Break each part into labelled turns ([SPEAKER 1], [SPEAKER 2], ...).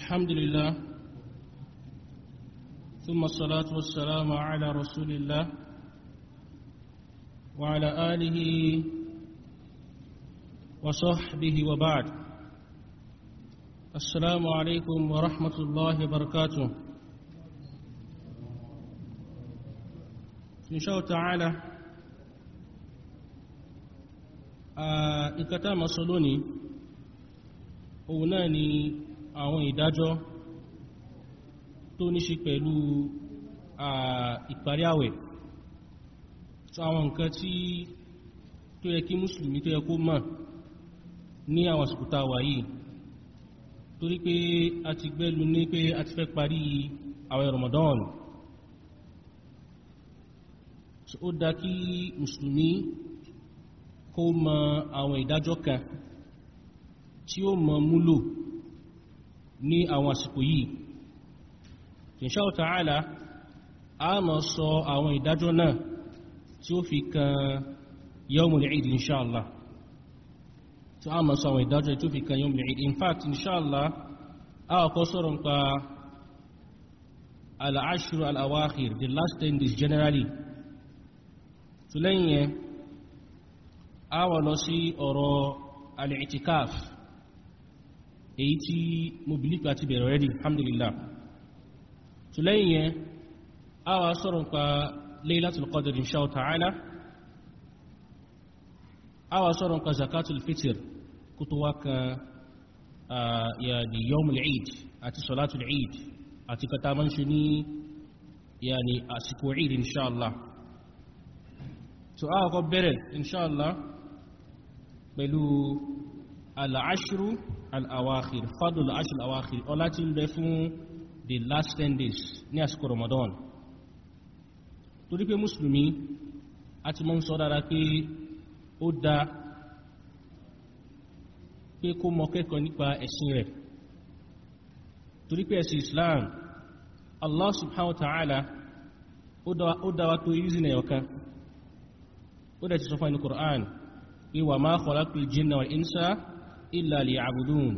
[SPEAKER 1] الحمد لله ثم الصلاة والسلام على رسول الله وعلى آله وصحبه وبعد السلام عليكم ورحمة الله وبركاته إن شاء الله تعالى آه، إكتام صلوني أولاني àwọn ìdájọ́ tó ní ṣe pẹ̀lú ìparí àwẹ̀ so àwọn nǹkan tí tó yẹ kí mùsùlùmí tó yẹ kó mọ̀ ní àwọn àsìkòta wà yìí torí pé a ti gbẹ́lu ní pé a ti fẹ́ parí àwẹ̀ Ramadan so ó dá kí mùsùlùmí kó mọ̀ àwọn ìdájọ́ kan tí ó mọ̀ múlò ní àwọn àsìkò yìí insha Allah ta'ala a mọ̀ sọ àwọn ìdájọ́ náà tí ó fi kan yawmul eid insha Allah tí a mọ̀ sọ àwọn ìdájọ́ tí ó fi kan yawmul eid in fact insha Allah a kọ́ sọ̀rọ̀ nípa al-ashru the last ten days generally tó lẹ́yìn yẹn a wà lọ sí ọ̀rọ̀ al èyí tí mo believe àti bẹ̀rẹ̀ already alhamdulillah so lẹ́yìn yẹn a wá sọ̀rọ̀ nípa Laylatul Qadr insha ta'ala a wá sọ̀rọ̀ nípa zakatul fitr kó tó wá ka yàní yawmul eid àti solatul eid àti kata man ṣe ní yàní àsìkò eid insha Allah so a kọ bẹ̀rẹ̀ insha pẹ̀lú al-ashru al-awakhir fadl al-ashru ọlá tí ń bẹ fún the last ten days ní àsìkò Ramadan torí pé mùsùlùmí a ti mọ́ ń sọ dára pé ó da pé kó mọ kẹ́kọ̀ọ́ nípa ẹ̀sìn rẹ̀ torí pé ẹ̀sìn Islam Allah subhanahu wa ta'ala ó dá wa tó ìrìsìn ẹ̀yọ̀kan ó dẹ̀ ti sọ fún ẹni Qur'an pé wa ma khalaqtul jinna wal insa illa liya'budun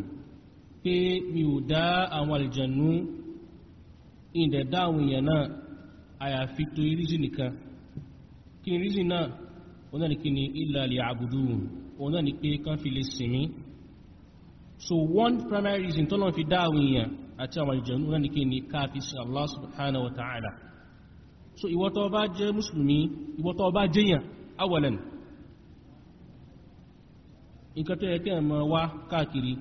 [SPEAKER 1] pé mi ò dá àwọn àlìjànú ìdẹ̀ dá àwọn èèyàn náà àyàfi tó rízì nìkan kí ni rízì náà òun náà ni kí ni illa liya'budun òun náà ni pé kán fi lè sìn mí so one primary reason tó náà fi dá àwọn èèyàn àti àwọn àlìjànú náà ni kí ni káàfi sí Allah subhanahu wa ta'ala so ìwọ bá jẹ́ mùsùlùmí ìwọ bá jẹ́yàn awalan nǹkan tó yẹ kẹ́ mọ́ wá káàkiri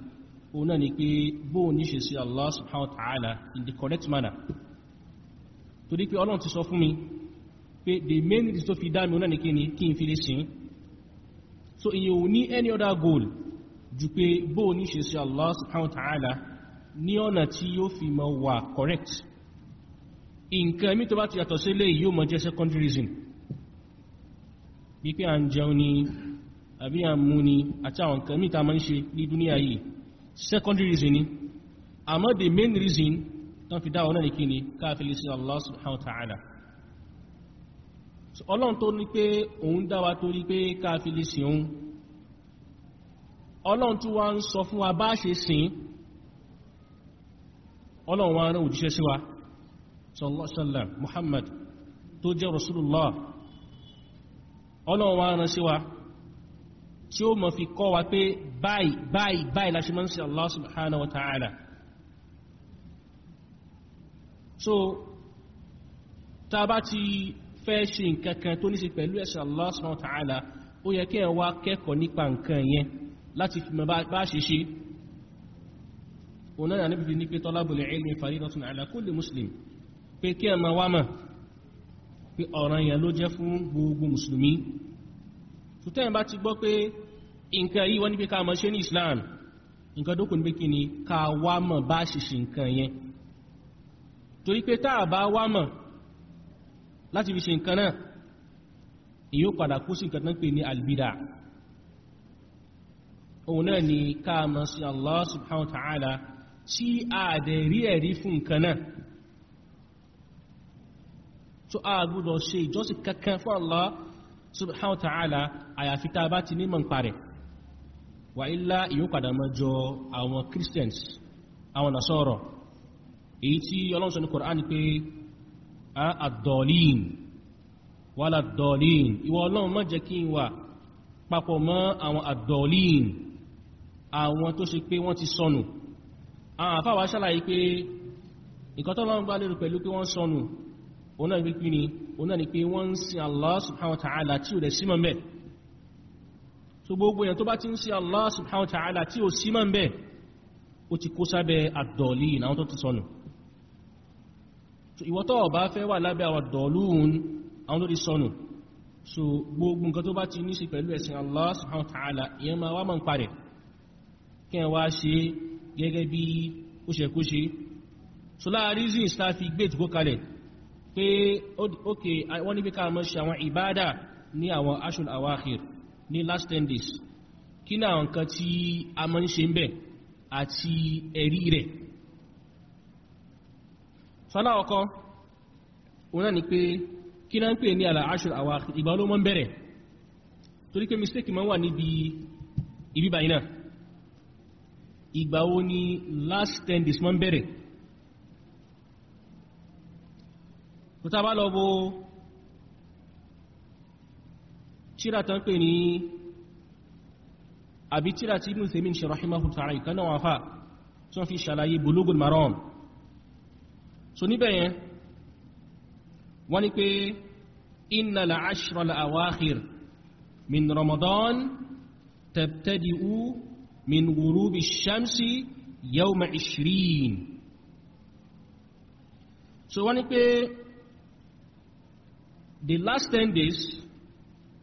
[SPEAKER 1] òun náà ni pé bóun ní ṣe sí Allah subhanahu wa ta'ala in the correct manner torí pé ọlọ́run ti sọ fún mi pé the main reason tó fi dá mi òun náà ni kíni kí n fi lè sìn so ìyẹn ò ní any other goal ju pé bóun ní ṣe sí Allah subhanahu wa ta'ala ní ọ̀nà tí yóò fi mọ́ wà correct nǹkan mi tó bá ti yàtọ̀ sí lè yóò mọ́ jẹ́ secondary reason bí pé à ń jẹun ni àbí àmú ni àti àwọn nǹkan mìta máa ń ṣe ní dúníà yìí secondary reason ni àmọ́ the main reason tán fi dáwọn náà ní kí ni káàfilé sí Allah subhanahu wa ta'ala ọlọ́run tó ní pé òun dá wa torí pé káàfilé sí tí ó mọ̀ fi kọ́ wa pé báyìí báyìí báyìí láti mọ́ sí Allah subhanahu wa ta'ala so ta bá ti fẹ́ ṣe nǹkan kan tó ní ṣe pẹ̀lú ẹ̀ṣẹ̀ Allah subhanahu wa ta'ala ó yẹ kí ẹ wá kẹ́kọ̀ọ́ nípa nǹkan yẹn láti fi mọ̀ bá ṣe ṣe òun níbi ní pé talabul ilmi faridatun ala kulli muslim pé kí ẹ máa wá mọ̀ pé ọ̀ranyàn ló jẹ́ fún gbogbo mùsùlùmí sùtẹ́yìn bá ti gbọ́ pé nǹkan yìí wọ́n ní pé ká mọ̀ ṣe ní Islam nǹkan dókò ní pé kí ni ká wá mọ̀ bá ṣìṣì nǹkan yẹn torí pé táà bá wá mọ̀ láti fi ṣe nǹkan náà èyí ó padà kó sí nǹkan tán pè ní albida òun náà ni ká mọ̀ sí Allah subhanahu wa ta'ala tí àdẹ̀rí ẹ̀rí fún nǹkan náà tó a gbọ́dọ̀ ṣe ìjọsìn kankan fún Allah subhanahu wa ta'ala àyàfi tá a bá ti nímọ̀ nípa rẹ̀ wà ilá ìyókàdà mọ́ jọ àwọn christians àwọn nasọ́rọ̀ èyí tí ọlọ́run sọ ní Qur'an pé àdọ̀lín wàlá dọ̀lín ìwọ ọlọ́run má jẹ́ kí n wà papọ̀ mọ́ àwọn àdọ̀lín àwọn tó ṣe pé wọ́n ti sọnù àwọn àfáwà ṣàlàyé pé nǹkan tó bá lérò pẹ̀lú pé wọ́n sọnù ọ̀nà ìgbẹ́gbẹ́ ni ọ̀nà ni pé wọ́n ń sin Allah subhanahu wa ta'ala tí ò dẹ̀ símọ̀ mẹ́ so gbogbo èèyàn tó bá ti ń sin Allah subhanahu wa ta'ala tí ò símọ̀ mẹ́ ó ti kó sábẹ́ àdọ̀lì ìnáwó tó ti sọnù so ìwọ tó bá fẹ́ wà lábẹ́ àwọn dọ̀lúhun àwọn tó ti sọnù so gbogbo nǹkan tó bá ti ní sí pẹ̀lú ẹ̀sìn Allah subhanahu wa ta'ala ìyẹn máa wá mọ̀ ń parẹ̀ kí ẹ wá ṣe gẹ́gẹ́ bí ó ṣe so láàrín zins ta fi gbé ìtùkó kalẹ̀ pé ókè wọ́n níbi ká mọ́ ṣe àwọn ìbádà ní àwọn ashul awakhir ní last ten days kí ní àwọn nǹkan tí a mọ́ ń ṣe ń bẹ̀ àti ẹ̀rí rẹ̀ sọ́lá ọkọ́ òun náà ni pé kí náà ń pè ní àlà ashul awakhir ìgbà ló mọ́ ń bẹ̀rẹ̀ torí pé mistake mọ́ wà níbi ibi báyìí náà ìgbà wo ni last ten days mọ́ ń bẹ̀rẹ̀ kúta bá lọ bó tíra tán pè ní àbí tíra tí Ibn Uthaymeen ṣe rahimahu ta'ala ìkaná wọn fà tí wọ́n fi ṣàlàyé Bulughul Maram so níbẹ̀ yẹn wọ́n ni pé inna al-ashra al-awakhir min Ramadan tabtadi'u min ghurubi shamsi yawma 20 so wọ́n ni the last ten days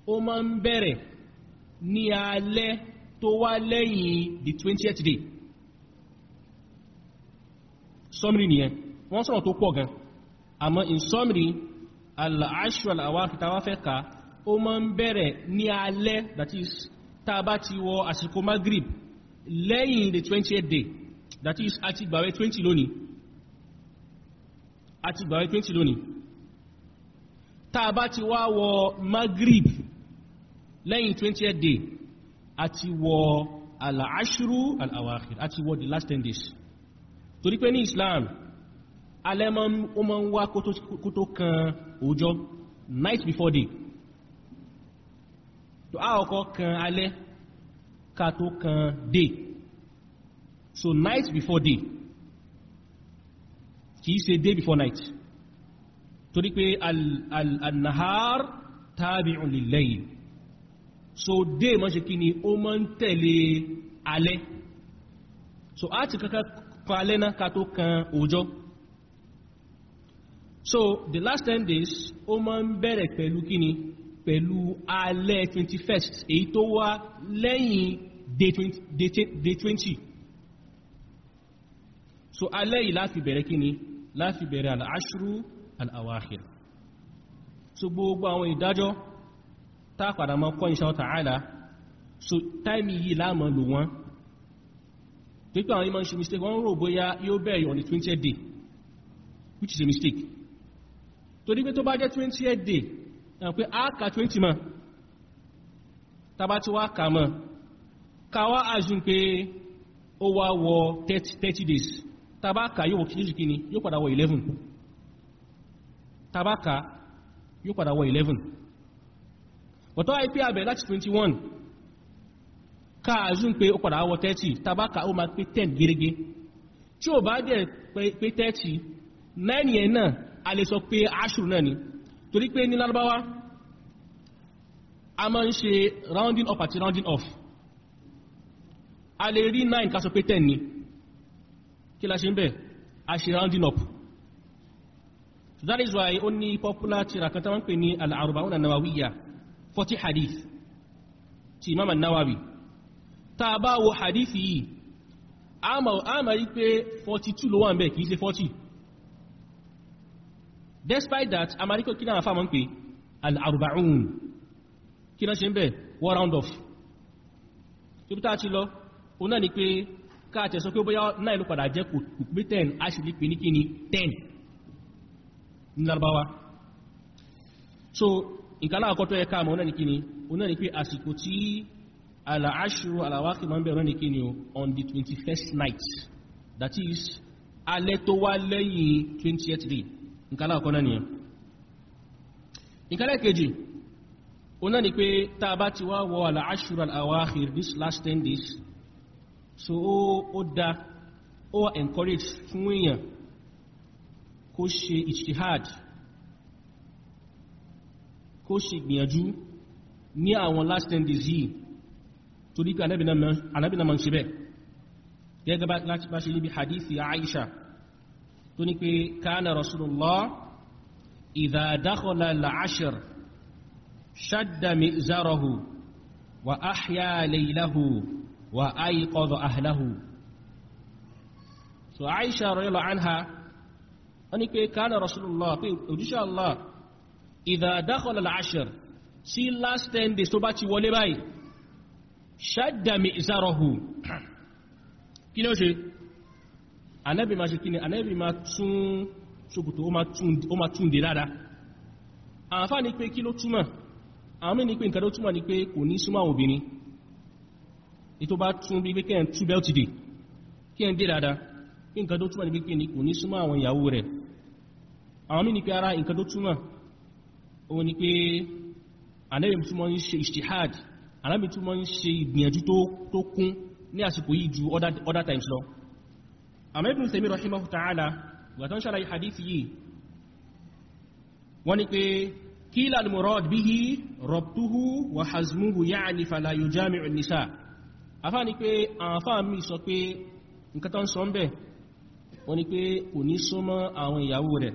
[SPEAKER 1] ó máa ń bẹ̀rẹ̀ ní alẹ́ tó wá lẹ́yìn the twentieth day summary nìyẹn wọ́n sọ̀rọ̀ tó pọ̀ gan àmọ́ in summary al-ashra al-awaqit tàwa fẹ́ ka ó máa ń bẹ̀rẹ̀ ní alẹ́ that is tá a bá ti wọ àsìkò magrib lẹ́yìn the twentieth day that is àti gbàwẹ̀ twenty lónìí àti gbàwẹ̀ twenty lónìí tá a bá ti wá wọ magrib lẹ́yìn 20th day àti wọ al-ashru al-awakhir àti wọ the last ten days torí pé ní Islam alẹ́ ó máa ń wá kó tó kan òòjọ́ night before day To á ọkọ̀ kan alẹ́ ká tó kan day so night before day kìí ṣe day before night torí pé al-nahar tabi'un lil so dé ma ṣe kí ni ó ma ń tẹ̀lé alẹ́ so a ti kankan kan alẹ́ náà tó kan òjò so the last ten days ó ma ń bẹ̀rẹ̀ pẹ̀lú kí ni pẹ̀lú alẹ́ 21st èyí tó wá lẹ́yìn day 20, day, day 20 so alẹ́ yìí láti bẹ̀rẹ̀ kí ni láti bẹ̀rẹ̀ al-ashru al-awakhir so gbogbo àwọn ìdájọ́ tá a padà mọ́ kọ́ insha ta'ala so táìmì yìí láàmọ́ lò wọ́n pípẹ́ àwọn ìmọ̀ ṣe mistake wọ́n rò bóyá yóò bẹ̀rẹ̀ on the 20th day which is a mistake torí pé tó bá jẹ́ 20th day ẹ̀n pé a kà 20 mọ́ tàbá tí wá kà mọ́ káwá azùn pé ó wá wọ 30 days tàbá kà yóò kìí kìí yóò padà wọ 11 tabaka yóò padà wọ 11 ọ̀tọ́ ip abẹ̀ láti 21 káàzún pé ó padà wọ 30 tabaka ó ma pé 10 gẹ́gẹ́ tí ó bá dẹ̀ pé 30 9 yẹn náà a lè sọ pé ashur náà ni torí pé ní lárúbáwá a máa ń ṣe rounding up àti rounding off a lè rí 9 ká sọ pé 10 ni kí la ṣe ń bẹ̀ a ṣe rounding up that is why only ní popular tírà kan tó wọ́n pè ní al-arba'un an hadith ti imam an-nawawi tá a bá wo hadith yìí a máa rí pé forty two ló wà ń bẹ̀ kì despite that a máa rí pé kí náà fáwọn ń al-arba'un kí náà ṣe ń bẹ̀ wọ́n round off tó bí tá a ti lọ òun náà ni pé káàtẹ̀ sọ pé bóyá náà ló padà jẹ́ kò pé ten a sì lè pè ní kí ni ten lárúbáwá so ìkàlá àkọ́tọ́ ẹ̀ka àmọ́ náà ní kíni òun náà ní pé àsìkò tí àlàáṣùrù àlàwákì máa ń bẹ̀rẹ̀ ní kíni on the 21st night that is alẹ́ tó wá lẹ́yìn 20th day ìkàlá àkọ́ náà nìyẹn ìkàlá kejì òun náà ní pé tá a bá ti wá wọ àlàáṣùrù àlàwákì this last 10 days so ó dá ó encourage fún èèyàn kó ṣe ìṣihad kó ṣe gbìyànjú ní àwọn last ten days yìí torí pé anábìnà ma ń ṣe bẹ́ gẹ́gẹ́ bá ṣe níbi hadithi aisha tó ní pé kánà rasulullah idha dakhala al-ashr wa ahya laylahu wa ayqadha ahlahu so aisha radiyallahu anha wọ́n ni pé kánà rasulullah pé òjíṣẹ́ allah idha dakhala al-ashr sí last ten days tó bá ti wọlé báyìí shadda mi'zarahu kí ni ó ṣe anábì ma ṣe kí ni anábì ma tún ṣòkòtò ó ma tún dé dáadáa àǹfà ni pé kí ló túmọ̀ àwọn mí ni pé nǹkan tó túmọ̀ ni pé kò ní súnmọ́ obìnrin ètò bá tún bí pé kẹ́ bẹ́ẹ̀ ti kí ẹ̀ ń dé dáadáa kí nǹkan tó túmọ̀ ní pípé kò ní súnmọ́ àwọn ìyàwó rẹ̀ àwọn mí ni pé ara nǹkan tó túmọ̀ òun ni pé ànábì túmọ̀ ń ṣe ìṣtihad ànábì túmọ̀ ń ṣe ìgbìyànjú tó kún ní àsìkò yìí ju other times lọ àmọ́ Ibn Taymiyyah rahimahu ta'ala gbàtọ́ ń ṣàlàyé hadith yìí wọ́n ni pé kí lalmurad bihi rabtuhu wa hazmuhu ya'ni fala yujami'u an-nisa afá ni pé àfá mi sọ pé nǹkan tó wọ́n ni pé kò ní súnmọ́ àwọn ìyàwó rẹ̀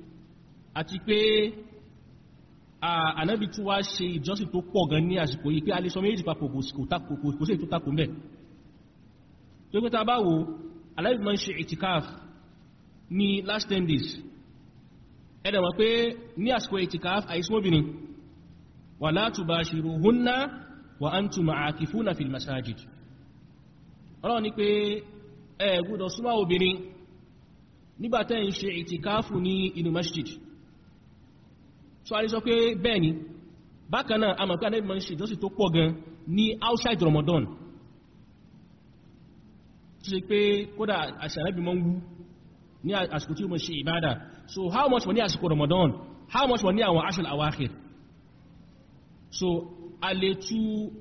[SPEAKER 1] àti pé ànábì tí wá ṣe ìjọsìn tó pọ̀ gan ní àsìkò yìí pé a lè sọ méjì papọ̀ kò sí ìtútakò mẹ́ tó pé ta bá wo ànábì máa ń ṣe itikaf ní last ten days ẹ̀dẹ̀ wọ́n pé ní àsìkò itikaf àìsímóbìnrin wala tubashiruhunna wa antum aakifuna fil masajid ọlọ́run ni pé ẹ súnmọ́ obìnrin nígbà ń ṣe ìtìkáfù ní inú masjid so a lè sọ pé bẹ́ẹ̀ ni bákan náà a mọ̀ pé Ànábì máa ń ṣe ìjọsìn tó pọ̀ gan ní outside Ramadan tó ṣe pé kódà àṣàrẹ́bì máa ń wú ní àsìkò tí ó mọ̀ ṣe ìbádà so how much money ní àsìkò Ramadan how much money ní àwọn ashul awakhir so a lè tú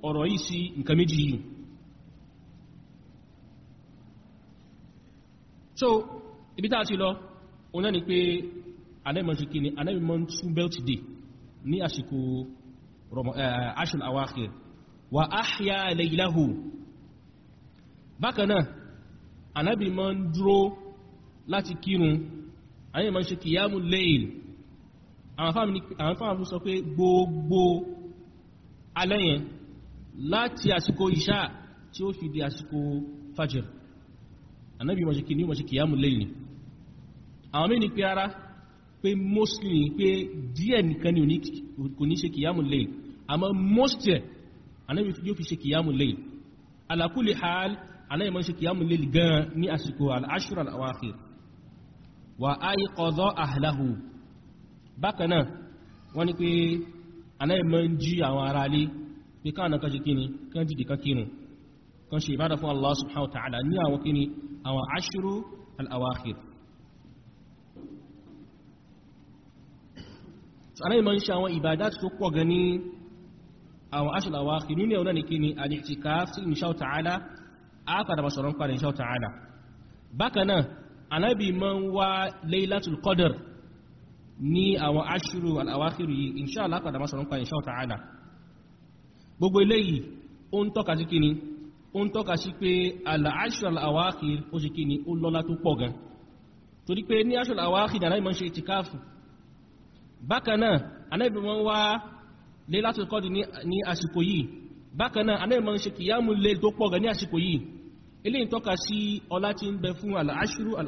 [SPEAKER 1] ọ̀rọ̀ yìí sí nǹkan méjì yìí so ibi tá a ti lọ òun náà ni pé anẹ́mọ̀ ṣe kíni anẹ́mọ̀ tún belt day ní àsìkò ashul awakhir wa ahya laylahu bákanáà anábì mọ́ ń dúró láti kírun anẹ́mọ̀ ṣe kìyàmù layl àwọn fáàmù sọ pé gbogbo alẹ́yẹn láti àsìkò ìṣá tí ó fi di àsìkò fajr anábì mọ́ ṣe kìyàmù layl àwọn mí ni ara pé mostly pé díẹ̀ nìkan ni kò ní ṣe kìyàmù lè àmọ́ most ẹ̀ anábi yóò fi ṣe kìyàmù lè ala kulli hal anábi máa ṣe kìyàmù lè gan ní àsìkò al-ashr al-awakhir wa ayqadha ahlahu wọ́n ni pé anábi máa ń jí àwọn ará lé pé káàna kan ṣe kíni kan jìdì sàlẹ̀ ìmọ̀ ń ṣe àwọn ìbàdá tó pọ̀ gan ní àwọn aṣọ́làwà kìlú ní ọ̀nà nìkí ni àdìtìká sí ìṣàù tààlà àpàdà bàṣọ̀rọ̀ ń padà ìṣàù tààlà bákan náà anábì máa ń wá laylatul qadr ní àwọn aṣírò àwákìrù yìí ìṣàù àpàdà bàṣọ̀rọ̀ ń padà ìṣàù tààlà gbogbo eléyìí ó ń tọ́ka sí kíni ó ń pé àlàáṣọ́ àwákìrù ó sì kíni ó lọ́lá tó pọ̀ gan torí pé ní aṣọ́làwà kìlú bákanáà anábì wọn wá lé láti kọ́ ní àsìkò yìí bákanáà anábì wọn ṣe kìyàmù lè tó pọ̀ ní àsìkò yìí ilé ìtọ́ka sí ọlá tí ń bẹ fún al-ashru kò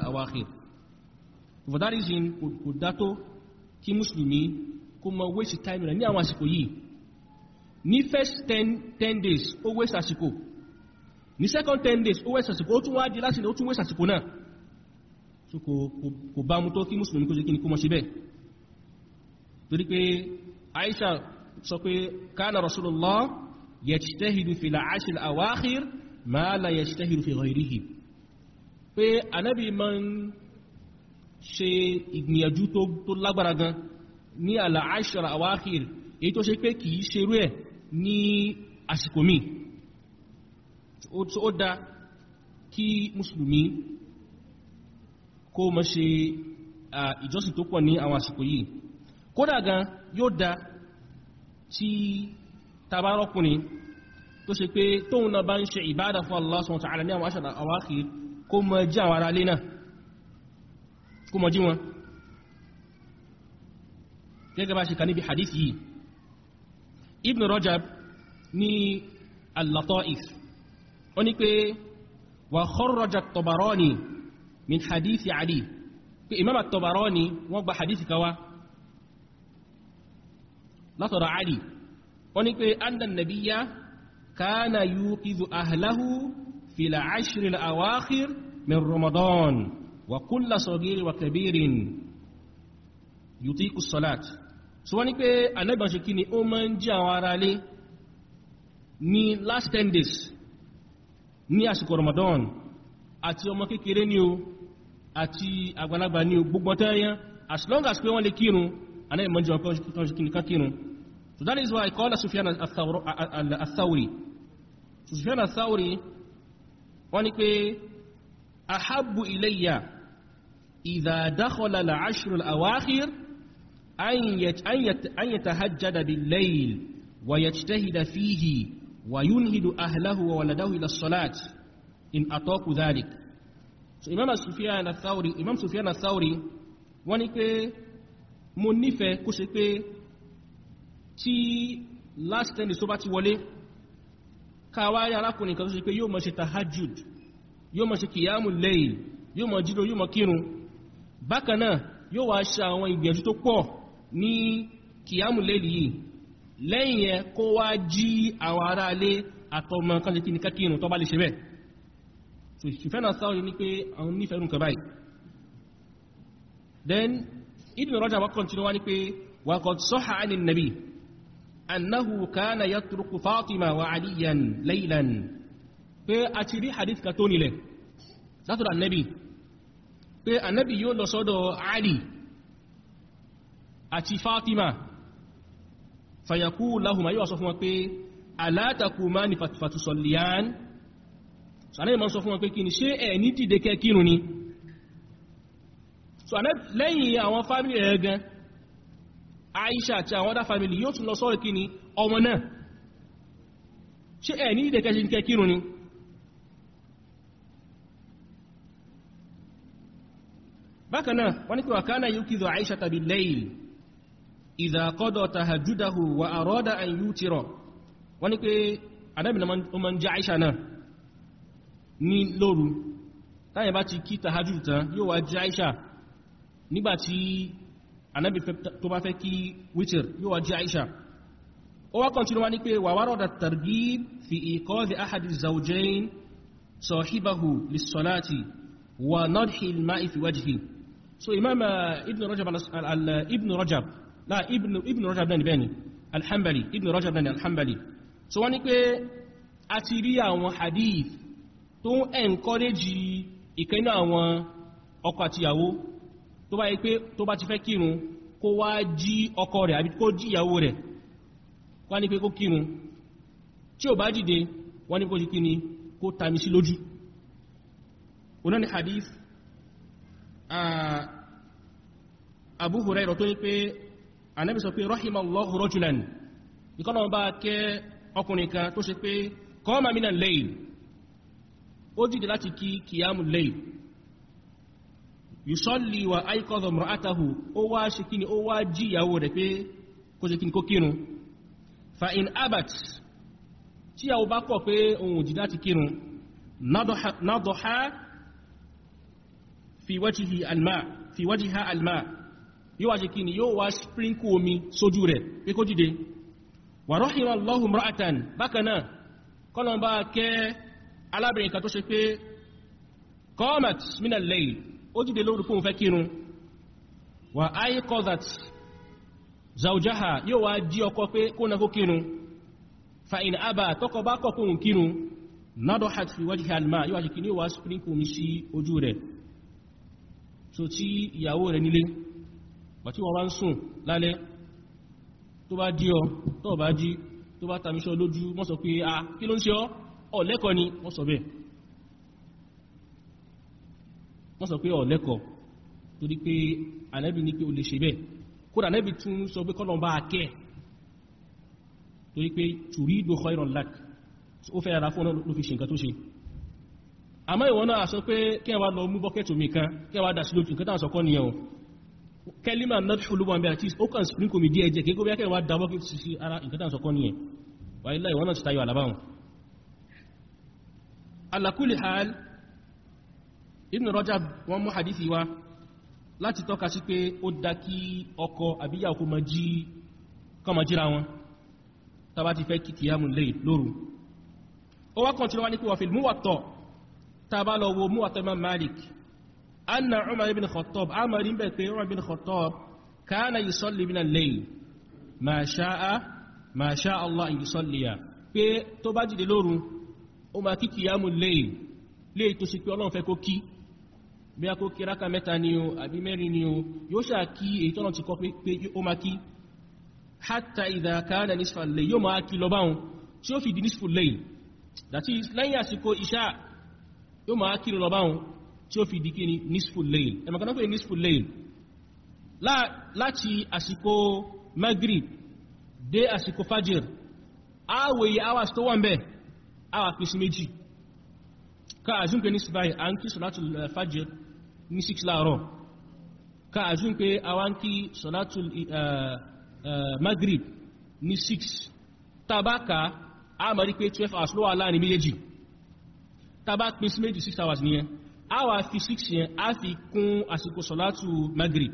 [SPEAKER 1] first 10 10 days ó waste àsìkò second 10 days ó waste àsìkò ó tún wá di lásìkò ó tún bá mú tó kí mùsùlùmí kó ṣe kí ni kó mọ́ ṣe bẹ́ẹ̀ torí pé Aisha sọ pé kana Rasulullah yajtahidu fil ashil awakhir ma la yajtahidu fi ghayrihi pé anábì ma ń ṣe ìgbìyànjú tó lágbára gan ní àlà ashil awakhir èyí tó ṣe pé kìí ṣerú ẹ̀ ní àsìkò mi ó dá kí mùsùlùmí kó má ṣe ìjọsìn tó pọ̀ ní àwọn àsìkò yìí kódà gan yóò da tí tabarọ́kùnrin tó ṣe pé tóun náà bá ń ṣe ìbádà fún Allah subhanahu wa ta'ala ní àwọn aṣàdà àwákì kó mọ jí àwọn ará ilé náà kó mọ jí wọn gẹ́gẹ́ bá ṣe kà níbi hadith yìí Ibn Rajab ní al ó ní pé wa kharraja at-Tabarani min hadith Ali pé Imam at-Tabarani wọ́n gba hadith kawa látọ̀rọ̀ àlì wọ́n ní pé andan nàbíyá kánà yuqizu ahlahu fìlà ashri al-awakhir min ramadan wa kulla sagir wa kabirin yutiku salat so wọ́n ní pé anábàṣe kí ni ó máa ń jí àwọn ará lé ní last ten days ní àsìkò ramadan àti ọmọ kékeré ní o àti àgbàlagbà ní o gbogbo tẹ́yẹn as long as pé wọ́n lè kírun anayemjua kwa kinu so that is why qala sufyan al-thawri sufyan al-thawri wani pe ahabu ilaya idha dakhala al-ashr al-awakhir an yat yatahajjada bil-layl wa yajtahida fihi wa yunhidu ahlahu wa waladahu ila salat in ataku dhalik so imam sufyan al-thawri imam sufyan al-thawri wani pe mo nífẹ̀ẹ́ kó ṣe pé tí last ten days tó bá ti wọlé káwárí arákùnrin kan tó ṣe pé yóò mọ̀ ṣe tahajjud yóò mọ̀ ṣe kìyàmù lẹ́yìn yóò mọ̀ jíro yóò mọ̀ kírun bákan náà yóò wá ṣe àwọn ìgbìyànjú tó pọ̀ ní kìyàmù lẹ́yìn ni kákírun tó bá lè ṣe then ibn rajab kọ̀ntínú wá ní pé wa qad sahha ani nabi annahu kana yatruku fatima wa aliyan laylan pé a ti rí hadith ka tó nílẹ̀ látọ̀dọ̀ annabi pé annabi yóò lọ sọ́dọ̀ ali àti fatima fayakú lahuma yíwa sọ fún wọn pé alátakù máa ní fàtùsọ̀lìyàn sàlẹ́ ìmọ̀ sọ fún wọn pé kí ni ṣé ẹ̀ ní dìde kẹ́ ni so lẹ́yìn àwọn family rẹ̀ gan Aisha àti àwọn other family yóò tún lọ sọ́rọ̀ kí ni ọmọ náà ṣe ẹ̀ ní ìdẹ̀kẹ́ ṣe ń kẹ́ kírun ni bákan náà wọ́n ní pé wa kana yukizu Aisha bil layl idha qada wa arada an yutira wọ́n ti kí tahajjud tán yóò wá jẹ́ Aisha nígbàtí anábì tó bá fẹ́ kí wítìr yóò wá jí àìṣà ó wá kọ̀ntínú wá ní pé wà wá rọ̀dà tàrgí fi ìkọ́dì ahadi zaujain sọ̀híbahu lissolati wa nọ́dhìl ma'i fi wájihì so imam ibn rajab al ibn rajab la ibn rajab náà ni bẹ́ẹ̀ ni alhambali ibn rajab náà ni alhambali so wá ní pé a ti rí àwọn hadith tó ń encourage ìkẹ́nà àwọn ọkọ àtìyàwó tó bá yẹ pé tó bá ti fẹ́ kírun kó wá jí ọkọ rẹ̀ àbí kó jí ìyàwó rẹ̀ wá ní pé kó kírun tí ò bá dìde wọ́n ní kó ṣe kí ni kó tami sí lójú oná ni hadith Abu Hurairah tó ní pé Ànábì sọ pé rahimallahu rajulan ìkọ́nà ọba kẹ́ ọkùnrin kan tó ṣe pé qama minal layl ó dìde láti kí kìyàmù layl yùsọ́lì wà áìkọ́dọ̀ mọ̀átàhù ó wá ṣe kí ni ó wá jí ìyàwó rẹ̀ pé kó ṣe kí ni kó kírun fa in abat tí ìyàwó bá kọ̀ pé ohun òjìdá ti kírun nádọ̀há fi wájì ha alma yóò wá ṣe kí ni yóò wá sprinkle omi sójú rẹ̀ pé kó dìde wà rọ́hìnrán lọ́hùn ó dìde lóru pé òun fẹ́ kírun wà áyí kọ́zàt zaujaha yóò wá jí ọkọ pé kó na kó kírun fa in abà tọkọ bá kọ̀ kóhun kírun nádọ́ hat fi wájú halma yóò wá jẹ́ kí ní wá sprinkle mi sí ojú rẹ̀ so tí ìyàwó rẹ̀ nílé bàtí wọ́n wá ń sùn lálẹ́ tó bá dí ọ tó bá jí tó bá tàmíṣọ́ lójú wọ́n pé a ah, kí ló ń ṣe ọ́ ọ̀lẹ́kọ̀ọ́ ni wọ́n bẹ́ẹ̀ wọ́n sọ pé ọ̀lẹ́kọ̀ọ́ torí pé ànábì ní pé o lè ṣe bẹ́ẹ̀ kódà ànábì tún sọ pé kọ́lọ̀ bá kẹ́ torí pé tùrí ìdò khairan lak ó fẹ́ ara fún ló fi ṣe nǹkan tó ṣe àmọ́ ìwọ̀n náà sọ pé kẹwa lọ mú bọ́kẹ́tù mi kan kẹwa dà sí lójú nǹkan táwọn sọkọ́ nìyẹn o kẹlímà nọ́tù olúwa bí àti ó kàn sprinkle mi díẹ̀ jẹ́ kéko bí akẹ́wà dà bọ́kẹ́tù sí ara nǹkan táwọn sọkọ́ nìyẹn wàílá ìwọ̀n náà ti tayọ àlàbáwọn ala hal ibn rajab wọ́n mú hadithi wá láti tọ́ka sí pé ó dá kí ọkọ àbíyà kó mọ jí kọmọ jíra wọn tàbá ti fẹ́ kí kìyàmù lè lóru ó wá kàn tí wọ́n ní pé wàfil múwàtọ̀ tàbá lọ wo múwàtọ̀ imam malik anna umar ibn khattab amari ń bẹ̀ pé umar ibn khattab kana yusalli min al-layl ma sha'a ma sha Allah an yusalliya pé tó bá jìde lóru ó máa kí kìyàmù lè lè tó sì pé ọlọ́run fẹ́ kó kí bí a kó kíráka mẹ́ta ni o àbí mẹ́rin ni o yóò ṣà kí èyí tọ́nà ti kọ́ pé ó ma kí hátà ìdàkánà nísfà lè yóò máa kí lọ tí ó fi di nísfà lẹ́yìn that is lẹ́yìn àsìkò ìṣà yóò máa kí lọ báhùn tí ó fi di kí ni nísfà lẹ́yìn ẹ̀mọ̀kaná pé nísfà lẹ́yìn láti àsìkò magrib dé àsìkò fajr àwòye hours tó wọ́n bẹ́ẹ̀ àwà ní 6 láàárọ̀ ká àzún pé àwa ń kí sọ̀látùl magrib ní 6 tàbákà a mọ̀ rí pé 12 hours ló wà láàrin méjèèjì tàbá pín sí méjì 6 hours nìyẹn a wà fi 6 yẹn a fi kún àsìkò sọ̀látù magrib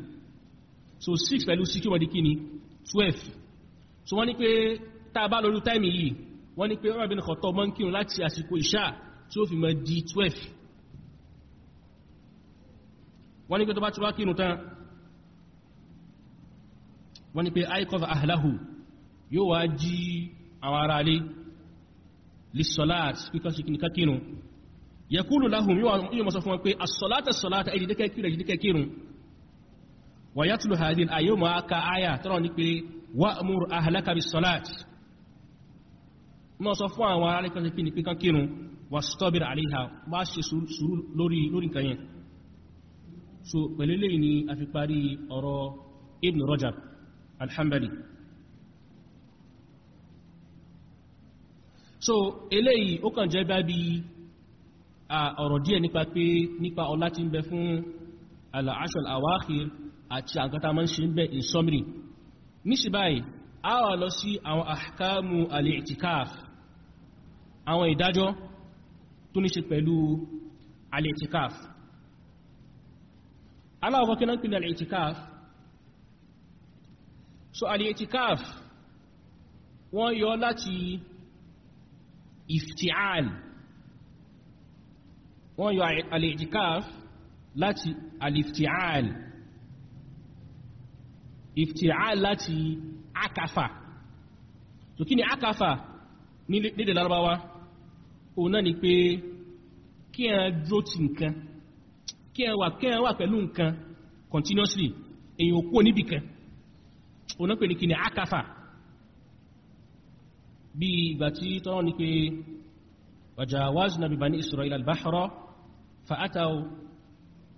[SPEAKER 1] so 6 pẹ̀lú 6 kí wọ́n di kí ni 12 so wọ́n ní pé tàbá lórí táìmì yìí wọ́n ní pé Umar bin Khattab mọ́ ń kírun láti àsìkò ìṣà tí ó fi mọ́ di 12 wọ́n ní pé tó bá ti wá kírun tán wọ́n ní pé aikov ahlahu yóò wá jí àwọn ará alé lissolat kíkọ́ sí kíkọ́ kírun yakulu lahum yóò mọ̀ sọ fún wọn pé assolata solata èdè dẹ́kẹ́ wà yàtùlù hadin ayé mọ̀ aka aya tọ́rọ ní pé wa'mur ahlaka bis solat mọ́ sọ fún àwọn ará alé kan kíkọ́ kírun wà stọ́bìr àléhà bá ṣe sùúrù lórí nǹkan yẹn so pẹ̀lú lè ní a fi parí ọ̀rọ̀ ibn rajab alhambali so eléyìí ó kàn jẹ́ bábí ọ̀rọ̀ díẹ̀ nípa pé nípa ọlá tí ń bẹ fún al-ashal awakhir àti àgbátá mọ́ ṣe ń bẹ in summary níṣì báyìí a wà lọ sí àwọn ahkamu al-i'tikaf àwọn ìdájọ́ tó ní ṣe pẹ̀lú al-i'tikaf aláwọ̀kọ́ kí náà pè itikaf so al-i'tikaf wọ́n yọ láti ifti'al wọ́n yọ al-i'tikaf láti al-ifti'al ifti'al láti akafa so kí ni akafa nílẹ̀ larabawa òun náà ni pé kí a dúró ti kí ẹ wà kí ẹ wà pẹ̀lú nǹkan continuously èyàn òkú oníbì kan náà pè ní kí ni akafa bí ìgbà tí tọ́rọ ní pé wajawazna bi bani isra'ila al-bahra fa'ataw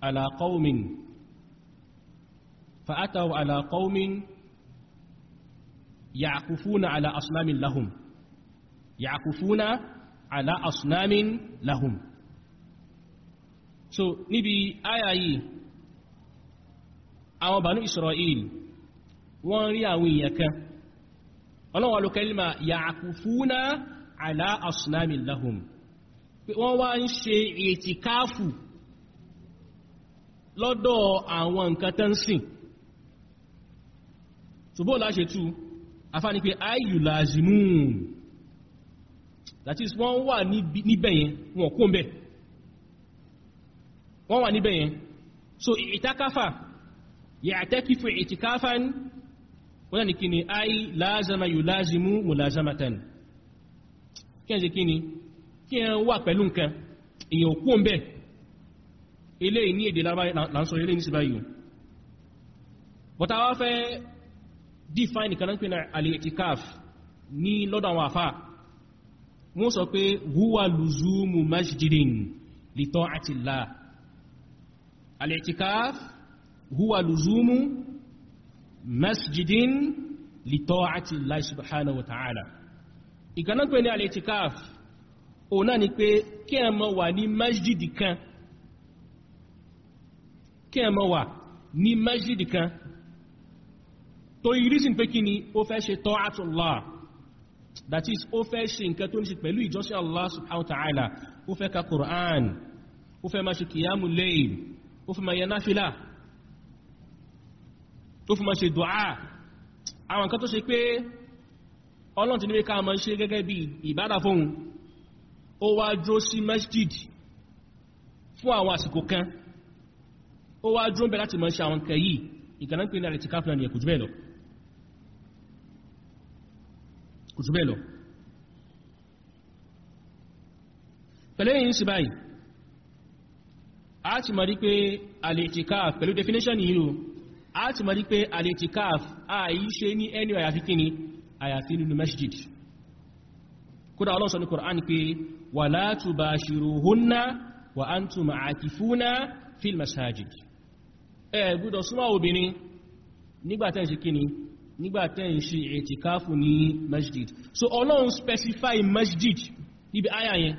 [SPEAKER 1] ala qawmin fa'ataw ala qawmin ya'kufuna ala aslamin lahum ya'kufuna ala so níbi àyà yìí àwọn bànú Israel wọ́n rí àwọn èèyàn kan ọlọ́wọ́ ló kẹ́lìmà ya'kufuna ala asnamin lahum wọ́n wá ń ṣe ètìkáàfù lọ́dọ̀ àwọn nǹkan tán sìn ṣùgbọ́n láṣẹ tú afáni pé ayu lazimun that is wọ́n wà níbẹ̀yẹn wọn kó mẹ́ wọ́n wà níbẹ̀ yẹn so ìtakáfà ya'takifu i'tikafan wọ́n yà ní kí ni ai láàzama yulazimu mulazamatan kí ẹ̀ ṣe kí ni kí ẹ wà pẹ̀lú nǹkan èyàn òkú ń bẹ̀ ilé ní èdè lánsọ ilé ní síbáyìí bọ̀tá wá fẹ́ define kanáà pé al-i'tikaf ní lọ́dọ̀ àwọn àfá wọ́n sọ pé huwa luzumu masjidin li ta'atillah الاعتكاف هو لزوم مسجد لطاعة الله سبحانه وتعالى ìkànnàpẹ̀ ní al-i'tikaf òun náà ni pé kí ẹ máa wà ní masjidi kan kí ẹ máa wà ní masjidi kan tó ìrísìn pé kí ni ó fẹ́ ṣe ta'atullah that is ó fẹ́ ṣe nǹkan tó ní ṣe pẹ̀lú ìjọsìn Allah subhanahu wa ta'ala ó fẹ́ ka Qur'an ó fẹ́ máa ṣe qiyamul layl ó fi ma yẹ náfílà tó fi ma ṣe dùá àwọn nǹkan tó ṣe pé ọlọ́n ti níwé ká ma ṣe gẹ́gẹ́ bí ìbádà fóhun ó wá dúró sí masjid fún àwọn àsìkò kan ó wá dúró bẹ̀ láti ma ṣe àwọn nǹkan yìí ìkànnà pé ní káfíà ni kò jù bẹ́ẹ̀ lọ lọ pẹ̀lẹ́yìn sí báyìí a ti mọ̀ al-i'tikaf pẹ̀lú definition yìí o a ti mọ̀ rí pé al-i'tikaf a yìí ṣe ní ẹni àyàfi kíni àyàfi nínú masjid kódà ọlọ́sọ ní Qur'an pé wala tubashiruhunna wa antum aakifuna fil masajid ẹ gbọ́dọ̀ súnmọ́ obìnrin nígbàtẹ́ ń ṣe kíni nígbàtẹ́ ń ṣe i'tikafu ní masjid so Allah specify masjid níbi áyà yẹn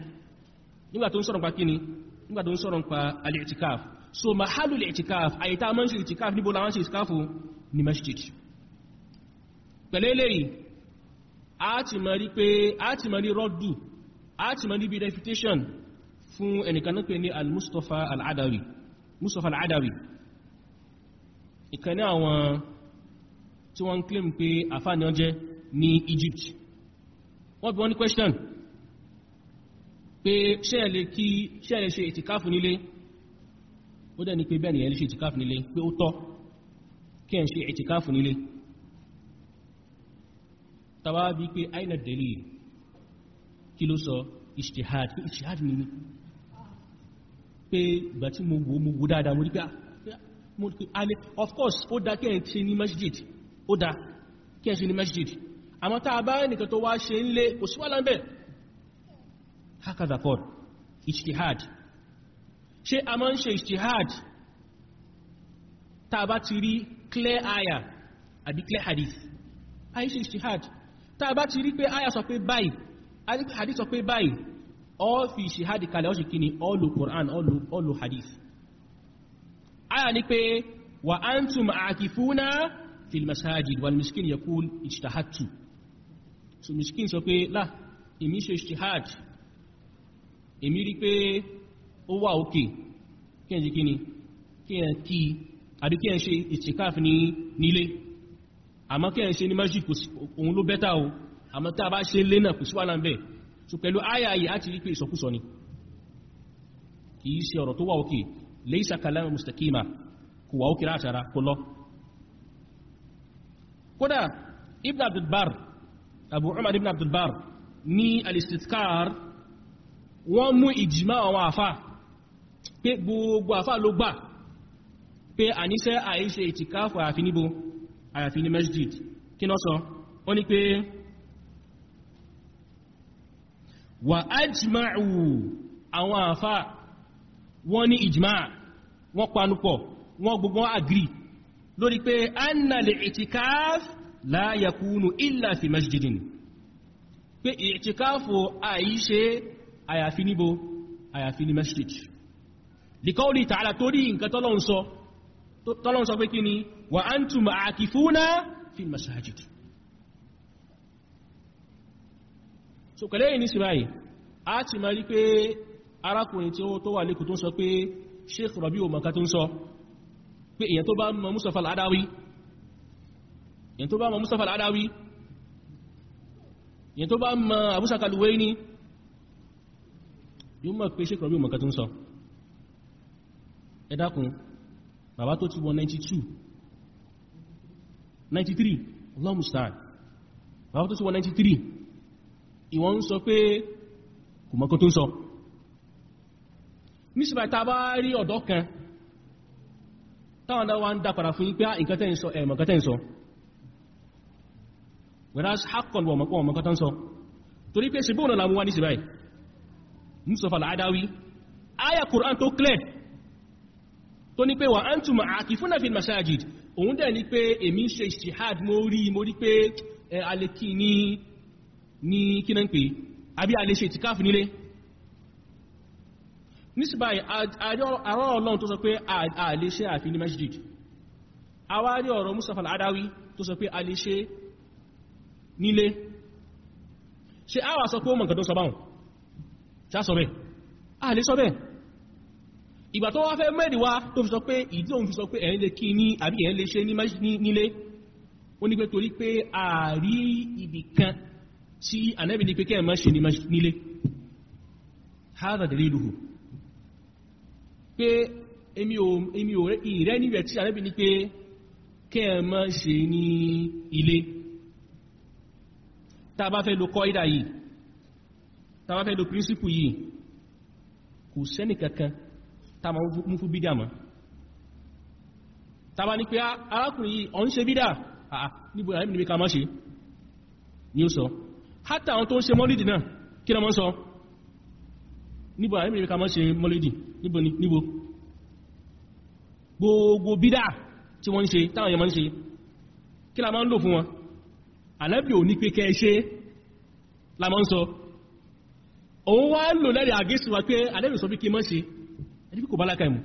[SPEAKER 1] nígbàtẹ́ ń sọ̀rọ̀ pa kíni nígbàtí ó ń sọ̀rọ̀ nípa al-i'tikaf so mahalu al-i'tikaf àyíká mọ́ṣe al-i'tikaf níbo láwọn ṣe ìtikáfù ní masjid pẹ̀lú eléyìí a ti mọ̀ rí pé a ti mọ̀ rí rọ́dù a ti mọ̀ rí bí refutation fún ẹnìkan náà pé ní al-Mustafa al-Adawi Mustafa al adawi àwọn tí wọ́n claim pé àfáàní ọjẹ́ ní Egypt wọ́n bí wọ́n ní question pé ṣẹ́ẹ̀ lè kí ṣẹ́ẹ̀ lè ṣe ìtìkáfù nílé ó dẹ̀ ní pé bẹ́ẹ̀ nìyẹn lè ṣe ìtìkáfù nílé pé ó tọ́ kí ẹ̀ ń ṣe ìtìkáfù nílé tàwa bíi pé àìnà dẹ̀lì kí ló sọ ìṣtìhàd pé pé ìgbà mo wò mo ah, of course ó dá kí ẹ̀ ṣe ní masjid ó dá kí ẹ̀ ṣe ní masjid àmọ́ hakadha kọ́ ijtihad ṣé a máa ń ṣe ijtihad tá a bá ti rí clear aya àbí clear hadith a yí ṣe ijtihad tá a bá ti rí pé aya sọ pé báyìí hadith sọ pé báyìí ọ fi ijtihad kalẹ̀ ọ ṣe kí ni ọ lo Qur'an ọ lo hadith aya ni pé wa antum akifuna fil masajid wal miskin yakul ijtahadtu so miskin sọ pé láà èmi ṣe ijtihad èmi rí pé ó wà òkè kí ẹ̀ jí kíni kí ẹ̀ kí àbí kí ẹ̀ ṣe ìtìkáàfì ní nílé àmọ́ kí ẹ̀ ṣe ní mẹ́jì òun ló bẹ́tà o àmọ́ tá a bá ṣe lé náà kò sí wàhálà ń bẹ̀ so pẹ̀lú ayayi á rí pé ìsọkúsọ ni kì í ṣe ọ̀rọ̀ tó wà òkè laysa kalamu mustaqima kò wà òkè láṣara kò lọ kódà ibn abdulbar abu umar ibn abdulbar ní alistithkar wọ́n mú ìjìmá àwọn àfà pé gbogbo àfà ló gbà pé àníṣẹ́ àìṣe ìtìkáfù àyàfi níbo àyàfi ní masjid kí náà sọ ó ní pé wà ájìmáàwù àwọn àfà wọ́n ní ìjìmá wọ́n panupọ̀ wọ́n gbogbo agree lórí pé anna lè ìtìkáfù la yakunu pé ìtìkáfù àìṣe àyàfi níbo àyàfi ní masjid likọ́ọ̀lì tààlà torí nǹkan tọ́lọ́un sọ tọ́lọ́un sọ pé kí ni wà antum aakifuna fi masajid so kẹlẹ́ yìí ní síbáyì a ti ma rí pé arákùnrin tí ó tó wà lékù tó ń sọ pé sheikh rabi o maka tó ń sọ pé èyàn tó bá mọ Mustafa al èyàn tó bá mọ Mustafa al èyàn tó bá mọ Abu Sa'id yóò mọ̀ pé ṣékọ̀ọ́bí òmọ̀kan tó ń sọ ẹ dákun bàbá tó ti wọ 92 93 lọ́mùsáà bàbá tó ti wọ 93 ìwọ̀n ń sọ pé kò mọ̀kan tó ń sọ nísìbà tá bá rí ọ̀dọ́ kan táwọn dáwà ń dápàdà fún yín pé ah, nǹkan tẹ́ ń sọ ẹ̀mọ̀kan tẹ́ ń sọ whereas torí pé ṣe làmúwá Mustafa al-Adawi aya Qur'an tó clear tó ní pé wa antum aakifuna fil masajid òun dẹ̀ ní pé èmi ṣe ijtihad mo rí mo rí pé aleki ní ní kí náà ń pè àbí alẹ́ ṣe ìtìkáàfù nílé nísìbáyìí àrọ́ ọlọ́run ṣe àfi sọ pé alẹ́ mọ̀ nǹkan tó sọ báhùn sásọ̀bẹ̀ a lè sọ́bẹ̀ ìgbà tó wá fẹ́ mẹ́rin wá tó fi sọ pé ìdí òun fi sọ pé ẹ̀yìn lè kí ní àbí ẹ̀yìn lè ṣe nílé ó ní pé torí pé ààrí ibì kan tí ànẹ́bì ní pé kẹ́ ṣe nílé hádà dẹ̀lé ìlú lo kọ́ ìdá tàbá fẹ́ lo príncipù yìí kò sẹ́nì kankan tàbá mú fún bídà mọ́ tàbá ní pé ah, arákùnrin yìí ọ̀n ṣe bídà àà ah, níbo ẹ̀mí níbi ká má ṣe ni ó sọ hátà àwọn tó ń ṣe mọ́lìdì náà kí lọ mọ́ sọ níbo ẹ̀mí níbi ká má ṣe mọ́lìdì níbo níbo gbogbo bídà tí wọ́n ń ṣe táwọn yẹn mọ́ ń ṣe kí la máa ń lò fún wọn ànábì ò ní pé kẹ́ ṣe la máa ń sọ òun wá lò lẹ́rìí àgẹ́sù wa pé alẹ́rìí sọ bí kí mọ́ ṣe ẹni bí kò bá lákàá ìmù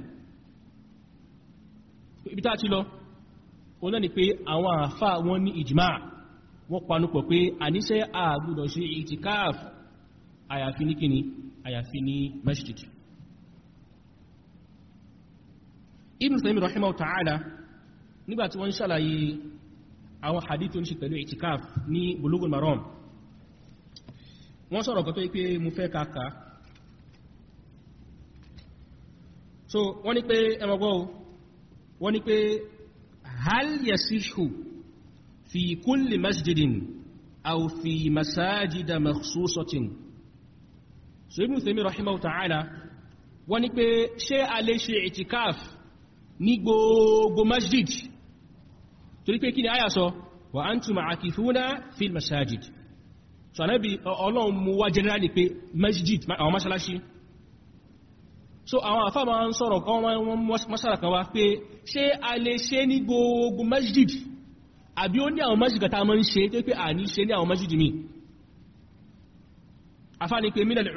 [SPEAKER 1] ibi tá a ti lọ òun náà ni pé àwọn àfà wọn ní ìjìmá wọ́n panupọ̀ pé àníṣe àgbùdọ̀ ṣe itikaf àyàfi ní kíni àyàfi ní masjid ibn sami rahimahu ta'ala nígbà wọ́n ń ṣàlàyé àwọn hadith tó pẹ̀lú itikaf ní bulugul maram wọ́n sọ̀rọ̀ kan tó yí pé mo fẹ́ kàkà so wọ́n ní pé ẹmọgbọ́ o wọ́n ní pé hal yasihu fi kulli masjidin aw fi masajida makhsusatin so ibn Taymi rahimahu ta'ala wọ́n ní pé ṣé a lè ṣe itikaf ní gbogbo masjid torí pé kí ni àyà sọ wa antum akifuna fil masajid so anabi ọlọ́run mú wá generally pé masjid àwọn mọ́ṣálásí so àwọn àfá ma ń sọ̀rọ̀ kan wọ́n mọ́ṣálá kan wá pé ṣé a lè ṣe ní gbogbo masjid àbí ó ní àwọn masjid kata mọ́ ń ṣe tó pé a ní ṣe ní àwọn masjid mi afá ni pé min al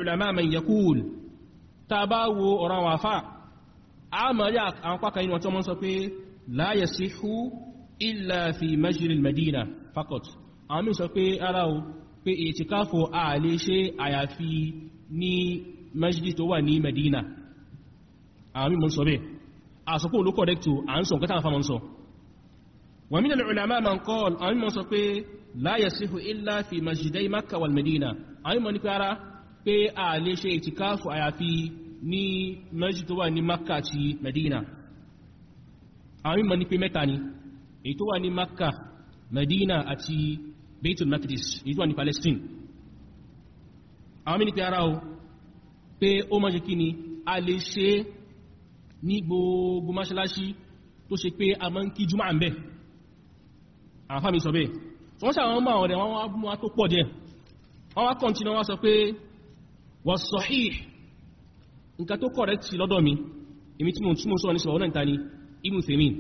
[SPEAKER 1] pé ìtìkáfò a lè ṣe àyàfi ní masjid tó wà ní Medina àmì mọ́ sọ bẹ́ẹ̀ àsọpọ̀ olókọ̀ọ́dẹ́kìtò à ń sọ nǹkan tàbí fàmọ́ sọ wa min al-ulama man qala àwọn mọ́ sọ pé la yasihu illa fi masjiday Makkah wal Medina àwọn mọ́ Baitul Maqdis ìjọ́ ní Palestine àwọn mìí pé ara o pé ó mọ́ ṣe kí ni a lè ṣe ní gbogbo mọ́ṣálásí tó ṣe pé a mọ́ ń kí jùmọ́ àmbẹ̀ àwọn fàmí sọ bẹ́ẹ̀ so wọ́n sàwọn ọmọ ọ̀rẹ́ wọn mú wa tó pọ̀ jẹ wọ́n wá kọ́ntínú wá sọ pé wọ́n sahih nǹkan tó correct lọ́dọ̀ mi èmi tí mo túnmọ̀ sọ ní sọ̀rọ̀ náà ta ni Ibn Taymin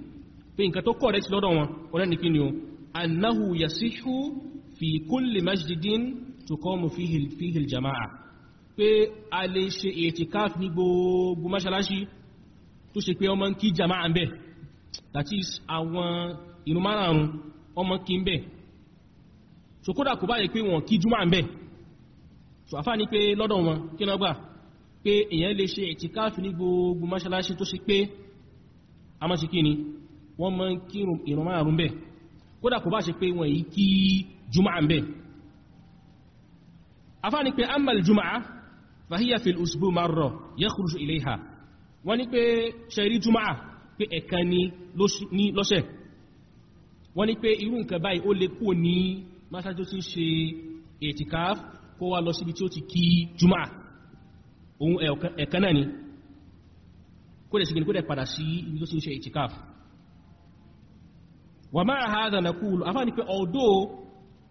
[SPEAKER 1] pé nǹkan tó correct lọ́dọ̀ wọn ọ̀rẹ́ nìkí ni o annahu yasihu fi kulli masjidin tuqamu fihi fihi aljama'a pé a lè ṣe etikaf ní gbogbo mọ́ṣáláṣí tó ṣe pé ọmọ kí jama'a ń bẹ̀ that is àwọn ìrun márààrún ọmọ kí ń bẹ̀ so kódà kò bá yẹ pé wọn kí jùmọ̀ ń bẹ̀ so afá ni pé lọ́dọ̀ wọn kí náà gbà pé èèyàn lè ṣe etikaf ní gbogbo mọ́ṣáláṣí tó ṣe pé a mọ́ ṣe kí ni wọ́n mọ́ kí ìrun márààrún bẹ̀ kódà kò bá ṣe pé wọn yìí kí juma'a ń bẹ́ afá ni pé amal juma'a fahiyya fil usbu marra yakhruju ilayha wọ́n ni pé ṣẹ̀rí juma'a pé ẹ̀kan ní lọ́sẹ̀ wọ́n ni pé irú nǹkan báyìí ó lè kú ní masa tó ti ń ṣe etikaf kó wá lọ síbi tí ni kó dẹ̀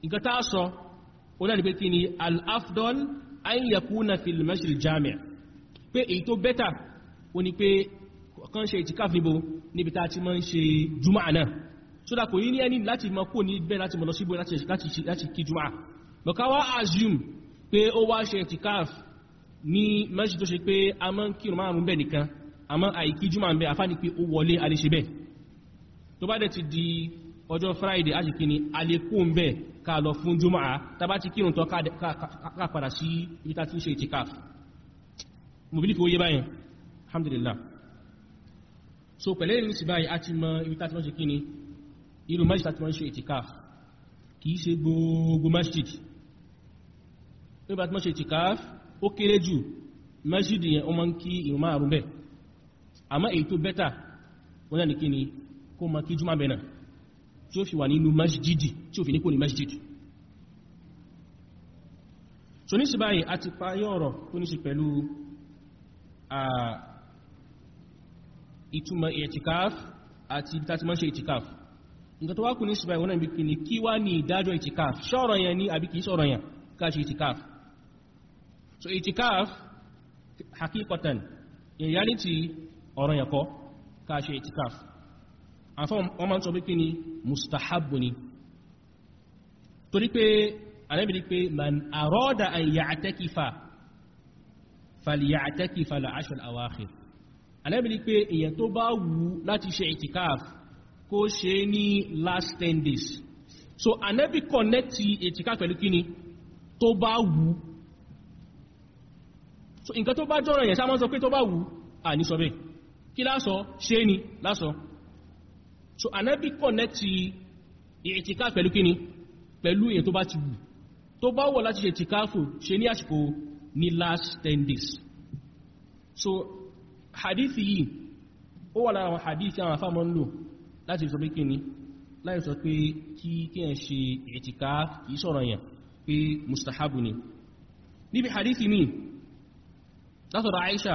[SPEAKER 1] nǹkan tá a sọ ó náà ní pé kí ni al-afdol an yakuna fil masjid jami' pé èyí tó bẹ́tà ó ní pé kan ṣe ìtìkáf níbo níbi tá a ti máa ń ṣe juma'a náà so da kò ní ẹni láti mọ kò ní bẹ́ẹ̀ láti mọ̀ síbò láti kí juma'a but ká wá assume pé ó wá ṣe ìtìkáf ní masjid tó ṣe pé a máa ń kírun márùn-ún bẹ́ẹ̀ nìkan àmọ́ àìkí juma'a ń bẹ àfáàní pé ó wọlé a lè tó bá dẹ̀ ti di ọjọ́ friday a sì kí ni a bẹ́ẹ̀ ká lọ fún jùmọ́à tàbá ti kírun tán ká padà sí ibi tá ti ń ṣe ìtìkáf mo bílífì oyé báyìí alhamdulillah so pẹ̀lẹ́ ìlú sí báyìí a ti mọ ibi tá ti mọ́ ṣe kíni irú masjid mọ́ ṣe ìtìkáf kìí ṣe gbogbo tí ó fi wà nínú masjidi tí ó fi ní kò ní masjidi so ní sí báyìí a ti parí ọ̀rọ̀ tó ní sí pẹ̀lú ìtumọ̀ ìtìkáf àti tàti mọ́ ṣe ìtìkáf nǹkan tó wá kù ní sí wọ́n náà bí kí ni kí wá ní ìdájọ́ ìtìkáf ṣọ́rọ̀ yẹn ní àbí ṣọ́rọ̀ yẹn ká ṣe so ìtìkáf hakikatan in reality ọ̀rọ̀ yẹn kọ́ ká ṣe àfọ́n wọ́n máa ń sọ pípín ni mustahabu ni torí pé anábìrí pé man àrọ́dà an ya'takifa falya'takifa al-ashr al-awakhir anábìrí pé èyàn tó bá wù láti ṣe itikaf kó ṣe ní last 10 days so anábì connect itikaf pẹ̀lú kíni tó bá wù so nǹkan tó bá jọ́rọ̀ yẹn sá máa ń sọ pé tó bá wù à ní sọ bẹ́ẹ̀ kí lásọ ṣe ni lásọ so anabi kọ̀nẹ́tì ìtìkáfù pẹ̀lú kíni pẹ̀lú èyàn tó bá ti wù tó bá wọ̀ láti ṣe ìtìkáfù ṣe ní àsìkò ní last 10 days so hadithi yìí ó wà lára àwọn hadithi àwọn afámọ́ ń lò láti sọ pé kíni láti sọ pé kí kíyàn ṣe ìtìkáfù kìí sọ̀rọ̀ yàn pé mustahabu ni níbi hadithi mi látọ̀rọ̀ Aisha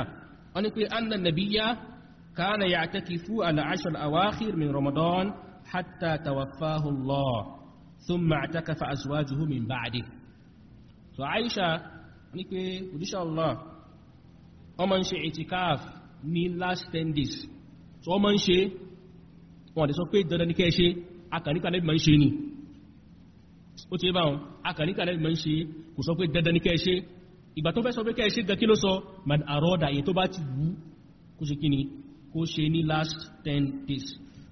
[SPEAKER 1] wọ́n ni pé annan nabiyya كان يعتكف عشر الأواخر من رمضان حتى توفاه الله ثم اعتكف أزواجه من بعده فعائشة نكوي إن شاء الله ومن شيء اعتكاف ní last 10 days so wọ́n máa ń ṣe wọ́n dẹ̀ sọ pé dandan ní kẹ́ ṣe akàníkà lẹ́bí máa ń ṣe ni ó ti báwọn akàníkà lẹ́bí máa ń ṣe kò sọ pé dandan ní kẹ́ ṣe ìgbà tó fẹ́ sọ pé kẹ́ ṣe gan kí ló sọ man àrọ́dà èyí tó bá ti wú kó ṣe kí ni kó ṣe ní last ten days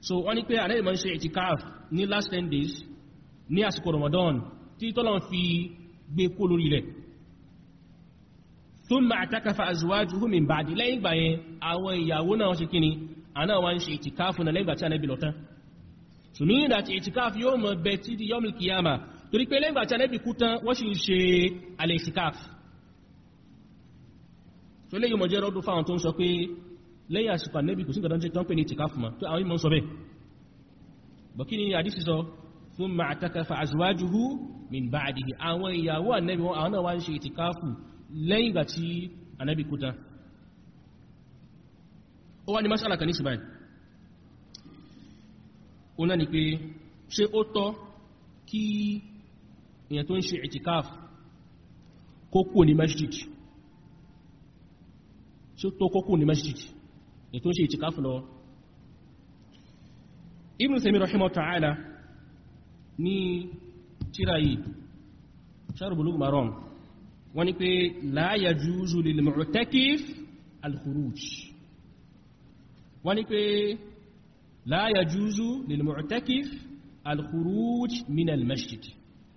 [SPEAKER 1] so wọ́n ní pé ànábì máa ṣe itikaf ní last ten days ní àsìkò Ramadan tí tọ́lọ̀ fi gbé kó lórí rẹ̀ thumma atakafa azwajuhu min ba'di lẹ́yìn ìgbà yẹn àwọn ìyàwó náà ṣe kíni àná wọ́n ṣe itikaf náà lẹ́yìn ìgbà tí ànábì lọ so ní ìdàtí itikaf yóò mọ̀ bẹ tí di yọmil kiyama torí pé lẹ́yìn ìgbà tí ànábì kú tán wọ́n sì ń ṣe alẹ́ itikaf tó léyìn mọ̀ rọ́dún fáwọn tó ń sọ pé lẹ́yìn àsìkò ànẹ́bì kò sí nǹkan tó ń pè ní tìkáfùmá tó àwọn ìmọ̀ sọ bẹ́ẹ̀ bọ̀ kí ni àdísì sọ fún ma'atakafa azwajuhu min ba'dihi àwọn ìyàwó ànẹ́bì wọn àwọn náà wá ń ṣe ìtìkáfù lẹ́yìn ìgbà tí ànẹ́bì kú tán ó wá ní masala kan ní ó náà ni pé ṣé ó tọ́ kí èèyàn tó ń ṣe ìtìkáfù kó kú ní masjid ṣé ó ní masjid ètò ṣe ìtìkáfù lọ Ibn Taymi rahimahu ta'ala ní tíra yìí Sharh Bulugh Maram wọ́n ní pé la yajuzu lil mu'takif al khuruj wọ́n ní pé la yajuzu lil mu'takif al khuruj min al masjid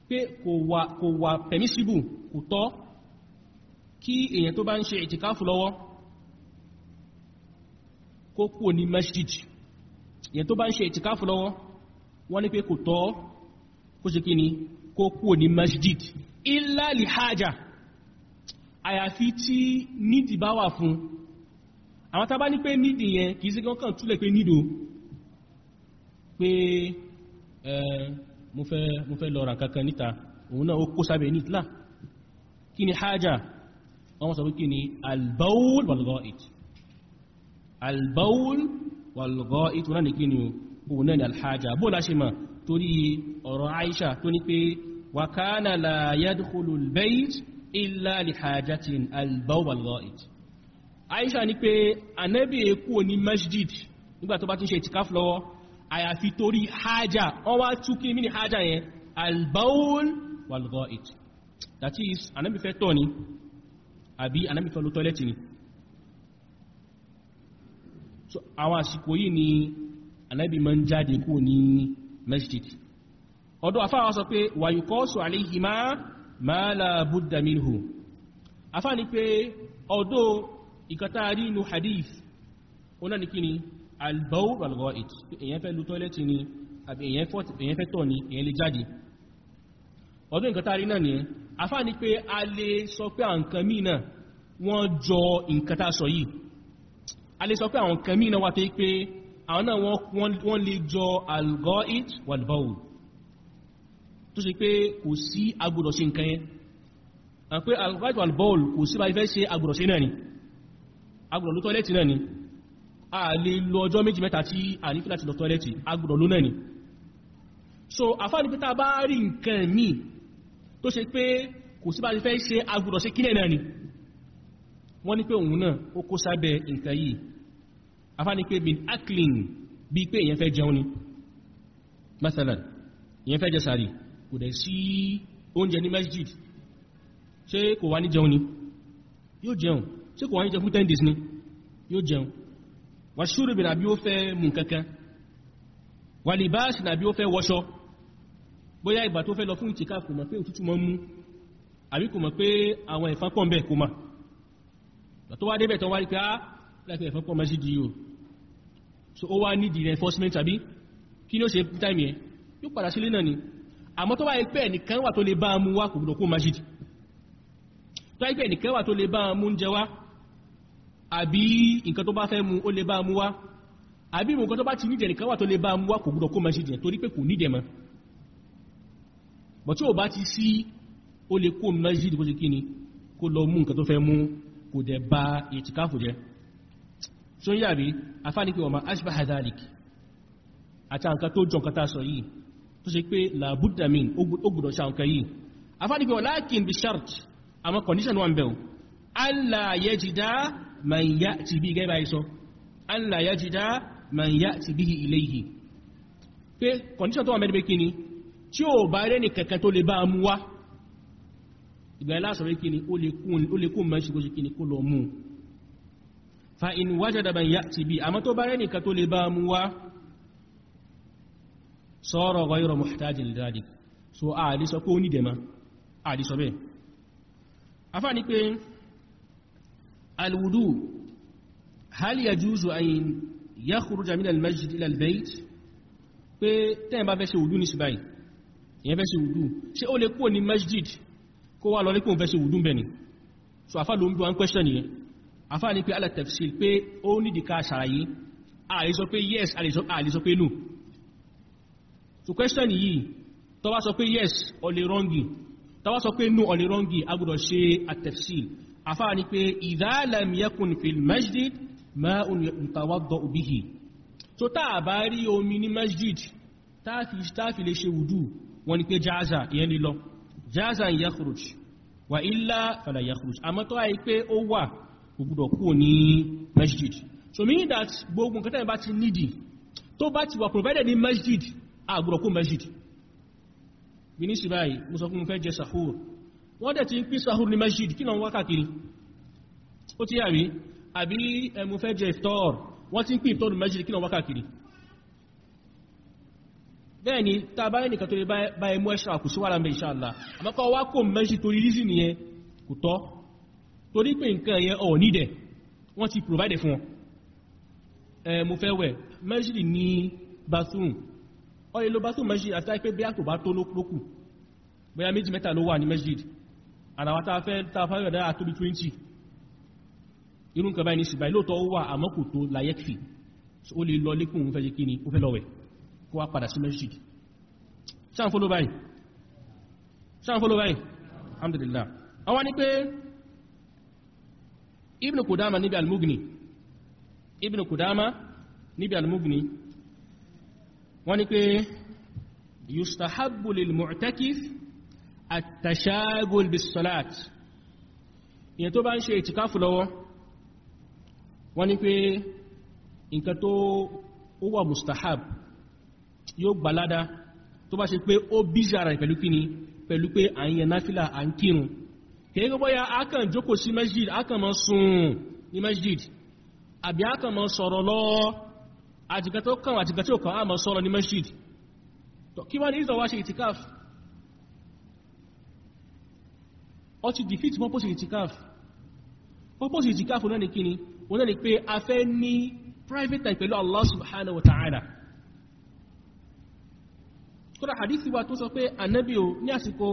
[SPEAKER 1] pé kò wà permissible kò tọ́ kí èyàn tó bá ń ṣe ìtìkáfù lọ́wọ́ kó kúrò ní masjid yẹn tó bá ń ṣe ìtìkáfù lọ́wọ́ wọ́n ní pé kò tọ́ kó ṣe kí ni kó kúrò ní masjid illa li haja àyàfi tí nídì bá wà fún àwọn tàbá ní pé nídì yẹn kìí sí kọ́kàn túlẹ̀ pé nídò pé mo fẹ́ lọ kankan níta òun náà ó kó sábẹ̀ nítìlá kí ni haja wọ́n sọ pé kí ni albaul wal gha'it albawul walgọ́ ìtura ní kíni òun náà ni alhaja bó láṣe ma torí ọ̀rọ̀ aisha tó ní pé wa kana la yadkhulu albayt illa li hajatin albawul walgọ́ it aisha ní pé anabi eku ní masjid nígbà tó bá ti ń ṣe itikaf lọ́wọ́ àyàfi torí haja wọ́n wá tú mini haja yẹn albawul that is anabi fẹ́ tọ̀ ni àbí anabi fẹ́ lọ tọ́lẹ́tì ni àwọn àsìkò yìí ni anábì ma ń jáde kú ní masjid ọdún afáwà sọ pé wàyùkọ́sù aléhìmá máa láàbúdà minhu afá ni pé ọdún ìkàtàrí inú hadith ọ̀nà ní kíni albaul alghoit èyàn fẹ́ lu tọ́lẹ́tì ni àbí èyàn fẹ́ tọ̀ ni èyàn lè a lè sọ pé àwọn kan mìíràn wà tó pé àwọn náà wọ́n lè jọ algoit walbaul tó ṣe pé kò sí agbọ́dọ̀ ṣe nǹkan yẹn àwọn pé algoit walbaul kò sí bá ifẹ́ ṣe agbọ́dọ̀ ṣe náà ni agbọ́dọ̀ ló tọ́lẹ̀tì náà ni a lè lọ ọjọ́ méjì mẹ́ta tí a ní fíláti lọ tọ́lẹ̀tì agbọ́dọ̀ ló náà ni so àfáàní pé tá a bá rí nǹkan míì tó ṣe pé kò sí bá ifẹ́ ṣe agbọ́dọ̀ ṣe kílẹ̀ náà ni wọ́n ní pé òun náà ó kó sábẹ́ nǹkan yìí afá ní pé bin aklin bí pé èyàn fẹ́ jẹun ni masalan èyàn fẹ́ jẹ sàárì kò dẹ̀ sí oúnjẹ ní masjid ṣé kò wá ní jẹun ni yóò jẹun ṣé kò wá ní jẹun fún 10 days ni yóò jẹun wà ṣúrù bí nàbí ó fẹ́ mú kankan wà lè bá ṣì nàbí ó fẹ́ wọṣọ bóyá ìgbà tó fẹ́ lọ fún ìtìká kò mọ̀ pé òtútù mọ́ mú àbí kò mọ̀ pé àwọn ìfapọ̀ ń kò mọ̀ tó wá débẹ̀ tó wá rí pé ẹ̀fẹ́ pọ̀ mẹ́sí di yóò so ó wá nídìí reinforcement tàbí kí ní ó ṣe time yẹn yóò padà sílé náà ni àmọ́ tó wá ipẹ́ nìkan wà tó lè bá mú wá kò gbọdọ̀ kó masjid tó wá ipẹ́ nìkan wà tó lè bá mú jẹ wá àbí nǹkan tó bá fẹ́ mú ó lè bá mú wá àbí nǹkan tó bá ti nídìí nìkan wà tó lè bá mú wá kò gbọdọ̀ kó masjid yẹn torí pé kò nídìí mọ́ bọ̀ tí ò bá ti sí ó lè kó masjid kó ṣe kí ni kó lọ mú nǹkan tó fẹ́ mú kò dẹ̀ bá ìtìkáfù jẹ́ so yíyà rí afánikí wọ́n ma ashba hadalik àti àǹkan tó jọ kata sọ yìí tó ṣe pé labudamin ó gbọ́dọ̀ ṣe àǹkan yìí afánikí wọ́n lákín bí shart àmọ́ condition wọn bẹ̀rù alla yajida man ya'ti bihi gẹ́gbà iṣọ́ alla yajida man ya'ti bihi ilayhi pé condition tó wà mẹ́rin pé kíni tí ó bá rẹ́ni kẹ̀kẹ́ tó lè bá mú wá ìgbà lásọ̀rọ̀ kí ni ó lè kún mẹ́ṣù kó ṣe kí ni kó lọ mú fa in wájádà bá yá ti bí àmọ́ tó bá rẹ̀ nìkan tó lè bá mú wá sọ́rọ̀ ọ̀rọ̀ muhtajin dadi so a lè sọ pé ó ní dẹ̀má a lè ṣe wudu lè kúrò ní masjid kó wá lọ lé pòun fẹ́ ṣe wùdú bẹ̀ni so afá ló ń bí wọn question nìyẹn afá ní pé ala pé ó nídìí ká ṣàlàyé àlè pé yes àlè sọ pé no so question yìí tó sọ pé yes ó lè wrongi tó bá sọ pé no ó lè wrongi a gbọ́dọ̀ ṣe at-tafsil afá ní pé idha lam yakun fil masjid ma'un yatawadda'u bihi so táà bá rí omi ni pé jáza ìyẹn lílọ jazan yakhruj wa illa fala yakhruj àmọ́ tó àyí pé ó wà gbogbo kú masjid so meaning that gbogbo nǹkan tẹ́yìn bá ti nídi tó bá ti wà provided ní masjid àgbọ̀rọ̀ kú masjid bí ní sí báyìí mo sọ fún mo fẹ́ jẹ sahur wọ́n dẹ̀ ti ń pín sahur ní masjid kí náà wákàkiri ó ti yàrí àbí mo fẹ́ jẹ iftar wọ́n ti ń iftar ní masjid kí náà wákàkiri bẹ́ẹ̀ ni ta bá ẹnìkan tó lè bá ẹmú ẹ̀ṣà kò sí wàrà mẹ́ inshallah àmọ́kọ́ wá kò mẹ́ṣì torí rízì nìyẹn kò tọ́ torí pé nǹkan ẹ̀yẹ ọ̀ nídẹ̀ wọ́n ti provide fún ẹ mo fẹ́ wẹ̀ mẹ́ṣì ní bathroom ọyẹ ló bathroom mẹ́ṣì àti láìpẹ́ bí àkùbá tó lókù bóyá méjì mẹ́ta ló wà ní mẹ́ṣì àràwá ta fẹ́ ta fẹ́ rẹ̀ dára tóbi 20 irú nǹkan báyìí ní ṣùgbọ́n lóòótọ́ kó wá padà sí masjid ṣáà fóló báyìí ṣáà fóló báyìí alhamdulillah àwọn ni pé ibn kudama níbi almugni ibn kudama níbi almugni wọ́n ni pé yustahabbu lil mu'takif at-tashagul bis salat ìyẹn tó bá ń ṣe ìtìkáfù lọ́wọ́ wọ́n ni pé nǹkan tó wà mustahab yóò gbalada tó bá ṣe pé ó bíṣì ara rẹ̀ pẹ̀lú kíni pẹ̀lú pé à ń yẹ náfìlà à ń kírun kìí gbọ́ ya a kàn jókòó sí masjid a kàn mọ́ sùn ní masjid àbí a kàn mọ́ sọ̀rọ̀ lọ àtìgbà tó kàn àtìgbà tí ó kàn á mọ́ sọ̀rọ̀ ní masjid kí wá ní ìzọ̀ ṣe ìtìkáf ọ ti defeat purpose ìtìkáf purpose ìtìkáf Allah subhanahu wa ta'ala kódà hadithi wa tó sọ pé anabi o ní àsìkò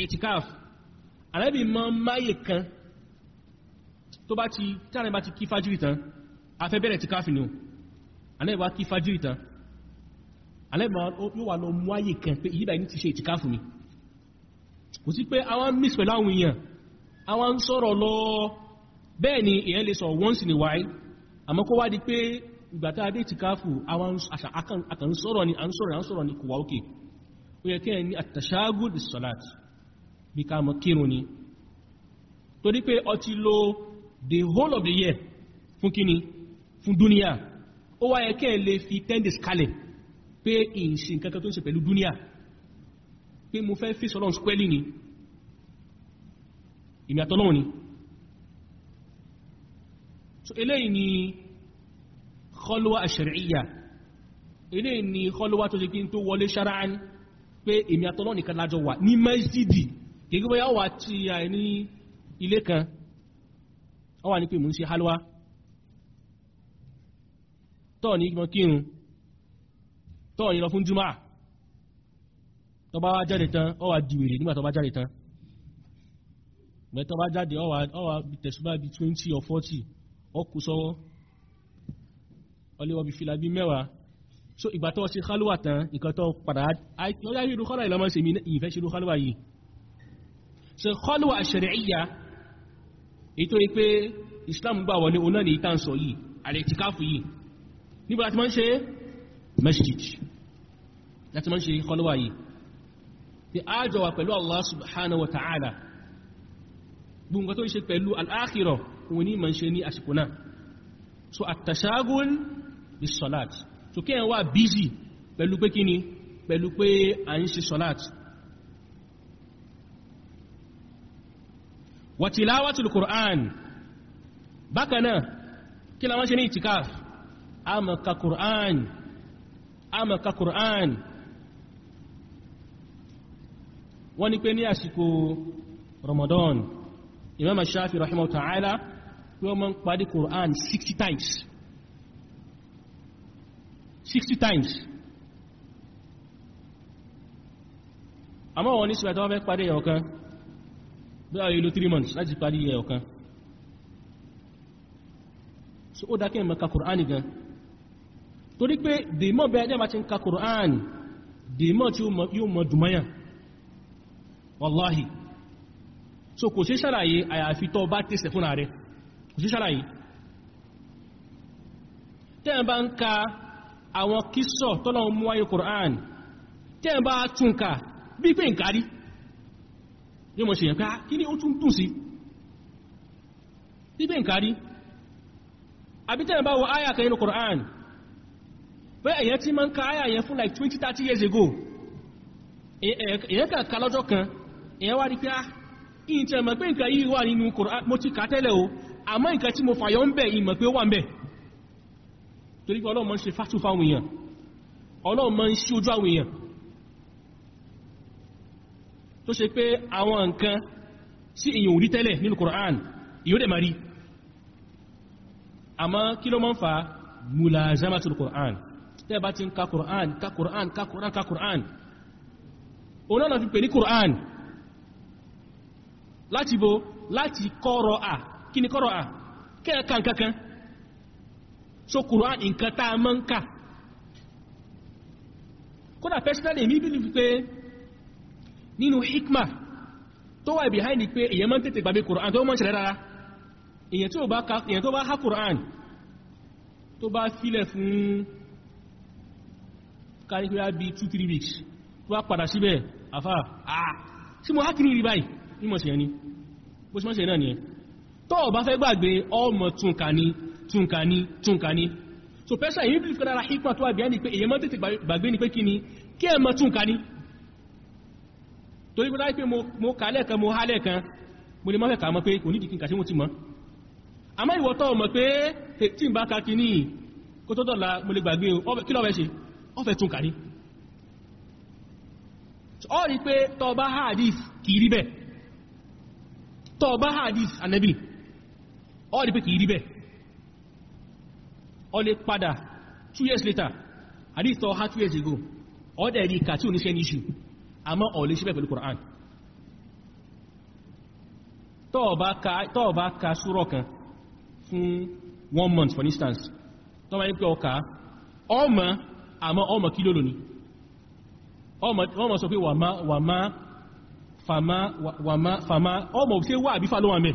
[SPEAKER 1] etikaf anabi mọ máyè kan tó bá ti tánà bá ti kí fájírì tán afẹ́ bẹ̀rẹ̀ etikaf ni o anabi wa kí fájírì tán anabi yóò wà lọ mú àyè kan pé ìyíbà yìí ti ṣe etikaf mi kò sí pé àwọn miss pẹ̀lú èèyàn àwọn sọ̀rọ̀ lọ bẹ́ẹ̀ ni èèyàn lè sọ once in a while àmọ́ kó wá di pé ìgbàtà adé ti káfù àwọn akàn sọ̀rọ̀ ni à ń ni kò wá òkè okay ó yẹ kí ẹ ní àtàṣágùd sọ́láàtì bí ká mọ̀ kírun ni torí pé ó ti lò the whole of the year fún kíni fún dúníà ó wá yẹ kí ẹ lè fi 10 days kalẹ̀ pé ìṣe nǹkan tó ń ṣe pẹ̀lú dúníà pé mo fẹ́ fi sọ́lọ́n squarely ni ìmì àtọ́lọ́wọ̀n ni so eléyìí ni kọlọ́wà àṣẹ̀rẹ̀ ìyà eléyìí ni kọlọ́wà tó ṣe kí n tó wọlé ṣáráà pé èmi àtọ́lọ́ nìkan lájọ wà ní mẹ́sídì gẹ́gẹ́ bóyá wà tí a ní ilé kan ọ wà ní pé mò ń ṣe halwa tọ́ ní ìgbọ̀n kírun tọ́ ní lọ fún jùmọ́ tó bá wá jáde tán ọ wà dìwèrè nígbà tó bá jáde tán mẹ́ bá jáde ọ wà tẹ̀sùbá bí 20 or 40 ọ kù sọ́wọ́ ọlẹ́wọ́ bí fìlà bí mẹ́wàá so ìgbà tó ṣe kálúwà tán nǹkan tó padà lọ́yà irú kọ́lá ìlọ́mọ ṣe mi ní ìfẹ́ ṣe irú kálúwà yìí so kálúwà ṣẹ̀rẹ̀ẹ́yà ètò yìí pé Islam gbà wọlé oná ní ìtàn sọ yìí káfù yìí níbo láti máa ń ṣe masjid láti máa ń ṣe kálúwà yìí ti ájọ wà pẹ̀lú Allah subhanahu wa ta'ala gbùngbà tó ṣe pẹ̀lú al-akhirah òun ní máa ń ṣe ní àsìkò náà so at-tashagul bis-salat so kí ẹ wà busy pẹ̀lú pé kí ni pẹ̀lú pé à ń ṣe sọ́láàtì wàtíláwàtí al-Qur'an bákanáà kí la wọ́n ṣe ní itikaf a máa ka Qur'an a máa ka Qur'an wọ́n ní pé ní àsìkò Ramadan Imam Shafi rahimahu ta'ala pé wọ́n máa ń parí Qur'an 60 times 60 times àmọ́ wọn ní ṣùgbọ́n tó wọ́n fẹ́ parí ẹ̀yọ̀ kan bí i ìlú 3 months láti parí ẹ̀yọ̀ kan so ó dákẹ́ ìmọ̀ ka Kùránì gan torí pé dèmọ́ bẹ́ẹ̀ jẹ́ bá ti ń ka Kùránì tí yóò mọ̀ dùmọ́yàn wallahi so kò sí ṣàlàyé àyàfi tó bá tẹ́sẹ̀ fún ààrẹ kò sí ṣàlàyé àwọn kíṣọ̀ tọ́lọ́run mú wáyé Qur'an tẹ́ bá túnkà bí pé nkárí yóò mọ̀ ṣèyàn pé ah, kí ni ó tún dùn sí bí pé nkárí àbí tẹ́ bá wọ áyà kan nínú Qur'an pé èyàn tí ma ń ka áyà yẹn fún like 20-30 years ago èyàn kà ká lọ́jọ́ kan èyàn wá rí pé ah ìyìn tẹ́ mọ̀ pé nǹkan yìí wà nínú Qur'an mo ti kà tẹ́lẹ̀ o àmọ́ nǹkan tí mo fàyọ ń bẹ̀ ìmọ̀ pé ó wà ń bẹ̀ torí pé ọlọ́run máa ń ṣe fátú fáwọn èèyàn ọlọ́run máa ń ṣí ojú àwọn èèyàn tó ṣe pé àwọn nǹkan sí èèyàn òrí tẹ́lẹ̀ nínú Qur'an yóò dẹ̀ máa rí àmọ́ kí ló máa ń fa mulazamatul Qur'an tẹ́ bá ti ń ka Qur'an ka Qur'an ka Qur'an ka Qur'an òun náà fi pè ní Qur'an láti bo láti kọ́rọ̀ à kí ni kọ́rọ̀ à kẹ́ẹ̀kan kankan so quran nǹkan tá a máa ń kà kódà personally èmi believe pé nínú hikma tó wà behind pé èyàn máa ń tètè gbàgbé quran tó mọ́ ṣẹlẹ̀ rárá èyàn tó bá ha quran tó bá filẹ̀ fún káríkúrá bí 2-3 weeks tó wá padà síbẹ̀ àfá àà sí mo hákìrí rí báyìí ní mọ̀ sí ẹni bó sí mọ́ náà ni tó bá fẹ́ gbàgbé ọmọ tún kà ní túnka ní so pẹ́ṣà yìí bí kọ́dára hikma tó wà bí i pé èyẹ mọ́ tètè gbàgbé ni pé kí ni kí ẹ mọ́ túnka ní torí pé mo kà lẹ́ẹ̀kan mo há lẹ́ẹ̀kan mo lè mọ́ fẹ́ka mọ́ pé kò nídìí kí n kà sí mo ti mọ́ àmọ́ ìwọ tó mọ̀ pé tí n bá ka kí ní kó tó dọ̀la mo rí bẹ́ẹ̀ ọ lè padà two years later àdí ìtọ́ ha two years ago ọdẹ̀ rí ìkà tí ò ní ṣe ní ṣù àmọ́ ọ lè ṣíbẹ̀ pẹ̀lú Qur'an tọ́ọ̀bá ka súrọ̀ kan fún one month for instance tọ́ọ̀bá ní pé ọkà ọmọ àmọ́ ọmọ kí ló lónìí ọmọ sọ pé wà má fàmá ọmọ sí wà àbífà ló wà mẹ́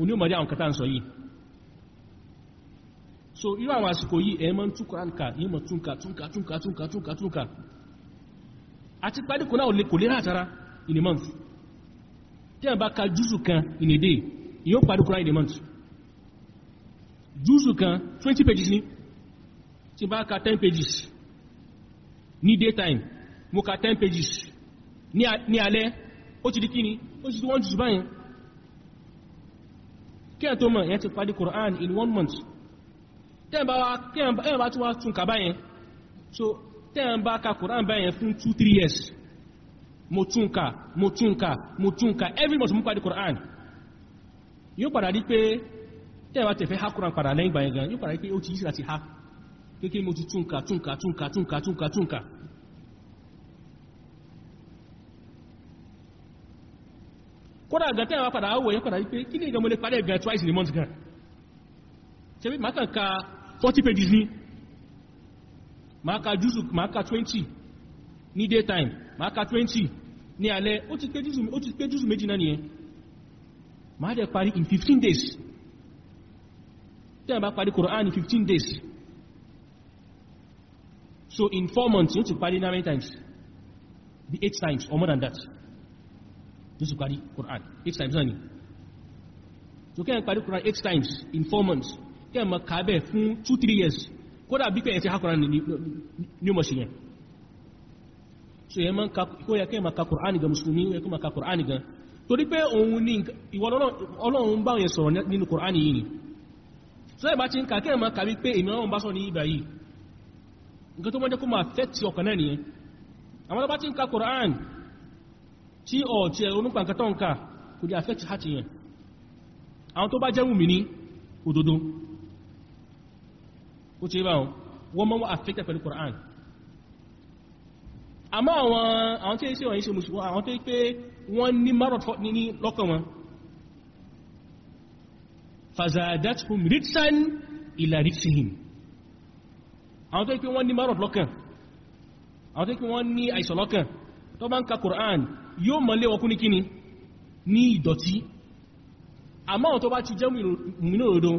[SPEAKER 1] onímọ̀dé àwọn kàtà ń sọ yìí so irú àwọn àsìkò yìí ẹ mọ́ túnkà ǹkà ìmọ̀ túnkà túnkà túnkà túnkà túnkà túnkà àti pàdíkò náà in a month tí a bá in a day yíó pàdíkò náà in a month jùsù kan pages ní tí bá ka pages ní daytime mo ka 10 pages ní alẹ́ ó ti di kíni ó ti di wọ́n jùsù báyìí kí ẹ tó mọ̀ yẹn ti parí Quran in one month tẹ́yìn bá tí wá tún kà báyẹn so tẹ́yìn bá ka Quran báyẹn fún 2-3 years mo tún kà mo tún kà mo tún kà every month mú parí Quran yóò padà rí pé tẹ́yìn bá tẹ̀fẹ́ ha Quran padà lẹ́yìn gbàyẹn gan yóò padà rí pé ó ti yí sí láti ha kékeré mo ti tún kà tún kà tún kà tún kà tún kà kódà gan tẹ́yàwó padà áwọ̀ yẹn padà wípé kí ní ìgbẹ̀mọ́ lè parí ẹ̀gàn twice in a month gan ṣe bí máa kàkà 40 pages ní máa ka jùsù máa ka 20 ní daytime máa ka 20 ní alẹ́ ó ti pé jùsù méjì náà nìyẹn máa dẹ̀ parí in 15 days tẹ́yà bá parí Quran in 15 days so in 4 months yóò ti parí 9 times be 8 times or more than that ló parí Quran eight times náà ni so kẹ́yàn parí Quran eight times in four months kẹ́yàn ma kàábẹ̀ fún two three years kódà bí kẹ́yàn ti ha Quran ní ọmọ ṣe yẹn so yẹn ma kó yẹ kẹ́yàn ma ka Quran gan musulmi yẹ kó ma ka Quran gan torí pé òun ni ìwọ Ọlọ́run bá yẹn sọ̀rọ̀ nínú Quran yìí ni so yẹ bá ti ń ka kẹ́yàn ma ka bí pé èmi bá sọ ní ibà yìí nǹkan tó mọ́ jẹ́ kó ma fẹ́ ti ọkàn náà nìyẹn àwọn tó Quran tí ọ̀ tí ẹ̀rọ nípa nǹkan kò dé affect heart yẹn àwọn tó bá jẹ́ wù mí ní òdodo ó ti bá wọ́n mọ́ wọ́n affected pẹ̀lú Quran àmọ́ àwọn àwọn tí èsì wọ̀nyí ṣe mùsùlùmí àwọn tó pé wọ́n ní marot ní lọ́kàn wọn fazadathum ritsan ila ritsihim àwọn tó pé wọ́n ní marot lọ́kàn àwọn tó pé wọ́n ní àìsàn lọ́kàn tó bá ń ka Quran yóò mọ̀ lé wọkún ní kíni ní ìdọ̀tí àmọ́ àwọn tó bá ti jẹ́ mìnú òdó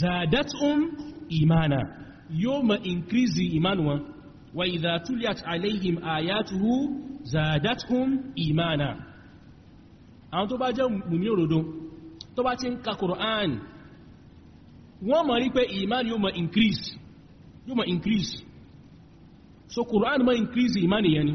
[SPEAKER 1] zadatum imana yóò mọ̀ increase imanu wọn wa idha tuliyat alayhim ayatuhu zadatum imana àwọn tó bá jẹ́ mìnú òdó tó bá ti ń ka Qur'an wọ́n mọ̀ rí pé iman yóò mọ̀ increase yóò mọ̀ increase so Qur'an mọ̀ increase imani yani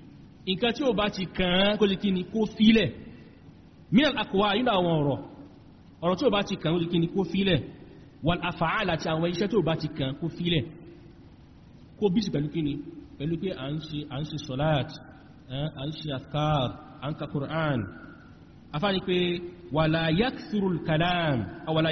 [SPEAKER 1] nǹkan tí ó bá ti kàn án kó lè kí ni kó fílẹ̀ mìíràn àkọwà nínú àwọn ọ̀rọ̀ ọ̀rọ̀ tí ó bá ti kàn án kó lè kí ni kó fílẹ̀ wà àfààl àti àwọn iṣẹ́ tí ó bá ti kàn án kó fílẹ̀ kó bí sí pẹ̀lú kí ni pẹ̀lú pé à ń ṣe sọ́láàt à ń ṣe àkàr à ń ka Qur'an pé wà la yakthurul kalam aw la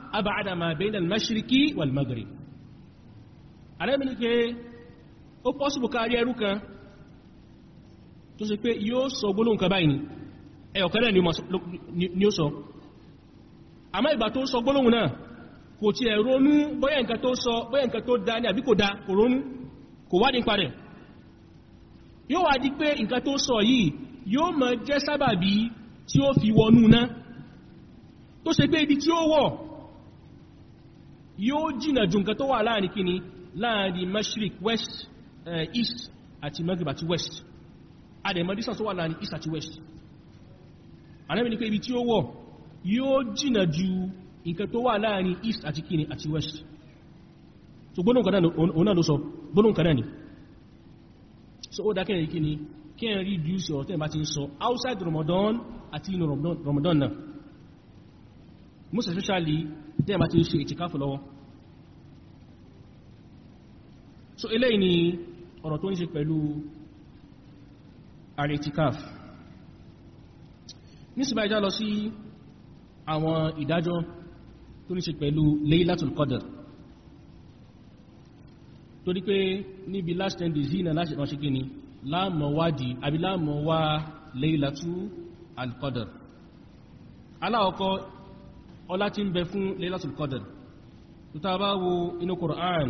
[SPEAKER 1] abàádà ma bayna al-mashriqi wal-maghrib arẹ́bìnrin pé ó pọ́sùbù kárí ẹrú kan tó sì pé yóò sọ gbólóhùn kan báyìí ẹ̀ọ̀kan náà ni ó sọ àmá ìgbà tó sọ gbólóhùn náà kò tí ẹ̀ ronú bóyá nǹkan tó sọ bóyá nǹkan tó dá ní àbí kò dá kò ronú kò wá nípa rẹ̀ yóò wá di pé nǹkan tó sọ yìí yóò máa jẹ́ sábàbí tí ó fi wọnú náà tó ṣe pé ibi tí ó wọ̀ yóò jìnà jù nǹkan tó wà láàrin kíni láàrin mashrik west uh, east àti maghrib àti west adẹ̀mọ́ distance tó wà láàrin east àti west anẹ́bì ní pé ibi tí ó wọ̀ yóò jìnà jù nǹkan tó wà láàrin east àti kíni àti west so gbónú kanáà oná ló sọ gbónú kanáà ni so ó dákẹ́ ìkíni kí ẹ rí dùú sí ọ̀tẹ́ bá ti ń sọ outside Ramadan àti inú Ramadan náà most especially tẹ́ bá ti ń ṣe ìtìkáfù lọ́wọ́ so eléyìí ni ọ̀rọ̀ tó ń ṣe pẹ̀lú aritikaf nísìbá ìjá lọ sí àwọn ìdájọ́ tó ní ṣe pẹ̀lú Laylatul Qadr torí pé níbi last ten days yìí na láti ránṣẹ́ kí ni láàmọ̀ wá di àbí láàmọ̀ wá Laylatul Qadr aláwọ̀kọ́ ọlá tí ń bẹ fún Laylatul Qadr tó tá wo inú Qur'an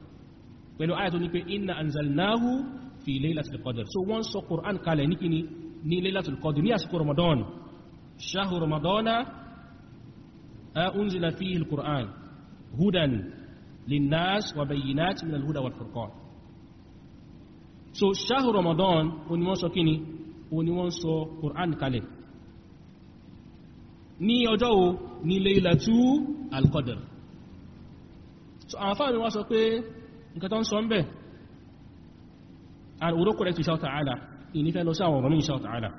[SPEAKER 1] pẹ̀lú ayàtò ní pé inna anzalnahu fi laylatul qadr so wọ́n sọ kùrán kalẹ̀ ní kíni ní laylatul qadr ní àsìkò Ramadan ṣáhù Ramadana unzila fihi al-Qur'an hudan linnas wa bayyinatin min al-huda wal furqan so ṣáhù ramadan ó wọ́n sọ kíni ó ní wọ́n sọ quran kalẹ̀ ní ọjọ́ wo ní laylatu alqadr so àwọn fáwọn wọ́n sọ pé nǹkan tó ń sọ ń bẹ̀ and òdó correct insha ta'ala ìnífẹ́ lọ sí àwọn ọ̀rọ̀ insha ta'ala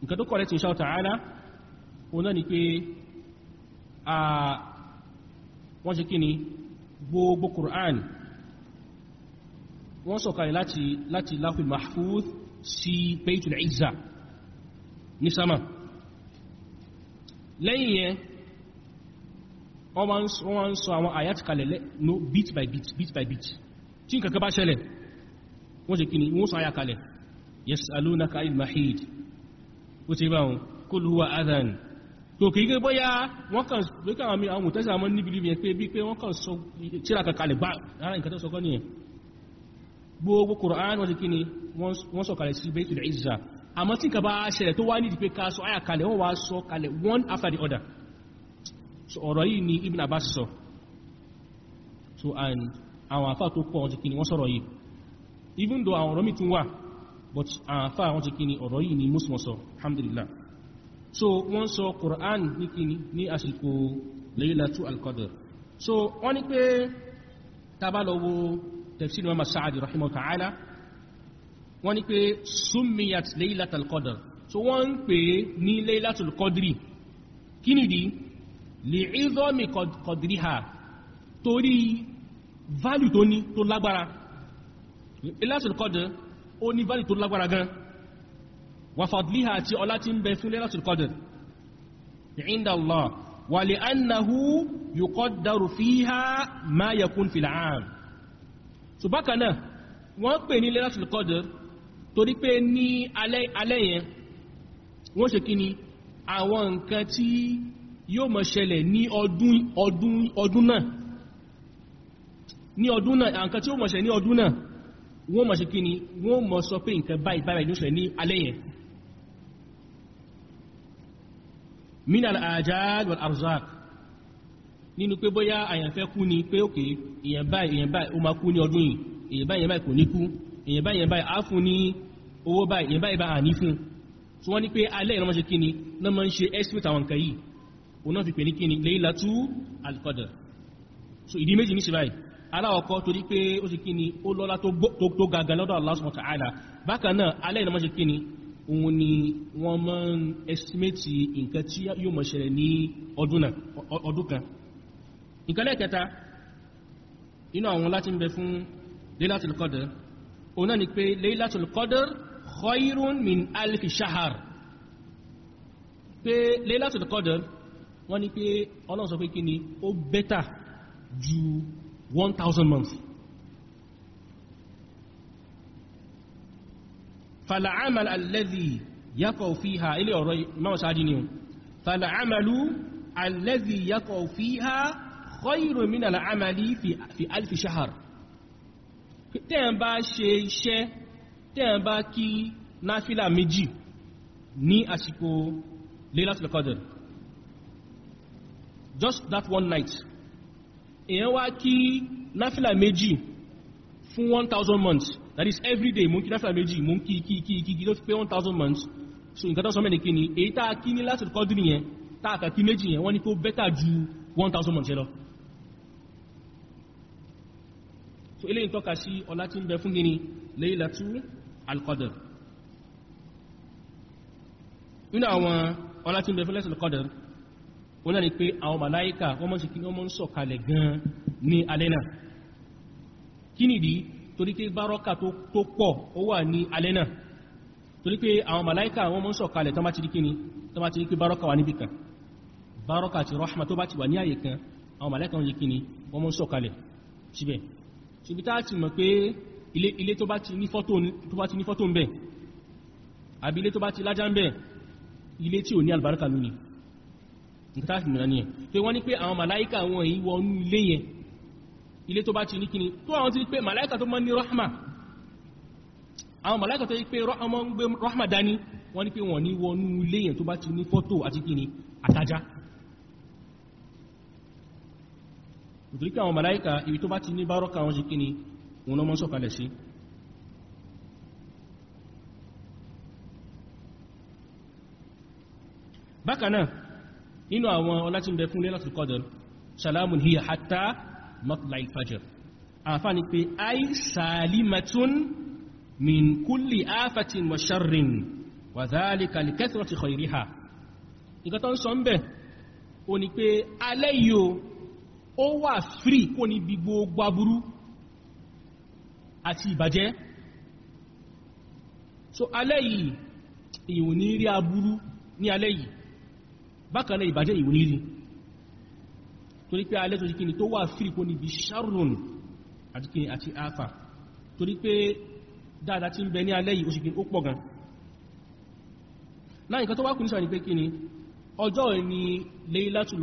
[SPEAKER 1] nǹkan tó correct insha ta'ala òun náà ni pé wọ́n ṣe kí ni gbogbo Qur'an wọ́n sọ̀kalẹ̀ láti láti láfil mahfuz sí Baitul Izza ní sama lẹ́yìn yẹn wọ́n máa ń sọ àwọn àyàtì kalẹ̀ no bit by bit bit by bit tí n kankan bá ṣẹlẹ̀ wọ́n ṣe kíni wọ́n sọ àyà kalẹ̀ yas'alunaka anil mahid ó ti bá wọn qul huwa adhan tó kìí gẹ́ bóyá wọ́n kàn pé káwọn mi àwọn mùtẹ́sì àwọn níbi níbi yẹn pé bí pé wọ́n kàn sọ tíra Qur'an wọ́n ṣe kíni wọ́n sọ kalẹ̀ sí Baitul Izza àmọ́ tí nǹkan bá ṣẹlẹ̀ tó wá nídìí pé ká one after the other so ọ̀rọ̀ yìí ni Ibn Abbas sọ so and àwọn àfá tó pọ̀ wọ́n ti wọ́n sọ̀rọ̀ yìí even though àwọn ọ̀rọ̀ mi tún wà but àwọn àfá wọ́n ti kí ni ọ̀rọ̀ yìí ni muslim sọ alhamdulillah so wọ́n sọ Qur'an ní kí ni ní àsìkò Laylatul Qadr so wọ́n ní pé tabalowo tafsir wa Sa'di rahimahu ta'ala wọ́n ní pé summiyat Laylatul Qadr so wọ́n ń pè ní Laylatul Qadri kí lè ìzọ́mì kọ̀dìríhà torí value tó ní tó lágbára Lailatul Qadr ó ní value tó lágbára gan wàfàdìlíhà àti ọlá tí ń bẹ fún Lailatul Qadr inda Allah wa li annahu yuqaddaru fiha ma yakun fil aam so bákan náà wọ́n pè yóò máa ṣẹlẹ̀ ní ọdún ọdún ọdún náà ní ọdún náà àǹkan tí ó máa ṣẹlẹ̀ ní ọdún náà wọ́n máa ṣe kí ni wọ́n máa sọ pé nǹkan báyìí báyìí ló ṣẹlẹ̀ ní alẹ́ yẹn ajal wal arzak nínú pé bóyá àyàn fẹ́ kú ni pé òkè èèyàn báyìí èèyàn báyìí ó máa kú ní ọdún yìí èèyàn báyìí èèyàn báyìí kò ní kú èèyàn báyìí èèyàn báyìí á fún ní owó báyìí èèyàn báyìí bá àní fún tí wọ́n ní pé alẹ́ ìrànmọ́ṣe kí ni náà máa ń ṣe estimate àwọn nǹkan yìí ọ̀nà fi pè ní kíni Laylatu al-Qadr so ìdí méjì ní ṣíbáyì aláwọ̀kọ́ torí pé ó sì kíni ó lọ́lá tó gaga lọ́dọ̀ Allah subhanahu wa ta'ala bákan náà alẹ́ ìdánmọ́ ṣe kíni òun ni wọ́n máa ń estimate nǹkan tí yóò máa ṣẹlẹ̀ ní ọdún kan nǹkan lẹ́ẹ̀kẹta inú àwọn láti ń bẹ fún Laylatul Qadr òun ni pé Laylatul Qadr khairun min alfi shahar pe Laylatul Qadr wọ́n ní pé ọlọ́sọ pé kí ni ó bẹ́tà ju 1000 months fala'amal alladhi yakọ̀ fi ha ilé ọ̀rọ̀ imam sáájú ni fala'amalu alladhi yakọ̀ fi ha khayrun ní àsìkò Laylatul just that one night èèyàn wá kí náfìlà méjì fún 1000 months that is every day mú kí náfìlà méjì mú kí kí kí kí kí tó fi pé 1000 months so nǹkan tó sọ mẹ́rin kí ni èyí tá a kí ní láti kọ́ dìrì yẹn tá a kà méjì yẹn wọ́n ní tó bẹ́tà ju 1000 months lọ so eléyìí tọ́ka sí ọlá tí ń bẹ fún gini Laylatul Qadr nínú àwọn ọlá tí ń bẹ fún Laylatul Qadr ó náà ni pé àwọn màláíkà wọ́n mọ́ sí kí wọ́n mọ́ ń sọ̀kalẹ̀ gan ní alẹ́ náà kí nìdí torí pé bárọ́kà tó pọ̀ ó wà ní alẹ́ náà torí pé àwọn màláíkà wọ́n mọ́ ń sọ̀kalẹ̀ tó má ti rí kíni tó má ti rí pé bárọ́kà wà níbì kan bárọ́kà àti rahma tó bá ti wà ní ilé tí ò ní àlùbáríkà lónìí ìtàfì mìíràn nìyẹn pé wọ́n ní pé àwọn màláíkà wọn yìí wọnú ilé yẹn ilé tó bá ti ní kíni tó àwọn ti ní pé màláíkà tó máa ní rahma àwọn màláíkà tó yí pé ọmọ ń gbé rahma dání wọ́n ní pé wọ́n ní wọnú ilé yẹn tó bá ti ní fọ́tò àti kíni àtajá nítorí nínú àwọn ọlátìmbẹ̀ fún lẹ́lọ́tù kọ́dọ̀n salamun hiya hatta matla'il fajr àfá ni pé ai salimatun min kulli afatin wa sharrin wa dhalika li kathrati khayriha nǹkan tó ń sọ ńbẹ̀ ó ní pé alẹ́ yìí ó free kó ní bí gbogbo aburú àti ìbàjẹ́ so alẹ́ yìí èyàn ò ní rí aburú bákanáà ìbàjẹ́ ìwò nílì torí pé alẹ́ tó ṣe kíni tó wà fíríkó níbi sharon àti kíni àti alpha torí pé dáadáa tí ń bẹ ní alẹ́ yìí ó ṣe kíni ó pọ̀ gan náà nǹkan tó wá kù nísà ní pé kíni ọjọ́ ni Laylatul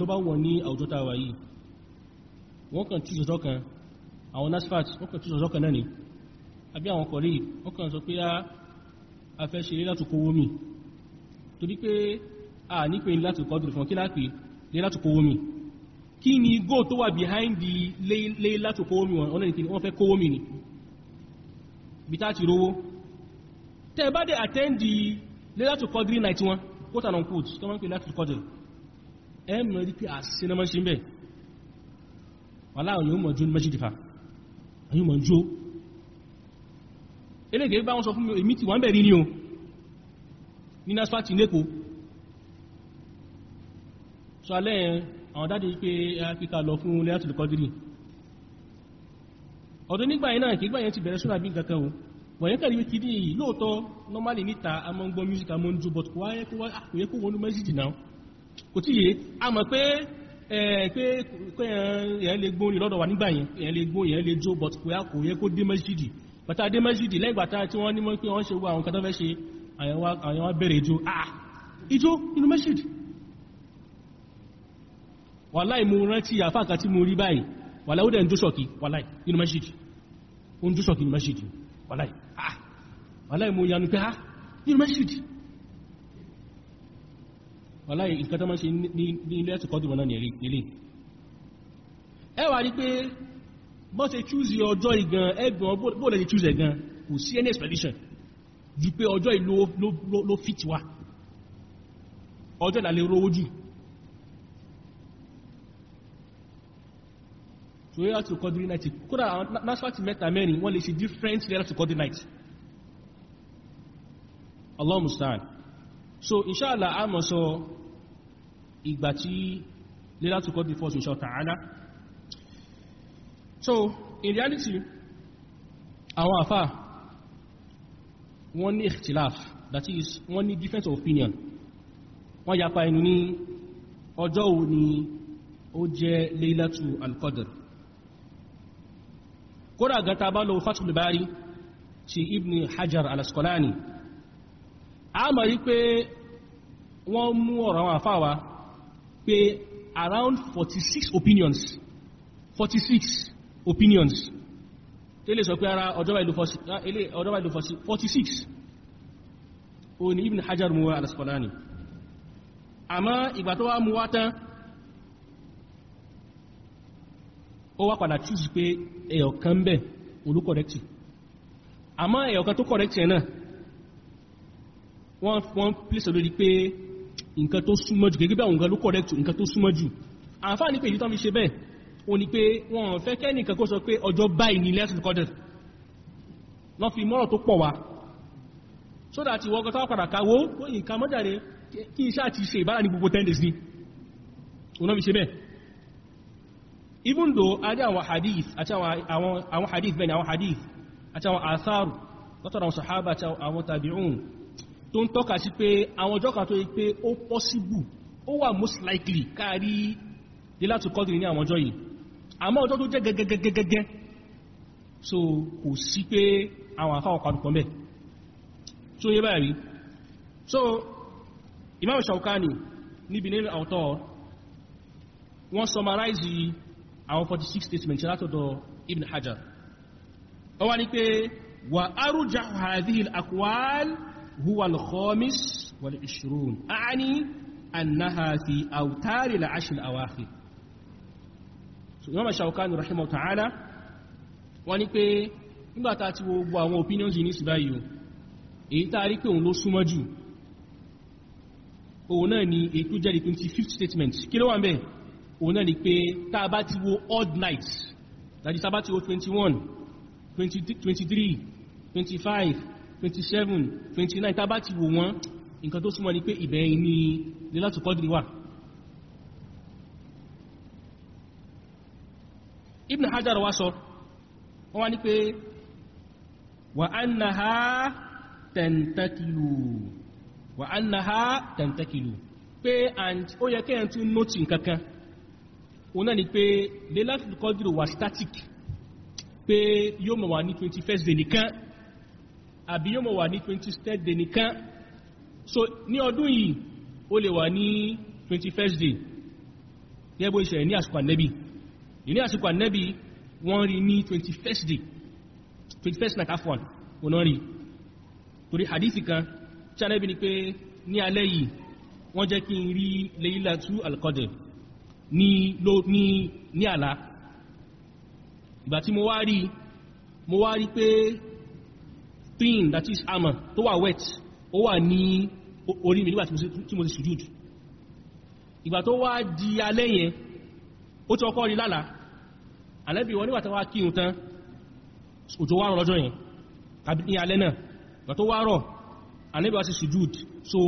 [SPEAKER 1] tó bá wọ̀ ní àwọn nasfat wọ́n kàn túnṣọ́jọ́ kan náà ni àbí àwọn kọ̀rí wọ́n kàn sọ pé ah, a fẹ́ ṣe láti kówó mi torí pé a ní pé láti kọ́dùrù fún kí láti lé láti kówó mi kí ni go tó wà behind the lé láti kówó mi wọn lẹ́ni wọ́n fẹ́ kówó mi ni bí tá ti rówó tẹ́ bá dé attend the lé láti kọ́dùrù 91 quote and unquote tó máa ń eléèkè bá wọ́n sọ fún mi èmi ti wọ́n bẹ̀rí ní o ní NASFAT lẹ́kọ́ so alẹ́ àwọn dáadé pé áfíkà lọ fún lẹ́yàtùlù kọdírì ọdún nígbà yẹn náà kígbà yẹn ti bẹ̀rẹ̀ sọ́rọ̀ àbí kankan o wọ̀nyẹ́ kàrí wí kìdí yìí lóòótọ́ normally níta a mọ́ ń gbọ́ music a mọ́ ń jó but kò wáyé kó ah, yẹ kó wọnú mẹ́sìdì náà kò tí yé a mọ̀ pé pé èèyàn lè gbórin lọ́dọ̀ wà nígbà yẹn èèyàn lè gbórin èèyàn lè jó but kò yẹ kó dé mẹ́sìdì bàtà dé mẹ́sìdì lẹ́gbàtà tí wọ́n ní mọ́ pé wọ́n ṣe gbọ́ àwọn kan tó fẹ́ ṣe àyàn wá bẹ̀rẹ̀ ìjó àà ìjó inú mẹ́sìdì wàláì mú rántí àfáàkà tí mú rí báyìí wàláì ó dẹ̀ ń jó ṣọ̀kì wàláì inú mẹ́sìdì ó bọ́n ṣe choose your ọjọ́ ìgan ẹgbọ̀n bóòlẹ̀ ṣe choose ẹ̀gan kò sí any expedition ju pé ọjọ́ ìlò ló fit wá ọjọ́ ìlàlẹ̀ rówó jù so yíra to coordinate. náà ti kódà náṣíwáti mẹ́ta mẹ́rin wọ́n lè ṣe different yíra to coordinate. náà Allah so inshallah a mọ̀ sọ ìgbà tí lera to coordinate fọ́sùn inshallah so in reality àwọn àfà wọ́n ní ikhtilaf that is wọ́n ní different opinion wọ́n yapa ẹnu ní ọjọ́ wo ni ó jẹ́ leilatu al-qadr kódà gata bá lọ fatul bari ti ibn hajar al-asqalani a mọ̀ rí pé wọ́n mú ọ̀rọ̀ àwọn àfáwà pé around 46 opinions 46 opinions tẹ́lẹ̀ sọ pé ara ọjọ́wà ìlú 46 o ni Ibn Hajar muwa al-Asqalani àmọ́ ìgbà tó wá mú wá tán ó wá padà choose pé ẹ̀yọ̀kan bẹ̀ olú correct àmọ́ ẹ̀yọ̀kan tó correct ẹ̀ náà wọ́n place lórí pé nǹkan tó súnmọ́ gẹ́gẹ́ bẹ́ ó ní pé wọ́n fẹ́ kẹ́nìkan kó sọ pé ọjọ́ báyìí ní lẹ́sùn kọ́dẹ̀ lọ fi mọ́rọ̀ tó pọ̀ wá so that ìwọ́n gọ́ta padà káwó ó yìí ká mọ́jáde kí iṣẹ́ àti ṣe ìbára ní gbogbo 10 days ní ọ̀nà fi ṣe bẹ́ẹ̀ even though a àwọn hadith àti àwọn hadith bẹ́ẹ̀ àwọn hadith àti àwọn asaru lọ́tọ̀rọ̀ àmọ́ ọjọ́ tó jẹ́ gẹ́gẹ́gẹ́gẹ́gẹ́ so kò sí pé àwọn àfáwọn pàdùpọ̀ mẹ́ so yẹ báyìí so Imam Shawkani níbi nílò àwọ̀tọ́ wọ́n summarize àwọn 46 statements látọ̀dọ̀ Ibn Hajar ó wá ní pé wà arújá hadhihi al-aqwal huwa al-khamis wal-ishrun Imam Shawkani rahimahu ta'ala wọ́n ní pé nígbàtà ti wo gbogbo àwọn opinions ní sí báyìí èyí tàà rí pé òun ló súnmọ́ jù òun náà ni èyí jẹ́ ìpín ti fifth statement kí ló wà ń òun náà ni pé tàà bá ti wo odd nights that is tàà bá ti wo 21 23 25 27 29 tàà bá ti wo wọn nǹkan tó súnmọ́ ni pé ìbẹ̀yìn ni lélátùkọ́dìrí ibn hajar wá sọ wọ́n wá ní pé wà annaha tẹ̀ntẹ́kìlù wà annaha tẹ̀ntẹ́kìlù pé ó yẹ kẹ́yàn tún nótì nkankan òun náà ni pé lailatul qadr wà static pé yóò mọ̀ wà ní 21st day nìkan àbí yóò mọ̀ wà ní 23rd day nìkan so ní ọdún yìí ó lè wà ní 21st day yẹ́gbó ìṣẹ̀lẹ̀ ní àsìkò ànẹ́bí ní àsìkò ànẹ́bí wọ́n rí ní 21st day 21st night afwan wọ́n rí torí hadithi kan tí ànẹ́bí ni pé ní alẹ́ yìí wọ́n jẹ́ kí n rí Laylatul Qadr ní ló ní ní àlá ìgbà tí mo wá rí mo wá rí pé thing that is armor tó wà wet ó wà ní orí mi nígbà tí mo ti sùjúdù ìgbà tó wá di alẹ́ yẹn ó ti ọkọ́ rí lálà alẹ́bí wọn níwàtà wá kírun tán òjò wárọ̀ lọ́jọ́ yẹn tàbí ní alẹ́ náà gbà tó wárọ̀ alẹ́bí wá sí sujud so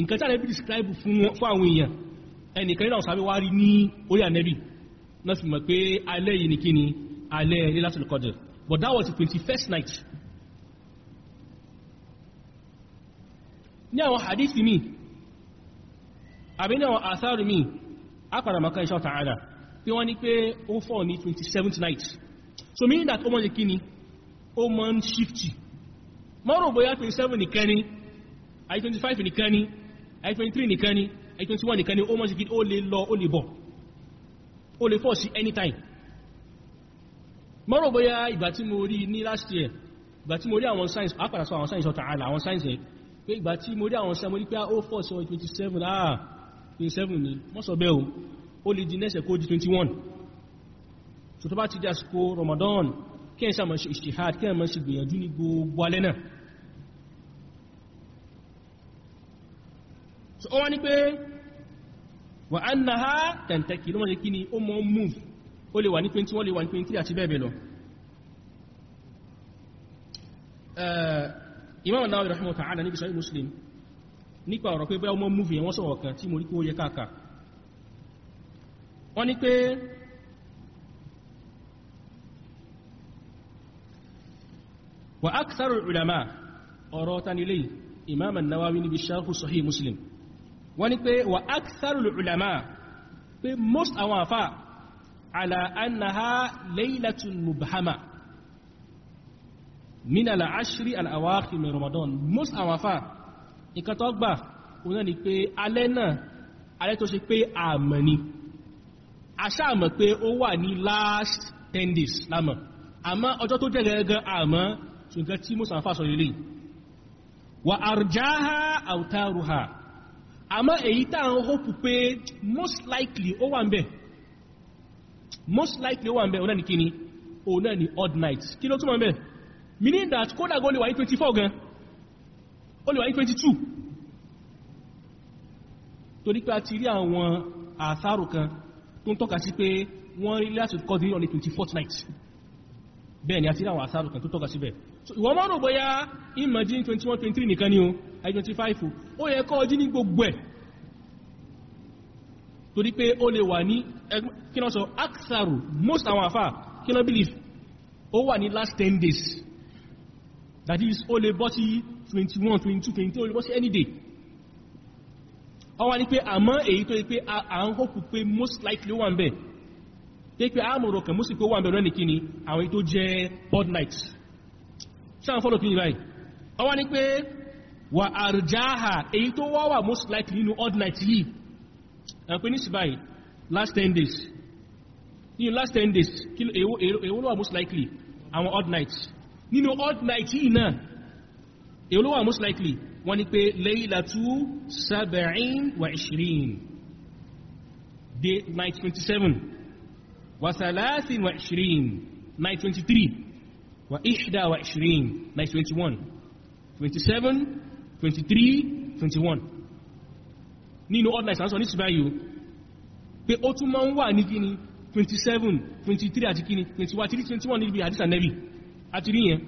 [SPEAKER 1] nǹkan tí alẹ́bí describe fún àwọn èèyàn ẹnìkan nílà ọ̀sàbí wá rí ní orí alẹ́bí náà fi mọ̀ pé alẹ́ yìí ni kí ni alẹ́ Lailatul Qadr but that was the 21st night ní àwọn hadithi mi àbí ní àwọn àsáàrù mi a padà maka insha Allah ta'ala pé wọ́n ní pé ó fọ́ ní 27th night so meaning that ó mọ́ jẹ́ kíni ó mọ́ ń shift mọ́rọ̀ bóyá 27 nìkan ni àyí 25 nìkan ni àyí 23 nìkan ni àyí 21 nìkan ni ó mọ́ jẹ́ kíni ó lè lọ ó lè bọ̀ ó lè fọ́ sí anytime mọ́rọ̀ bóyá ìgbà tí mo rí ní last year ìgbà tí mo rí àwọn science àpàdà sọ àwọn science ọ̀tà àlà àwọn science ẹ̀ pé ìgbà tí mo rí àwọn science mo rí pé ah, ó fọ́ sí 27 ah 27 ni mọ́sọ̀ bẹ́ẹ̀ o ó lè di nẹ́sẹ̀ kó di 21 so tó bá ti já síkó Ramadan kí ẹ̀ sàmọ̀ sí ìṣtìhàd kí ẹ̀ mọ̀ sí gbìyànjú ní gbogbo alẹ́ náà so ó wá ní pé wà á nà ha tẹ̀ntẹ̀kì ló mọ́ ni ó mọ́ move ó lè wà ní 20 lè wà ní 23 àti bẹ́ẹ̀ bẹ́ẹ̀ lọ eh, Imam An-Nawawi rahimahu ta'ala níbi sahih Muslim nípa ọ̀rọ̀ pé bẹ́ẹ̀ ọmọ múfì yẹn wọ́n sọ̀rọ̀ kan tí mo rí kí yẹ káàkàá wọ́n ní pé wa aktharu ulama ọ̀rọ̀ tanilé imam an-nawawi níbi sharhu sahih muslim wọ́n ní pé wa aktharu ulama pé most àwọn àfà ala annaha laylatun mubhama min al-ashri al-awakhir min ramadan most àwọn àfà ìkàtọ́gbà òun náà ni pé alẹ́ náà alẹ́ tó ṣe pé aṣáàmọ̀ pé ó wà ní last ten days lámọ̀ àmọ́ ọjọ́ tó jẹ́ gẹ́gẹ́ àmọ́ ṣùgbọ́n tí mọ́ sàfà sọ lélẹ̀ wà àrjáhá àwtáruhà àmọ́ èyí táwọn hópù pé most likely ó wà ń bẹ̀ most likely ó wà ń bẹ̀ ọ̀nà ní kíni ọ̀nà ní odd night kí ló túnmọ̀ ń bẹ̀ meaning that kódà gó lè wà ní 24 gan ó lè wà ní 22 torí pé a ti rí àwọn àsárò kan tó ń tọ́ka sí pé wọ́n rí láti kọ́dí on the 24th night bẹ́ẹ̀ ni a ti ráwọn àsáàrù kan tó tọ́ka síbẹ̀ ìwọ̀n mọ́rò bóyá ìmọ̀jí 21 23 nìkan ni o i 25 ó yẹ kọ́ ọjí ní gbogbo ẹ̀ torí pé ó lè wà ní kí sọ aksaru most àwọn àfà kí náà believe ó wà ní last 10 days that is o lè bọ́ sí 21 22 23 ó lè bọ́ sí any day ọwá ní pé àmọ́ èyí tó pé à ń hókù pé most likely wà ń bẹ̀ pé pé àmọ̀rọ̀ kan mọ́sí pé wà ń bẹ̀ lọ́nà kíni àwọn èyí jẹ́ odd night sáà fọ́lọ̀ kíni báyìí ọwá ní pé wà àrùjáhà èyí tó wá wà most likely nínú odd night yìí ẹ̀ pé ní last 10 days nínú last 10 days èwo ló wà most likely àwọn odd night nínú odd night yìí náà èwo ló wà most likely wọ́n ní pé leilatu sab'in wa ishirin day night twenty seven wa salasin wa ishirin night twenty three wa ishda wa night twenty one twenty seven twenty three twenty one nínú all night sánsọ ní ṣùgbọ́n ayò pé ó tún máa ń wà ní kíni 27 23 àti kíni 21 21 níbi àdísà àti ríyẹn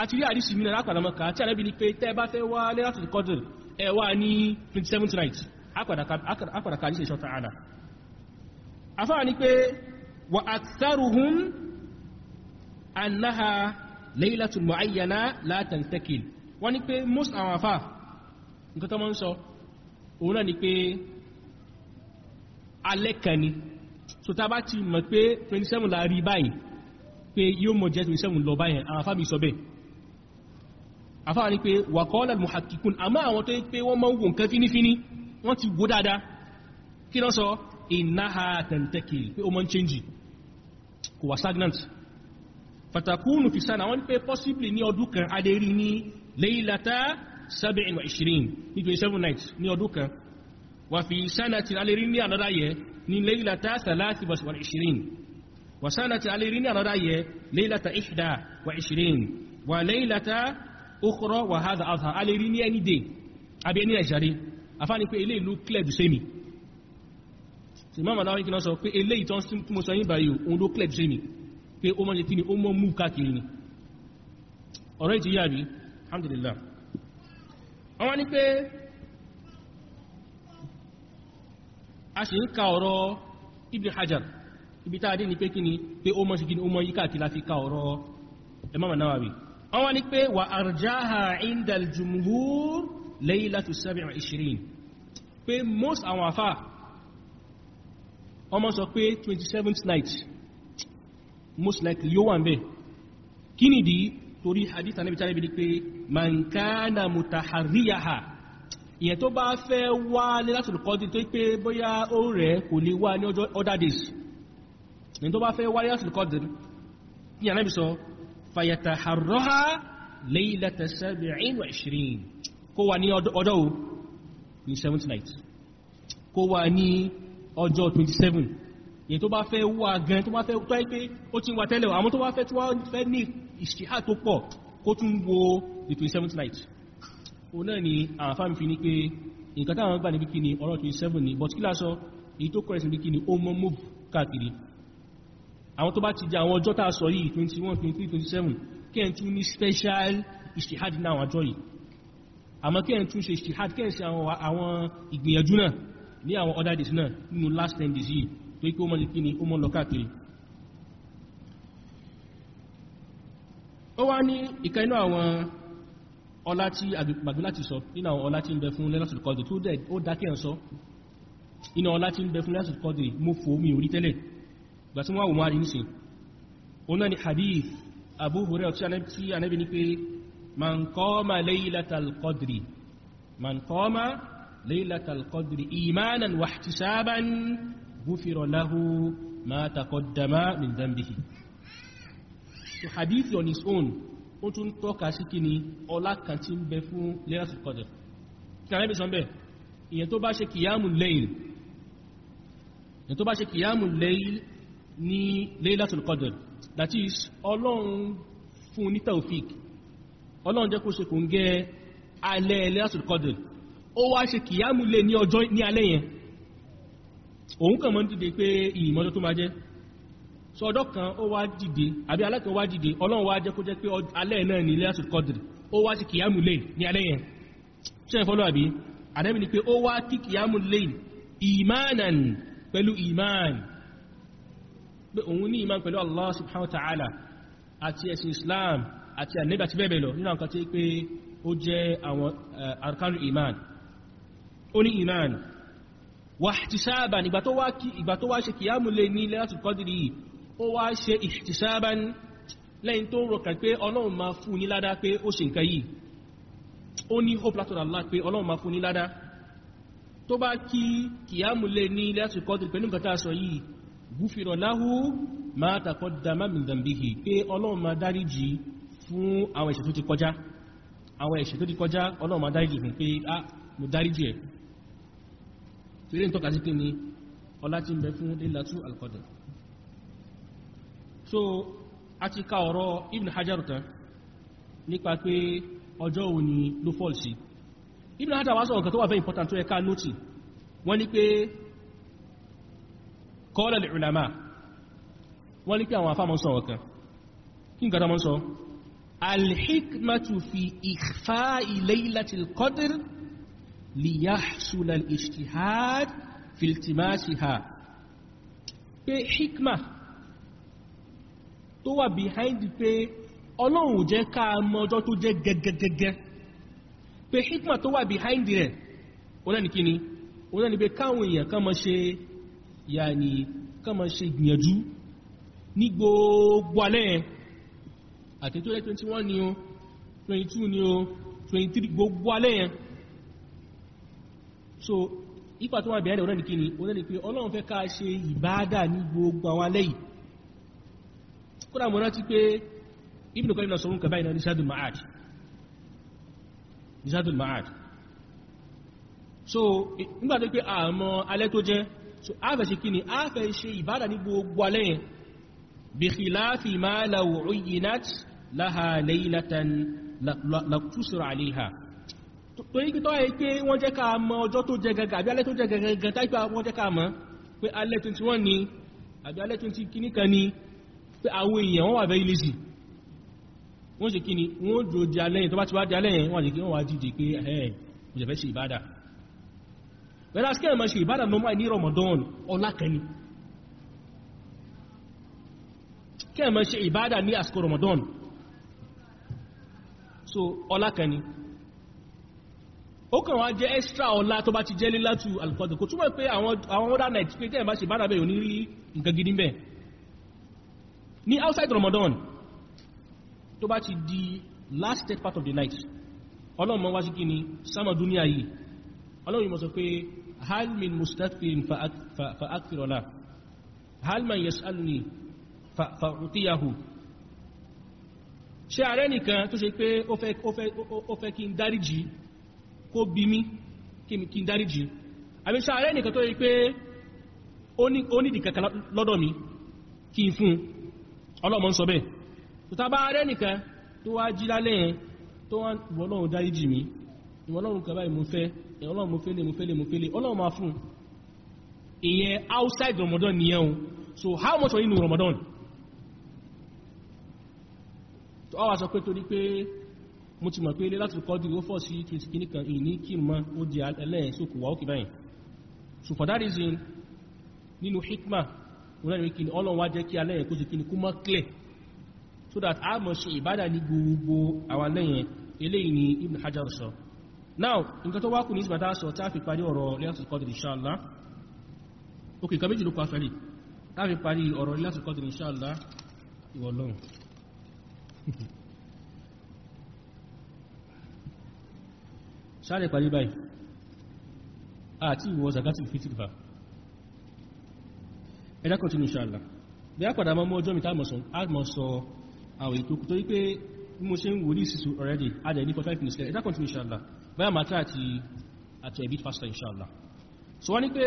[SPEAKER 1] àti rí àdísì mi lápàdà mọ́ka tí àrẹ́bí ni pé tẹ́ bá fẹ́ wá lẹ́yàtò kọ́dùn ẹ wá ní 27th night àpàdà kàdí ṣe ṣọ́ta afáà ni pé wà àtàrùhún annaha lẹ́yìnlátù mọ̀áyàná látàn tẹ́kìl wọ́n ni pé most àwọn afá nǹkan tó ń sọ òun náà ni pé alẹ́ so tá ti mọ̀ pé 27 la báyìí pé yóò mọ̀ jẹ́ 27 lọ báyìí àwọn afá mi sọ bẹ́ẹ̀ afáà ní pé wàkọ́ọ́lẹ̀ muhakkikun àmá àwọn tó pé wọ́n máa ń wò nǹkan fínífíní wọ́n ti wò dáadáa kí lọ sọ ìnáha tẹ̀ntẹ̀kì pé o mọ́ ń change kò wà stagnant fatakunu fi sana wọ́n pé possibly ní ọdún kan adérí ní leilata 27 ní 27 nights ní ọdún kan wà fi sana ti alérí ní another year ní leilata 23 wà sana ti alérí ní another year leilata 21 wà leilata ukhra wa hadha azhar a lè rí ní any day àbí ẹni ẹ̀ṣàrí àfáàní pé eléyìí ló clear jù sẹ́mi tí mọ́mọ̀ láwọn ìkìlọ́ sọ pé eléyìí tán tí mo sọ yín báyìí òun ló clear jù sẹ́mi pé ó mọ́ kí ni ó mọ́ mú káàkiri ni ọ̀rọ̀ ìtì wọ́n wá ní pé wà àrjáhà indal jumhur laylatu sabi' wa ishirin pé most àwọn àfà ọmọ sọ pé 27th night most likely yóò wà ń bẹ̀ kí ni dí torí hadith anábi tàbí ní pé man kana mutaharriyaha ìyẹn tó bá fẹ́ wá Laylatul Qadr tó pé bóyá ó rẹ̀ kò lè wá ní other days ìyẹn tó bá fẹ́ wá Laylatul Qadr ní anábi fàyàtàhàrọ́há laylata sab'in wa ishrin kó wà ní ọjọ́ o ní 7th night kó wà ní ọjọ́ 27 yẹn tó bá fẹ́ wà gan tó bá fẹ́ tó ẹ́pẹ́ ó ti wà tẹ́lẹ̀ àmọ́ tó bá fẹ́ tí wọ́n fẹ́ ní ìṣíhà tó pọ̀ kó tún wo the 27th night o náà ni àfáàmì fi àwọn tó bá ti jẹ àwọn ọjọ́ tàà sọ yìí 21 23 27 kẹ́ẹ̀ tún ní special ishtihad náà àwọn ọjọ́ yìí àmọ́ kẹ́ẹ̀ tún ṣe ishtihad kẹ́ẹ̀ sí àwọn ìgbìyànjú náà ní àwọn other days náà nínú last 10 days yìí tó ikú mọ́ lèkí ni ó mọ́ lọ káàkiri ó wá ní ìkà inú àwọn ọlá tí àgbàgbé láti sọ nínú àwọn ọlá tí ń bẹ fún lẹ́lọ́sì kọ́dì tó dẹ̀ ó dákẹ́ ń sọ inú ọlá tí ń bẹ fún lẹ́lọ́sì kọ́dì mo fò mí orí tẹ́lẹ̀ gbà tí wọ́n wò máa rí nísìn o náà ni hadith Abu Hurairah tí Ànábì ní pé man qama laylatal qadri man qama laylatal qadri imanan wa ihtisaban ghufira lahu ma taqaddama min dhanbihi so hadith on his own ó tún tọ́ka sí kí ni ọlá kan tí ń bẹ fún laylatul qadri kí Ànábì sọ bẹ́ẹ̀ ìyẹn tó bá ṣe qiyamul layl ní Laylatul Qadr that is ọlọ́run fún ní taufik ọlọ́run jẹ́ kó ṣe kò ń gẹ́ alẹ́ Laylatul Qadr ó wá ṣe kìyàmù lè ní ọjọ́ ní alẹ́ yẹn òun kàn mọ́ ń dìde pé ìmọ́jọ́ tó máa jẹ́ so ọjọ́ kan ó wá dìde àbí alẹ́ kan wá dìde ọlọ́run wá jẹ́ kó jẹ́ pé alẹ́ náà ní Laylatul Qadr ó wá ṣe kìyàmù lè ní alẹ́ yẹn ṣe ń fọ́lọ́ àbí àdẹ́bì ni pé ó wá kí kìyàmù lè ìmánàn pẹ̀lú ìmánàn pé òun ní ìmá pẹ̀lú Allah subhanahu wa ta'ala àti ẹ̀sìn Islam àti ànẹ́bà ti bẹ́ẹ̀bẹ̀ lọ nínú àwọn kan tí pé ó jẹ́ àwọn eh, arkanu iman ó ní iman wà ihtisaba nígbà tó wá ṣe kìyàmù lè ní Lailatul Qadri ó wá ṣe ihtisaban lẹ́yìn tó rọ̀kàn pé ọlọ́run ma fún ní ládá pé ó ṣe nǹkan yìí ó ní hope látọ̀ Allah pé ọlọ́run ma fún ní ládá tó bá kí kìyàmù lè ní Lailatul Qadri pẹ̀lú nǹkan tá a sọ yìí gúfèrò láhú máa tàkọ́ dámà min dhanbihi pé ọlọ́run máa dáríjì fún àwọn ẹ̀ṣẹ̀ tó ti kọjá àwọn ẹ̀ṣẹ̀ tó ti kọjá ọlọ́run máa dáríjì fún pé a ah, mo dáríjì ẹ̀ tí ilé ń tọ́ka sí pé ni ọlá ti ń bẹ fún lílátú al-qadr so a ti ka ọ̀rọ̀ Ibn ni ló fọ́ọ̀lù sí Ibn Hajar wá sọ̀rọ̀ kan tó pé qala al-ulama wọ́n ní pé àwọn afá mọ́ sọ ọ̀kan kí n gata mọ́ sọ al-hikmatu fi ikhfa'i laylatil qadr liyahsul al-ijtihad fi iltimasiha pé hikma tó wà behind pé ọlọ́run jẹ́ ká mọ ọjọ́ tó jẹ́ gẹ́gẹ́gẹ́gẹ́ pé hikma tó wà behind rẹ̀ ó náà ní kíni ó náà ní pé káwọn èèyàn kan mọ́ ṣe yàní kán máa ṣe gbìyànjú ní gbogbo alẹ́ àtẹ́tò ẹ̀ 21 ni o 22 ni o 23 gbogbo alẹ́ yẹn so ipa tó wà bẹ̀rẹ̀ ọ̀rẹ́ ní kíni ọ̀rẹ́ ní pé ọlọ́run fẹ́ ká ṣe ìbádà ní gbogbo àwọn alẹ́ yìí kódà mọ́ rántí pé ibùdó kọ́lẹ̀ lọ́sọ̀rún kàbá so nígbàtí pé àmọ́ alẹ́ tó jẹ́ so a fẹ́ ṣe kí ni a fẹ́ ṣe ìbádà ní gbogbo alẹ́ yẹn bí khilafi ma law uyyinat laha laylatan laktusira alaiha tó yí tó yí pé wọ́n jẹ́ ká mọ̀ ọjọ́ tó jẹ gẹ́gẹ́ àbí alẹ́ tó jẹ gẹ́gẹ́ táìpé wọ́n jẹ́ ká mọ̀ pé alẹ́ 21 ni whereas kí ẹ̀mọ̀ ṣe ìbádà normal ní Ramadan ọlá kẹni kí ẹ̀mọ̀ ṣe ìbádà ní àsìkò Ramadan so ọlá kẹni ó kàn wá jẹ́ extra ọlá tó bá ti jẹ́ lílátù alkọ́dù kò túnmọ̀ pé àwọn other night pé tẹ́ẹ̀mọ̀ ṣe ìbádà bẹ́ẹ̀ ò outside Ramadan tó ti di last part of the night ọlọ́run mọ́ wá sí kí ni sámọ̀ dúníà هل من مستكثر فأكثر له هل من يسألني فأعطيه ṣe ààrẹ nìkan tó ṣe pé ó fẹ́ kí n dáríjì kó bí mí kí n dáríjì àbí ṣe ààrẹ nìkan tó ṣe pé ó nídì kankan lọ́dọ̀ mi kí n fún ọlọ́mọ ń sọ bẹ́ẹ̀ tó tá ààrẹ nìkan tó wá jí lálẹ́ tó wá ìwọ dáríjì mi ọlọ́run mo fẹ́lẹ̀ mo fẹ́lẹ̀ mo fẹ́lẹ̀ ọlọ́run outside Ramadan ni so how much are you in Ramadan tó ọwà sọ pé torí pé mo ti mọ̀ pé ilé láti kọ́ dìrò fọ́ sí 20 kìíní kan ìní kí mọ́ ó di ẹlẹ́yìn sí òkùwà òkè báyìí so for that reason nínú hikma orílẹ̀-èdè kìíní ọlọ́run wá jẹ́ kí alẹ́yìn kó sì kìíní kó mọ́ clear so that a mọ̀ ṣe ìbádà ní gbogbo àwọn alẹ́yìn eléyìí ni Ibn Hajar sọ now nǹkan tó wá kù ní ìsìbàtà sọ tá fi parí ọ̀rọ̀ Lailatul Qadr inshallah ok nǹkan méjì ló pa fẹ́lẹ̀ tá fi parí ọ̀rọ̀ Lailatul Qadr inshallah ìwọ lọ́hùn sáré parí báyìí àti ìwọ zagatil fitr bá ẹ̀dá continue inshallah bí a padà mọ́ ọjọ́ mi tá mọ̀ sọ àwọn ètò kù torí pé mo ṣe ń wò ní ìsìsù already adẹ̀ ní 45 minutes ẹ̀dá continue inshallah báyà máa try àti àti a bit faster inshallah so wọ́n ní pé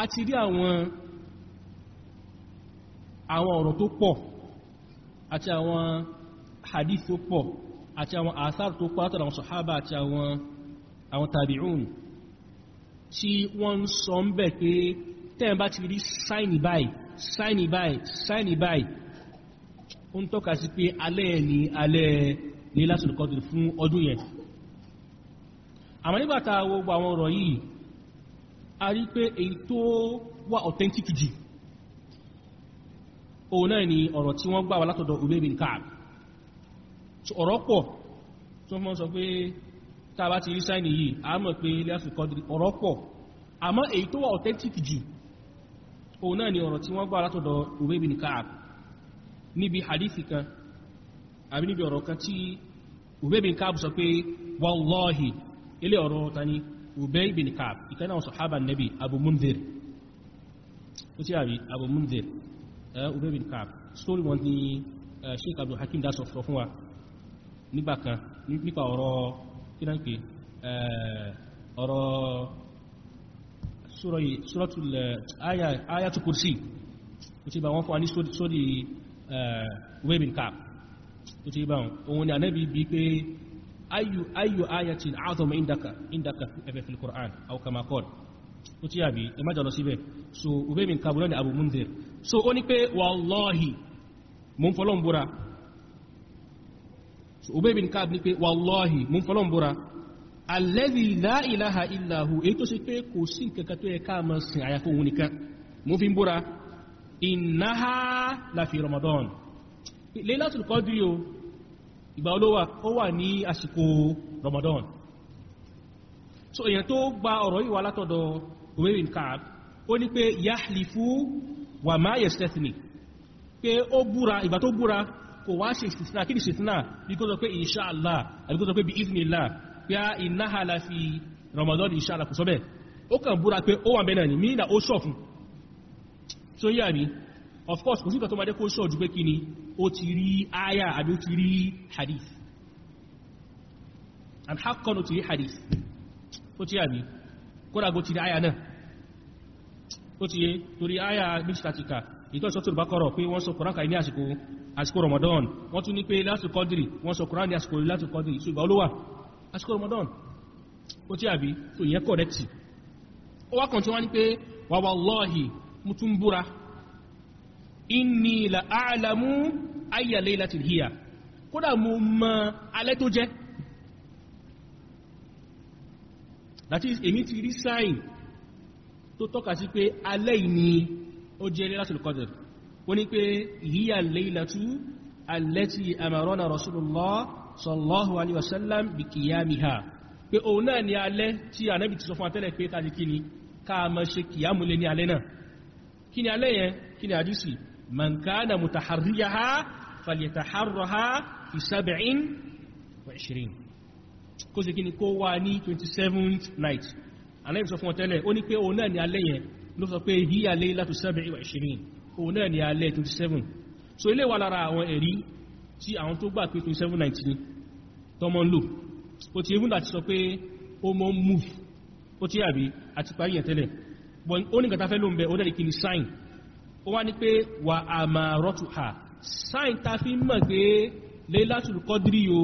[SPEAKER 1] a ti rí àwọn àwọn ọ̀rọ̀ tó pọ̀ àti àwọn hadith tó pọ̀ àti àwọn asar tó pọ̀ àtàrà àwọn sahaba àti àwọn àwọn tabi'un tí wọ́n sọ ń bẹ̀ pé tẹ́ẹ̀ bá ti rí sáìnì báyìí sáìnì báyìí sáìnì báyìí ó ń tọ́ka sí pé alẹ́ ní alẹ́ ní lásìlú kọ́tù fún ọdún yẹn àmọ́ nígbà tá wo gbogbo àwọn ọ̀rọ̀ yìí a rí pé èyí tó wà authentic jù òun náà ni ọ̀rọ̀ tí wọ́n gbà wá látọ̀dọ̀ Ubay bin Ka'b ọ̀rọ̀ pọ̀ tó mọ́ sọ pé tàbá ti rí sáìnì yìí a mọ̀ pé lẹ́sùn kọ́dìrì ọ̀rọ̀ pọ̀ àmọ́ èyí tó wà authentic jù òun náà ni ọ̀rọ̀ tí wọ́n gbà látọ̀dọ̀ Ubay bin níbi hadithi kan àbí níbi ọ̀rọ̀ kan tí Ubay bin Ka'b sọ pé wallahi ilé ọ̀rọ̀ ta ni Ubay bin Ka'b ìkan náà sahaba nabi Abu Mundhir ó tí àbí Abu Mundhir Ubay bin Ka'b story wọn ni Sheikh Abdul Hakim dá sọ fún wa nígbà kan nípa ọ̀rọ̀ kí náà pé ọ̀rọ̀ suratul ayatul kursi ó ti bá wọn fún wa ní sórí wẹ́bìn káàkì tó ti bá òun ni anábi bí pé ayu ayu ayatin azọmọ indaka indaka ẹfẹ́ fil Qur'an aw kama qal tó ti yàbí ẹ májọ lọ síbẹ̀ so wẹ́bìn káàkì lọ́nà Abu Mundhir so ó ní pé wallahi mún fọlọ́n búra so wẹ́bìn káàkì ní pé wallahi èyí tó sì pé kò sí nǹkan tó yẹ ká máa àyàfóhun nìkan mú fi ń búra ìnáhá láfi Ramadan Laylatul Qadri o ìgbà olówà ó wà ní àsìkò Ramadan so èyàn tó gba ọ̀rọ̀ yìí wá látọ̀dọ̀ wẹ́rin Ka'b ó ní pé yahlifu wa ma yastethni pé ó búra ìgbà tó búra kò wá ṣe ìsìsìnà kí ni ṣìsìnà bí kó sọ pé inshallah àbí kó sọ pé bí iznillah pé a ìnáhà láfi Ramadan inshallah kò sọ bẹ́ẹ̀ ó kàn búra pé ó wà bẹ́ẹ̀ náà ní mí so yà mí of course kò sí ìkà tó máa jẹ́ kó sọ jù pé kí ni ti rí aya àbí ó ti rí hadith and how kan ó ti rí hadith ó ti yà mí kódà gó ti rí aya náà ó ti yé torí aya mixtatica ìtọ́ ìṣọ́tò ìbákọ̀rọ̀ pé wọ́n sọ kùránka ní àsìkò àsìkò Ramadan wọ́n tún ní pé lásìkò kọ́dìrì wọ́n sọ kùrán ní So lásìkò kọ́dìrì ṣùgbà olówà àsìkò Ramadan ó ti àbí tó ìyẹn kọ̀rẹ́tì ó wákan tí wọ́n ní pé wàwàlọ́hì mo tún búra inni la alamu ayya laylatin hiya kódà mo mọ alẹ́ tó jẹ́ that is èmi ti rí sign tó tọ́ka sí pé alẹ́ ìní ó jẹ́ laylatul qadr wọ́n ní pé hiya laylatu allati amarana rasulullah sallallahu alaihi wasallam bi qiyamiha pé òun náà ni alẹ́ tí ànábì ti sọ fún atẹ́lẹ̀ pé tàbí kí ni ká mọ́ ṣe kìyàmúlé ní alẹ́ náà kí ni alẹ́ yẹn kí ni àdísì man kana mutaharriyaha falyataharraha fi sab'in wa ishirin kó sì kí ni kó wà ní 27th night aláìsọ fún ọ̀tẹ́lẹ̀ ó ní pé òun náà ni alẹ́ yẹn ló sọ pé hiya laylatu sab'i wa ishirin òun náà ni alẹ́ 27 so ilé wà lára àwọn ẹ̀rí tí àwọn tó gbà pé 2719 tọmọ but ó ní kàtàfẹ́ ló ń bẹ ó dẹ̀ kí ni sign ó wá ní pé wà amaratuha sign ta fi mọ̀ pé Laylatul Qadri o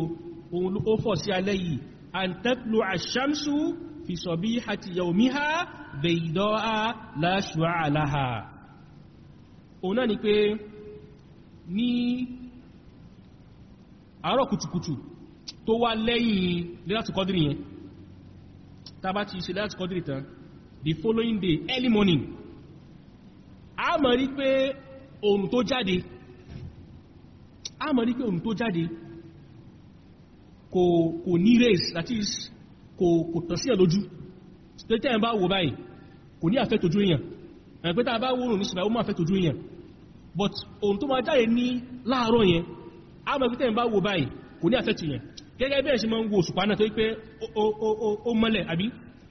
[SPEAKER 1] òun ó fọ̀ sí alẹ́ yìí an tatlu'a ash-shamsu fi sabihati yawmiha bayda'a la shu'a laha òun náà ni pé ní àárọ̀ kùtùkùtù tó wá lẹ́yìn Laylatul Qadri yẹn tá bá ti ṣe Laylatul Qadri tán the following day early morning a mọ̀ rí pé oòrùn tó jáde a mọ̀ rí pé oòrùn tó jáde kò ní race that is kò kò tàn sí ẹ̀ lójú tẹ́tẹ́ ẹ̀ bá wò báyìí kò ní àfẹ́ tójú èèyàn ẹ̀ pé tàà bá wòrùn ní ṣùgbà ó máa fẹ́ tójú èèyàn but oòrùn tó máa jáde ní láàárọ̀ yẹn a mọ̀ pé tẹ́ẹ̀ bá wò báyìí kò ní àfẹ́ tìyàn gẹ́gẹ́ bí ẹ̀ ṣe máa ń wo òṣùpá náà tó wípé ó mọ́lẹ̀ àbí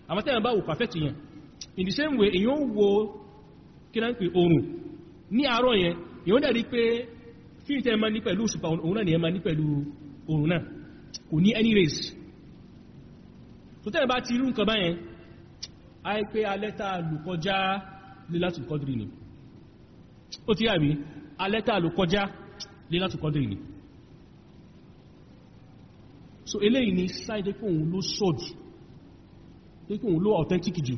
[SPEAKER 1] àmọ́ tẹ́ẹ̀ bá wò kò tìyàn in the same way èyàn wo kí náà ń pè oòrùn ní àárọ̀ yẹn èyàn dẹ̀ rí pé fíìtì ẹ ma ní pẹ̀lú òṣùpá òun náà ni ẹ ma ní pẹ̀lú oòrùn náà kò ní any race tó tẹ́ẹ̀ bá ti irú nǹkan báyẹn a yẹ pé alẹ́ta lùkọjá lílátù kọ́dìrì ni ó ti yàbí alẹ́ta lùkọjá lílátù kọ́dìrì ni so eléyìí ni sáìdé pé òun ló sọ́jù pé ló authentic jù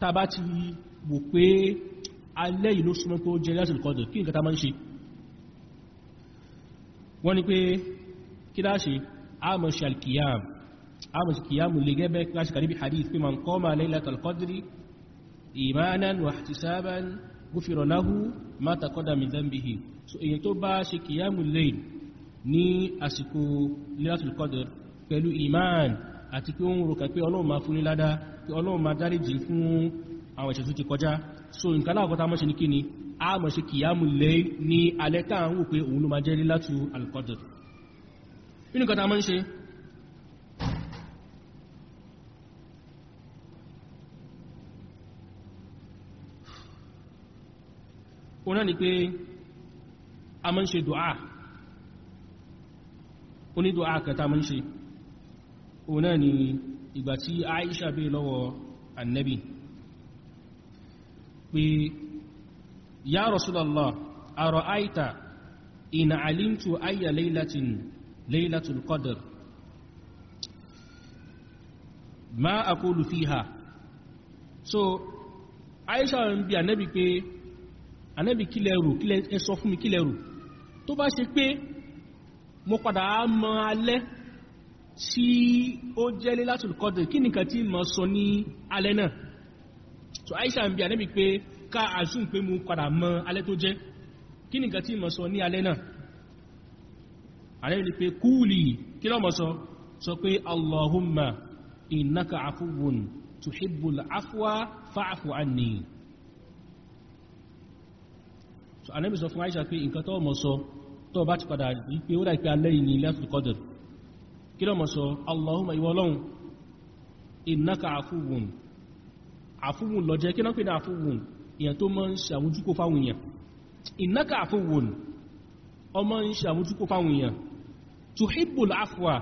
[SPEAKER 1] tàbá ti wò pé alẹ́ yìí ló súnmọ́ pé ó jẹ́ lásìlú kọ́dọ̀ kí nǹkan ta máa ń ṣe wọ́n ni pé kí láṣe àmọ́ ṣe alkiyam àmọ́ ṣe kiyam lè gẹ́bẹ́ láṣe kàríbi hadith pé man qama laylatal qadri imanan wa ihtisaban gufira lahu ma taqaddama min dhanbihi so èyàn tó bá ọlọ́run ma dáríjì fún àwọn ìṣẹ̀tún ti kọjá so nǹkan láàkọta mọ́ ṣe ní kíni a mọ̀ ṣe kìyàmù lẹ́ ní alẹ́ tá à ń wò pé òun ló ma jẹ́ látú alkọ́dọ̀ ni ìgbà tí Aisha bí lọ́wọ́ annabi pé ya Rasulallah a aita ina alimtu ayya laylatin laylatul qadr ma aqulu fiha so Aisha ń bi annabi pé annabi kílẹ̀rù ẹ sọ fún mi kílẹ̀rù tó bá ṣe pé mo padà á mọ alẹ́ tí ó jẹ́ Laylatul Qadr kí nìkan tí mọ̀ sọ ní alẹ́ náà so Aisha ń bi Ànábì pé ká assume pé mo padà mọ alẹ́ tó jẹ́ kí nìkan tí mọ̀ sọ ní alẹ́ náà Ànábì ni pé kúùlì kí ló mọ̀ sọ sọ pé Allahumma innaka afuwun tuhibbul afwa fa'fu anni so Ànábì sọ fún Aisha pé nǹkan tó mọ̀ sọ tó bá ti padà wípé ó dà pé alẹ́ yìí ni kí ló mọ̀ sọ Allahumma ìwọ Ọlọ́run innaka àfúwùn àfúwùn ló jẹ́ kí náà pè ní àfúwùn èyàn tó mọ́ ń ṣàmójúkò fáwọn èèyàn innaka àfúwùn ọmọ ń ṣàmójúkò fáwọn èèyàn tuhibbul afwa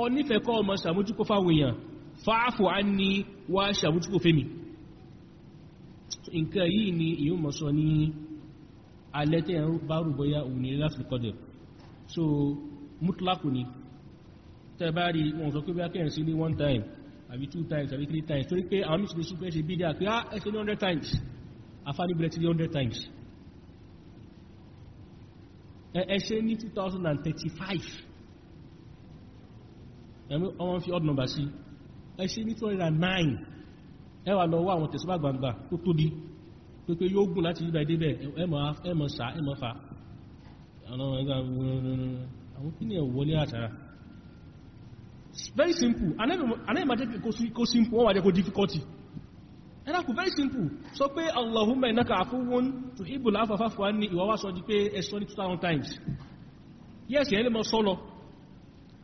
[SPEAKER 1] ọ nífẹ̀ẹ́ kọ́ ọmọ ṣàmójúkò fáwọn èèyàn fa'fu anni ní alẹ́ tẹ́bá rí wọn sọ pé bí akẹ́rin sí ní one time àbí two times àbí three times torí pé àwọn mìí sí pé ah, ṣe bí díà pé á ní hundred times afáàní bẹ̀rẹ̀ ti ní hundred times ẹṣẹ́ ní 2035 ẹ̀mí ọmọ fi odd number sí ẹṣẹ́ ní 209 ẹwà lọ wá àwọn tẹ̀síwá gbangba tó tóbi pépé yóò gùn láti yíba ìdébẹ̀ ẹmọ̀ sá ẹmọ̀ fa àwọn kí ni ẹ̀wọlé àtàrà very simple anẹ́màjẹ́ kó simple wọ́n wà jẹ́ kó difficulty ẹ̀nà kò very simple sọ pé allahumma inaka afuwun to ibùlá afọ́fáfọ́ ní ìwọ́wá sọ di pé ẹ̀sọ́ ní 2000 times yes ẹ̀lẹ́ mọ́ sọ́lọ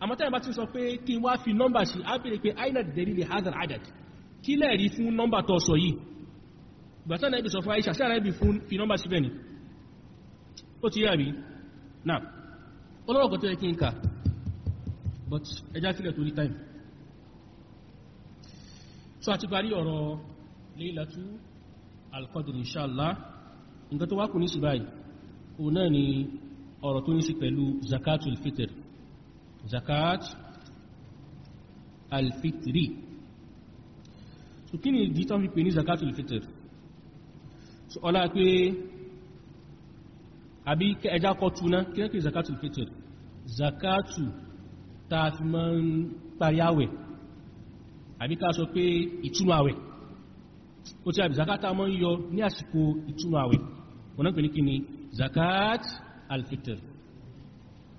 [SPEAKER 1] àmọ́tẹ́yìn bá ti sọ pé kí wá fi nọ́mbà sí ábìrì pé aina delili hazard adad kí lẹ́ẹ̀rí fún nọ́mbà tó sọ yìí ìgbàtán ẹbí sọ fún aisha sí àrẹ́bì fún fi nọ́mbà síbẹ̀ ni ó ti yàrí náà olóòkò kí n kà but ẹjá sílẹ̀ torí time so àti parí ọ̀rọ̀ Laylatu al-Qadr inshallah nǹkan tó wá kù ní sí báyìí náà ni ọ̀rọ̀ tó ní sí pẹ̀lú zakatul fitr zakat al so kí ni ìdí tán fi pè ní zakatul fitr so ọlá pé àbí ẹjá kọ túná kí ní zakatul fitr zakatu ta fi mọ́ ń parí àwẹ̀ àbí ká sọ pé ìtúnú àwẹ̀ ó tí àbí zakata mọ́ ń yọ ní àsìkò ìtúnú àwẹ̀ wọ́n náà pè kíni zakat alfitr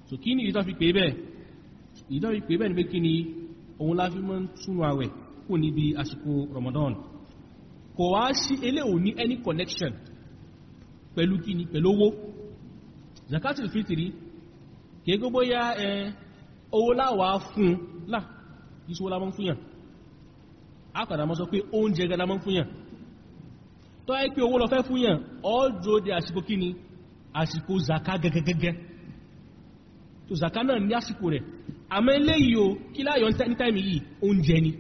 [SPEAKER 1] so kí ni ìdọ́ fi pè bẹ́ẹ̀ ìdọ́ fi pè bẹ́ẹ̀ ni pé kíni òun la fi mọ́ ń túnú àwẹ̀ kò níbi àsìkò Ramadan kò wá sí elé ò ní any connection pẹ̀lú ni pẹ̀lú owó zakat alfitr kì gbogbo ya ẹ̀ eh, owó láwà fún láà ìṣòwò lámọ́ fún yàn a padà mọ́ sọ pé oúnjẹ gẹ́gẹ́ lámọ́ fún yàn tó ẹ́ pé owó lọ fẹ́ fún yàn ọjọ́ dé àsìkò kí ni àsìkò zaka gẹ́gẹ́gẹ́gẹ́ tó zaka náà ní àsìkò rẹ̀ àmọ́ ilé yíò kí láyọ̀ ní táìmì yìí ni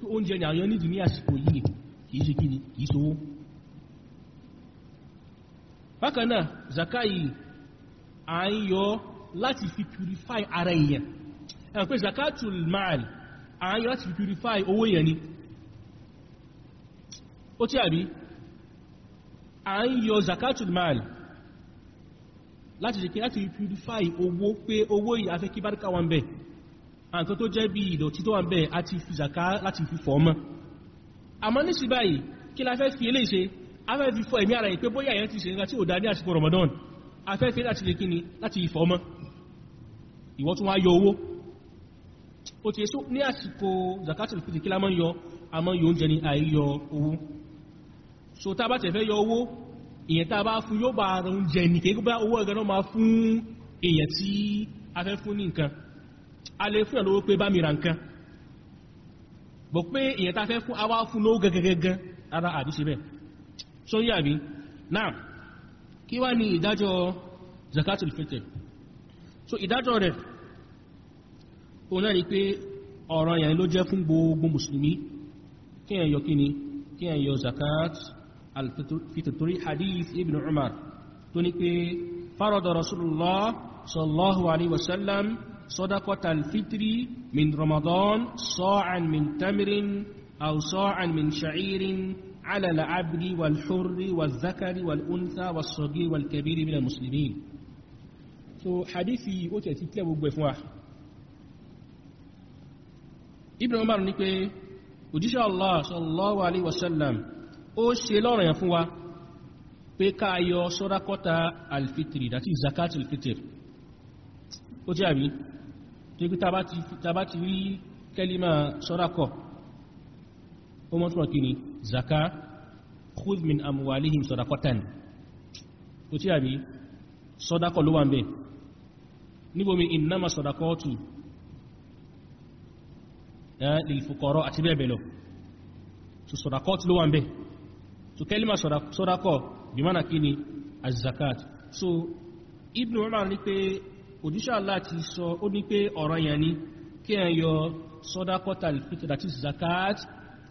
[SPEAKER 1] pé oúnjẹ ni àyọ́ nídìí ní àsìkò yìí kìí zaka yìí à láti fi purify ara èèyàn ẹ̀n pé zakatul maal àáyí láti fi purify owó èèyàn ni ó tí àbí àáyí yọ zakatul maal láti ṣe kí láti fi purify owó pé owó yìí afẹ́ kí báríkà wọn bẹ̀ àǹkan tó jẹ́ bí ìdọ̀tí tó wọn bẹ̀ àti fi zaka láti fi fọ́ ọmọ àmọ́ ní sí kí la fi eléyìí ṣe afẹ́ fi fọ́ Ramadan afẹ́ fi láti lè kíni láti ìwọ́n tún wá yọ owó ó ti èso ní àsìkò zakatul fitr kí la máa ń yọ a máa ń yọ ní àìyọ owó so tá bá tẹ̀ fẹ́ yọ owó èyàn tá bá fún yóò bá ara oúnjẹ ní kéèkó bá owó ẹ̀gẹ́ náà fún èyàn tí a fẹ́ fún ní nǹkan a lè fún ìyànlówó pé bá mi ra bọ̀ pé èyàn tá fẹ́ fún a fún lówó gẹ́gẹ́gẹ́gẹ́ ara àbí ṣe so yà bí náà kí wá ní ìdájọ́ zakatul fitr so ìdájọ́ rẹ̀ òun náà ni pé ọ̀ràn yẹn ló jẹ́ fún gbogbo mùsùlùmí kí ẹ yọ kíni kí ẹ yọ zakat alfitotori hadith ibn umar tó ní pé farada rasulullah sallallahu alaihi wasallam min min ramadan صدقة الفطر من رمضان صاعا من abdi wal hurri wal zakari wal العبد wal والذكر wal kabiri والكبير من المسلمين. So, hadithi ó tẹ̀ ti tẹ́ gbogbo ẹ̀ fún wa. Ibn Umar ní pé òjíṣẹ́ Allah sallallahu alaihi wasallam ó ṣe lọ́ranyàn fún wa pé ká yọ sọ́dákọ́ta alfitri that is zakat alfitri ó jẹ́ àbí tó kí tàbá ti rí kẹlímà sọ́dákọ́ ó mọ́ túnmọ̀ kí ni zaka khudh min amwalihim sọ́dákọ́tàn ó jẹ́ àbí sọ́dákọ́ ló wà ń bẹ̀ níbomi innama sọ́dákọ́tù Eh, lilfukọrọ àti bẹ́ẹ̀ bẹ́ẹ̀ lọ so sọ̀dakọ́ tí ló wà ń bẹ́ so kẹ́límà sọ̀dakọ́ bí mọ́nà kí ni azakat so ibn umar ní pé òjíṣẹ́ Allah ti sọ ó ní pé ọ̀rọ̀ yẹn ni kí ẹ yọ sọ́dákọ́ta alfitr àti zakat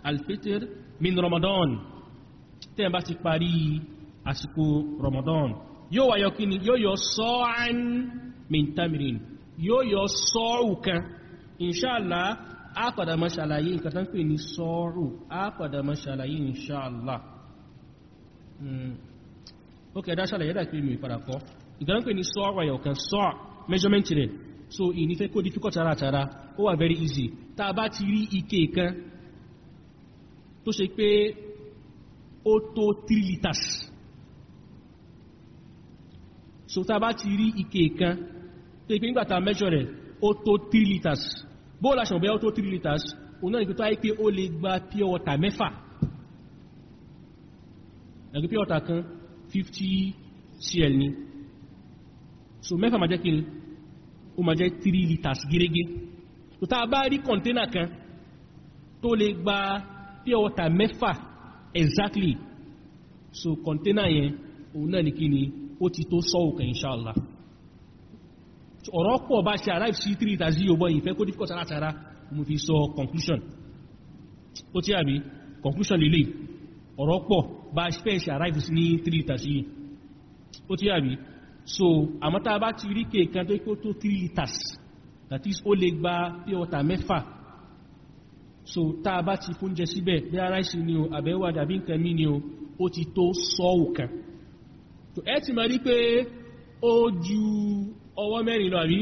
[SPEAKER 1] alfitr min ramadan tí ẹ bá ti parí àsìkò ramadan yóò wáyọ inṣáàlá á padà máa ṣàlàyé nǹkan tó ń pè ní sọ́ọ̀rù á padà máa ṣàlàyé inṣàlá ó kẹ̀dá ṣàlàyé dà pé mi padà kọ́ nǹkan tó ń pè ní sọ́ọ̀rù àyọ̀kan sọ́ọ̀ measurement rẹ̀ so ìnífẹ́ kó difficult tara tara ó wà very easy tá a bá ti rí ike kan tó ṣe pé ó tó 3 litres so tá a bá ti rí ike kan tó ṣe pé nígbà measure rẹ̀ ó tó 3 litres bóòlá ṣànbẹ́ ó tó 3 litres òun náà ní pẹ́tọ́ àìpé ó lè gba pure water mẹ́fà ẹ̀gbẹ́ pure water kan 50 cl ni so mẹ́fà máa jẹ́ kí ni ó máa jẹ́ 3 litres gẹ́gẹ́ tó tá a bá rí kọ̀ntẹ́nà kan tó lè gba pure water mẹ́fà exactly so kọ̀ntẹ́nà yẹn o náà ní kí ni ó ti tó sọ́ọ̀kẹ́ inshallah ọ̀rọ̀ pọ̀ bá ṣe arrive sí 3 tàbí yóò ìfẹ́ kó difficult látara mo fi sọ conclusion ó tí àbí conclusion lè lè ọ̀rọ̀ pọ̀ bá fẹ́ ṣe arrive sí 3 tàbí ó tí àbí so àmọ́ta bá ti rí kèèkan tó kó tó 3 litres that is ó lè gba pure water mẹ́fà so tá a bá ti fóúnjẹ síbẹ̀ bí ara ìsìn ni o àbẹ́wà dàbí nǹkan mí ni o ó ti tó sọ́ọ̀kan so ti máa rí pé ó ju ọwọ́ mẹ́rin lọ àbí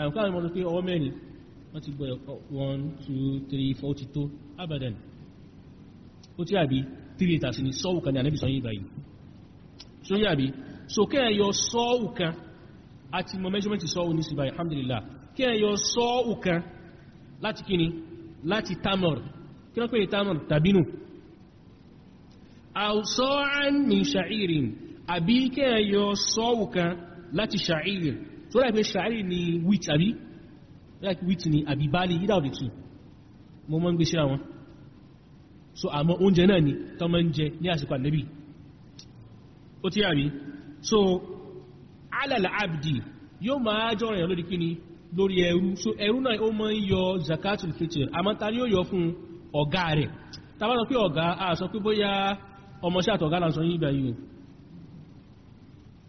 [SPEAKER 1] àwọn káwọn mọ́ pé ọwọ́ mẹ́rin wọ́n ti gbọ́ ẹ̀kọ́ 1 2 3 4 ti tó abadan ó tí àbí 3 tàṣí ni sọ́wù kan ní ànẹ́bì sọ́yìn báyìí so yí àbí so kí ẹ̀yọ sọ́wù kan àti mọ̀ measurement sọ́wù ní síbáyìí alhamdulillah kí ẹ̀yọ sọ́wù kan láti kíni láti tamar kí wọ́n pè tamar tàbínú àwùsọ́án àbí kéèyàn yọ sọ́ọ̀wù kan láti ṣàìrì tó rẹ̀ pé ṣàìrì ni wheat àbí like wheat ni àbí barley either of the two mọ́ ń gbé síra wọn so àmọ́ oúnjẹ náà ni tó mọ́ ń jẹ ní àsìkò ànẹ́bì ó ti yà so alàlà abdi yóò máa jọ rẹ̀ lórí kíni lórí ẹrú so ẹrú náà ó mọ́ ń yọ zakatul fitr àmọ́ ta ni ó yọ fún ọ̀gá rẹ̀ tá pé ọ̀gá a sọ pé bóyá ọmọṣẹ́ àtọ̀gá là ń sọ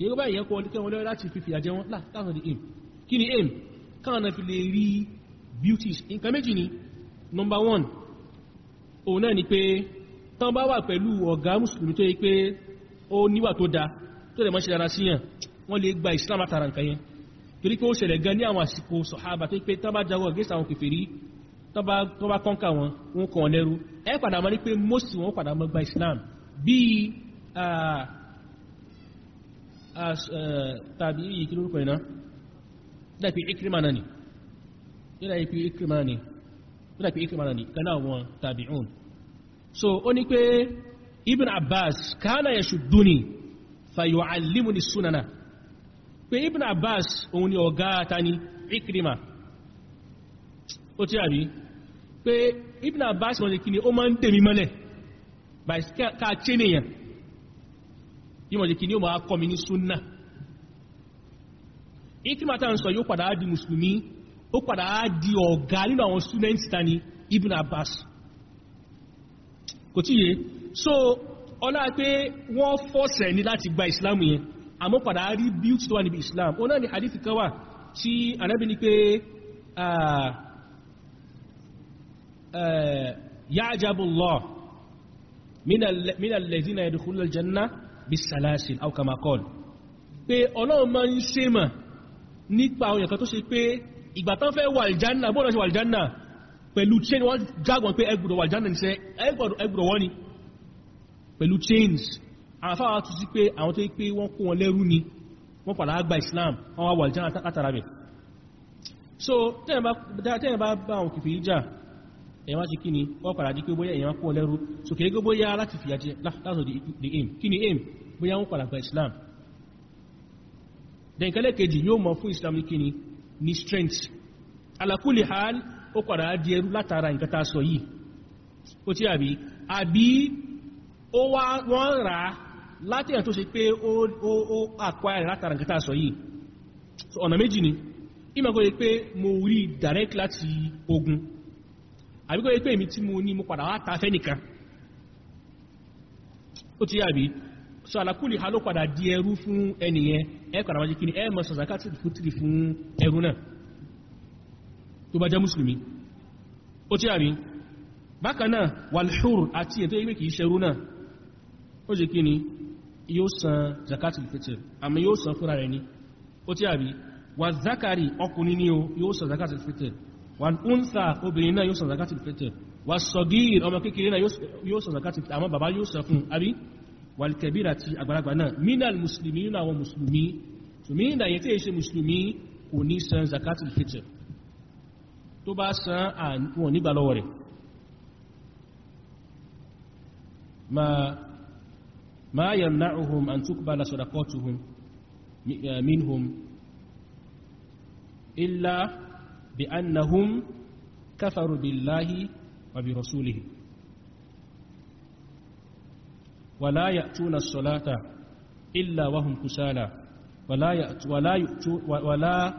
[SPEAKER 1] yẹ́gbẹ́ báyìí yẹn kọ́ ọdún kẹwọn lọ́wọ́ láti fífi àjẹ wọn láàrín aim kí ni aim káwọn fi lè rí beauties nǹkan méjì ni number one òun náà ni pé tán bá wà pẹ̀lú ọ̀gá mùsùlùmí tó yẹ pé ó níwà tó da tó lè mọ́ síyàn wọ́n lè gba islam àtàrà nǹkan yẹn torí pé ó ṣẹlẹ̀ gan ní àwọn àsìkò sọ̀hábà tó pé tán bá jáwọ́ against àwọn kèfèrí tán bá kọ́ńkà wọn wọn kàn lẹ́rú ẹ padà mọ́ ní pé most wọn padà mọ́ gba islam bíi ah, tàbí yìí kí lórúkọ iná dàpí ikrima náà ni yíra ipi ikrima náà ni dàpí ikrima náà ni so ó ní pé ibn abbas kana yashudduni fa yu'allimuni sunana pé ibn abbas òun ni ọ̀gá ta ni ikrima ó tí àbí pé ibn abbas wọ́n lè kí ni ó máa ń dèmí mọ́lẹ̀ by ká chain yíma jẹ́ kí ní o máa kọ́ mi ní súnnà ikima ta ń sọ yóò padà di mùsùlùmí ó padà di ọ̀gá nínú àwọn students ta ni Ibn Abbas kò tíye so ọlá pé wọ́n fọ́sẹ̀ ní láti gba Islam yẹn àmọ́ padà rí beauty tó wà níbi Islam ó náà ni hadith kan tí Ànábì ní pé ya'jabu Allah min alladhina yadkhuluna al-janna bisalasil aw kama qal pé ọlọ́run máa ń ṣe mà nípa àwọn èèyàn tó ṣe pé ìgbà tán fẹ́ wà ìjánà bọ́ọ̀lọ́ sí wà ìjánà pẹ̀lú chain wọ́n jágbọ́n pé ẹgbùdọ̀ wà ìjánà níṣẹ́ ẹgbùdọ̀ wọ́n ni pẹ̀lú chains àfáwà tó sí pé àwọn tó pé wọ́n kó wọn lẹ́rú ni wọ́n padà àgbà Islam wọ́n wà ìjánà látara so tẹ́yìn bá èyàn ti kíni wọ́n padà di pé bóyá èyàn kó lẹ́rú so kèrè bóyá láti fìyà jẹ láti di aim kíni aim bóyá wọ́n padà gba islam then kẹ́lẹ̀ kejì yóò mọ̀ fún islam ní kíni ni strength Alakuli hal ó padà di ẹrú látara nǹkan ta sọ yìí ó tí àbí àbí ó wá wọ́n rà láti ẹ̀ tó ṣe pé ó acquire látara nǹkan ta sọ yìí so ọ̀nà méjì ni ìmọ̀ kó ṣe pé mo rí direct láti ogun àbíkọ́ yẹ pé èmi tí mo ní mo padà wá ta fẹ́nìkan ó ti yàbí so alákùlì ha ló padà di ẹrú fún ẹnìyẹn ẹ padà wájú kí ni ẹ mọ̀ fún ẹrú náà tó bá jẹ́ walhur àti ètò ìwé kìí ṣerú náà ó jẹ́ kí ni yóò ni ó tí àrí zakari ọkùnrin ni yóò san wọn únsà obìnrin náà yóò san zakatil fitr wà sọ̀gír ọmọ kékeré náà yóò san zakatil fitr àwọn bàbá yóò san fún àbí wàlkẹ̀bír àti àgbàlagbà náà mínal musulmi nínú àwọn musulmi so mí ìdàyẹ tí è ṣe musulmi kò ní san zakatil fitr tó bá san àwọn nígbà lọ́wọ́ rẹ̀ ma yamna'uhum an بأنهم كفروا بالله وبرسوله ولا يأتون الصلاة إلا وهم كسالى ولا يأت ولا يأت ولا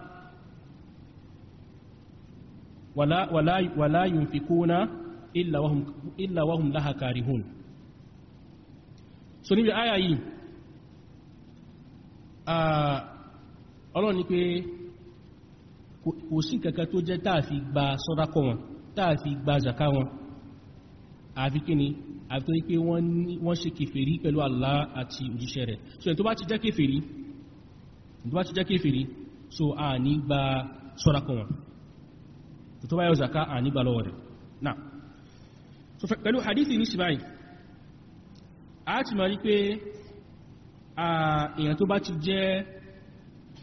[SPEAKER 1] ولا ولا ولا ينفقون إلا وهم إلا وهم لها كارهون. سنبي آية àyà yìí, آه، ọlọ́run kò sí kankan tó jẹ́ táà fi gba sọ́dákọ̀ wọn táà fi gba zaka wọn àfi kí ni àfi tó ní pé wọ́n ṣe kèfèrí pẹ̀lú Allah àti òjíṣẹ́ rẹ̀ so ẹni tó bá ti jẹ́ kèfèrí tó bá so a ní gba sọ́dákọ̀ wọn tó bá yọ zaka a ní gba lọ́wọ́ rẹ̀ so pẹ̀lú hadithi ní sibai a ti ma rí pé èèyàn tó bá ti jẹ́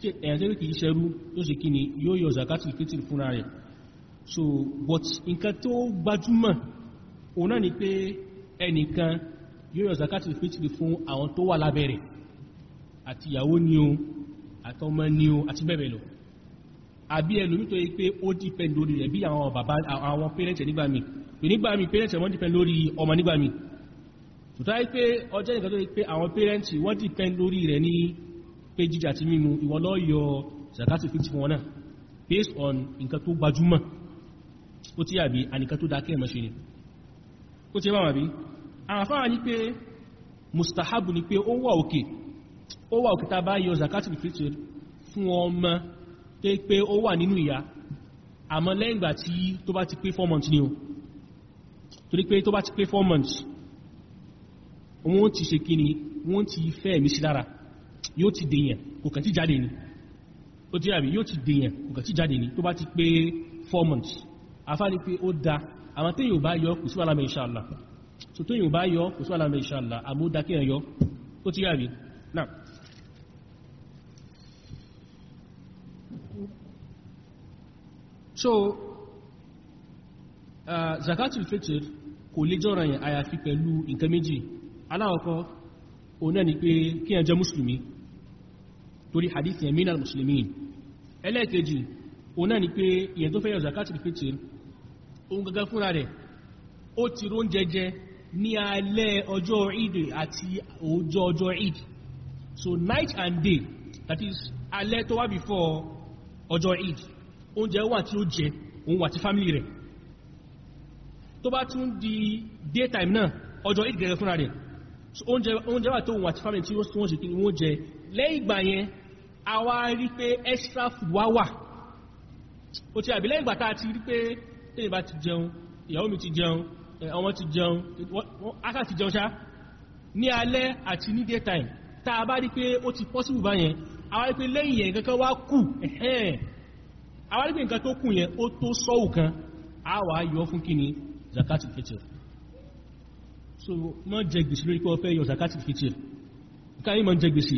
[SPEAKER 1] ẹ̀ẹ́tẹ́rì kìí ṣẹrú tó ṣe kí ni yóò yọ zakatul fitr fúnra rẹ̀ so but nǹkan tó gbajúmọ̀ òun náà ni pé ẹnìkan yóò yọ zakatul fitr fún àwọn tó wà lábẹ́ rẹ̀ àti ìyàwó ni o àtọmọ ni o àti bẹ́ẹ̀ bẹ́ẹ̀ lọ àbí ẹlòmí tó yí pé ó dìpẹ̀ndì lórí rẹ̀ bí àwọn bàbá àwọn pẹ́rẹ́tẹ̀ nígbà mi nígbà mi pẹ́rẹ́tẹ̀ wọ́n dìpẹ̀ndì lórí ọmọ nígbà mi tòtá yí pé ọjọ́ nìkan tó yí pé àwọn pẹ́rẹ́ntì wọ́n dìpẹ̀ndì lórí rẹ̀ ní pé jíjà àti mímu ìwọ ló yọ zakatu 50 náà based on nǹkan tó gbajúmọ̀ ó tí àbí àníkan tó dákẹ́ ẹ̀mọ́ ṣe ni ó tí wọ́n àbí àfáà ní pé mustahabu ni pé ó wà òkè ó wà òkè tàbá yọ zakatu 50 fún ọmọ tó pé ó wà nínú ìyá àmọ́ lẹ́yìn tí tó bá ti pé 4 months ni o torí pé tó bá ti pé 4 months wọ́n ti ṣe kíni wọ́n ti fẹ́ mi sí lára yóò ti dèyàn kò kàn ti jáde ni ó ti rábí yóò ti dèyàn kò kàn ti jáde ni tó bá ti pé 4 months afá ni pé ó da àwọn tí yóò bá yọ kò sí wà lámẹ́ inshallah so tó yóò bá yọ kò sí lámẹ́ inshallah àmú dákẹ́ ẹ̀yọ ó ti rábí náà so zakatu zakatul fitr kò lè jọ́ra yẹn àyàfi pẹ̀lú nǹkan méjì aláwọ̀kọ́ òun náà ni pé kí ẹjọ́ mùsùlùmí torí hadith yẹn minal muslimin ẹlẹ́ẹ̀kejì òun náà ni pé ìyẹn tó fẹ́ yọ zakatul fitr òun gangan fúnra rẹ̀ ó ti rón jẹjẹ ní alẹ́ ọjọ́ Eid àti ọjọ́ ọjọ́ Eid so night and day that is alẹ́ tó wá before ọjọ́ Eid oúnjẹ wà tí ó jẹ òun wà tí family rẹ̀ tó bá tún di daytime náà ọjọ́ Eid gẹ̀rẹ̀ fúnra rẹ̀ so oúnjẹ wà tó òun wà tí family tí wọ́n wọ́n jẹ lẹ́yìn ìgbà yẹn àwa rí pé extra food wá wà ó ti àbí lẹ́yìn gbàtà ti rí pé tẹ́yìn bá ti jẹun ìyàwó mi ti jẹun ọmọ ti jẹun aka ti jẹun ṣá ní alẹ́ àti ní daytime tá a bá rí pé ó ti possible báyẹn àwa rí pé lẹ́yìn yẹn kankan wá kù àwa rí pé nǹkan tó kù yẹn ó tó sọ́wù kan a wà yọ fún kí ni zakat fitr so mọ́ jẹ gbèsè lórí pé ọ fẹ́ yọ zakat fitr káyí mọ́ jẹ gbèsè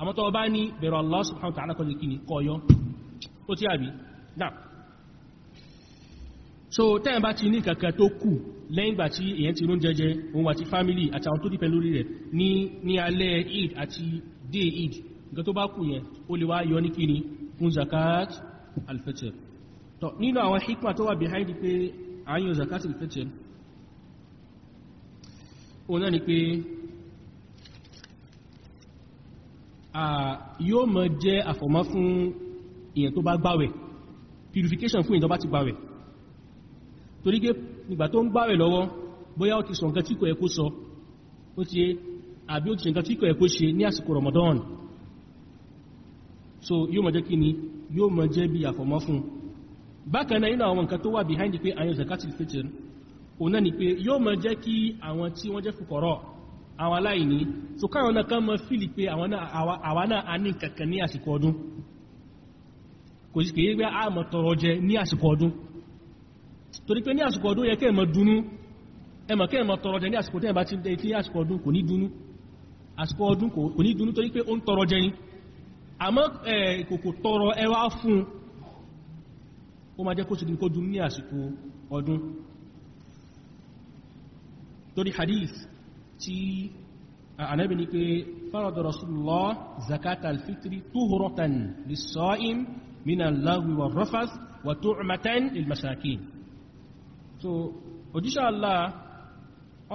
[SPEAKER 1] àmọ́ tó bá ní bẹ̀rọ Allah subhanahu wa ta'ala kọ́ kí ni ó tí àbí náà so tẹ́yìn bá ti ní kankan tó kù lẹ́yìn gbà tí èyàn ti rún jẹjẹ òun àti family àti àwọn tó dìpẹ́ lórí rẹ̀ ní ní alẹ́ eid àti day eid nǹkan tó bá kù yẹn ó lè wá yọ ní kí fún zakat al-fitr nínú àwọn hikma tó wà behind pé àyàn zakat al òun náà ni pé yóò máa jẹ́ àfọ̀mọ́ fún èyàn tó bá gbáwẹ̀ purification fún èyàn tó bá ti gbáwẹ̀ torí pé nígbà tó ń gbáwẹ̀ lọ́wọ́ bóyá ó ti sọ nǹkan tí kò yẹ kó sọ ó ti àbí ó ti sọ nǹkan tí kò yẹ ṣe ní àsìkò Ramadan so yóò máa jẹ́ kí ni yóò máa jẹ́ bí àfọ̀mọ́ fún bákan náà nínú àwọn nǹkan tó wà behind pé àyàn zakatil fitr òun náà ni àwọn aláìní so káwọn náà kán mọ́ fílì pé àwa náà a ní kankan ní àsìkò ọdún kò sí kèyí pé a mọ̀ tọrọ jẹ ní àsìkò ọdún torí pé ní àsìkò ọdún yẹ kẹ́ẹ̀mọ̀ dunú ẹmọ̀ kẹ́ẹ̀mọ̀ tọrọ jẹ ní àsìkò tẹ́ẹ̀ ní àsìkò ọdún torí hadith tí Ànábì ní pé farada Rasulullah zakat al-fitri tuhratan lis-sa'im min al-lagwi war-rafath wa tu'matan lil-masakin so òjíṣẹ́ Allah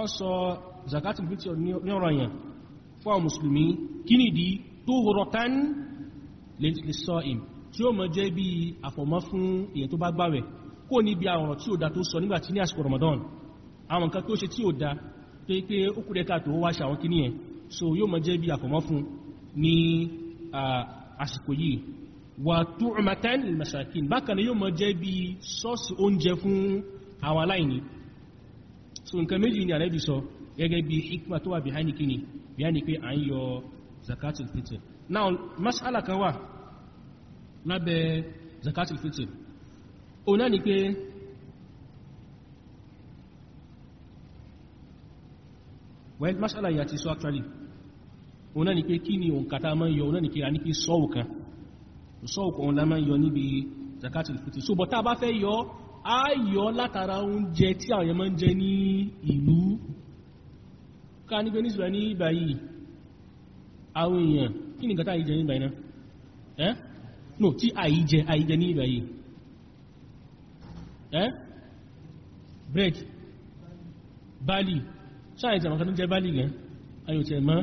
[SPEAKER 1] ó sọ zakat al-fitri ní ọ̀rọ̀ yẹn fún àwọn mùsùlùmí kí ni ìdí tuhratan lis-sa'im tí ó mọ́ jẹ́ bí àfọ̀mọ́ fún èyàn tó bá gbààwẹ̀ kó ní bí àwọn tí ó dá tó sọ nígbàtí ní àsìkò Ramadan àwọn nǹkan tó ṣe tí ó dá tó yí pé ó káàtò ó wá ṣàwọn kí ní ẹ̀ so yóò mọ jẹ́ bí àfọ̀mọ́ fún ní àsìkò yìí wà tu'matan lil masakin bákan náà yóò mọ jẹ́ bí sọ́ọ̀sì oúnjẹ fún àwọn aláìní so nǹkan méjì ni àrẹ́bì sọ gẹ́gẹ́ bí hikma tó wà behind kí ni behind pé à ń yọ zakatul fitr now mas'ala kan wà lábẹ́ zakatul fitr òun well masala yà ti so actually Ona ni pé kí ni òǹkà tá máa ń ni pé a ní kí sọ́ọ̀ kan sọ́ọ̀ kan la máa ń yọ níbi zakat al-fitr so but tá bá fẹ́ yo á yọ látara oúnjẹ tí àwọn yẹn máa ń jẹ ní ìlú ká nígbé ní ìsìlẹ̀ ní ìbáyìí àwọn èèyàn kí ni nǹkan tá àìjẹ ní ìbáyìí náà ẹ́ no tí àìjẹ àìjẹ ní ìbáyìí ẹ́ bread Bali ṣáàyè tí àwọn kan jẹ́ báàlì yẹn ayò tí ẹ mọ́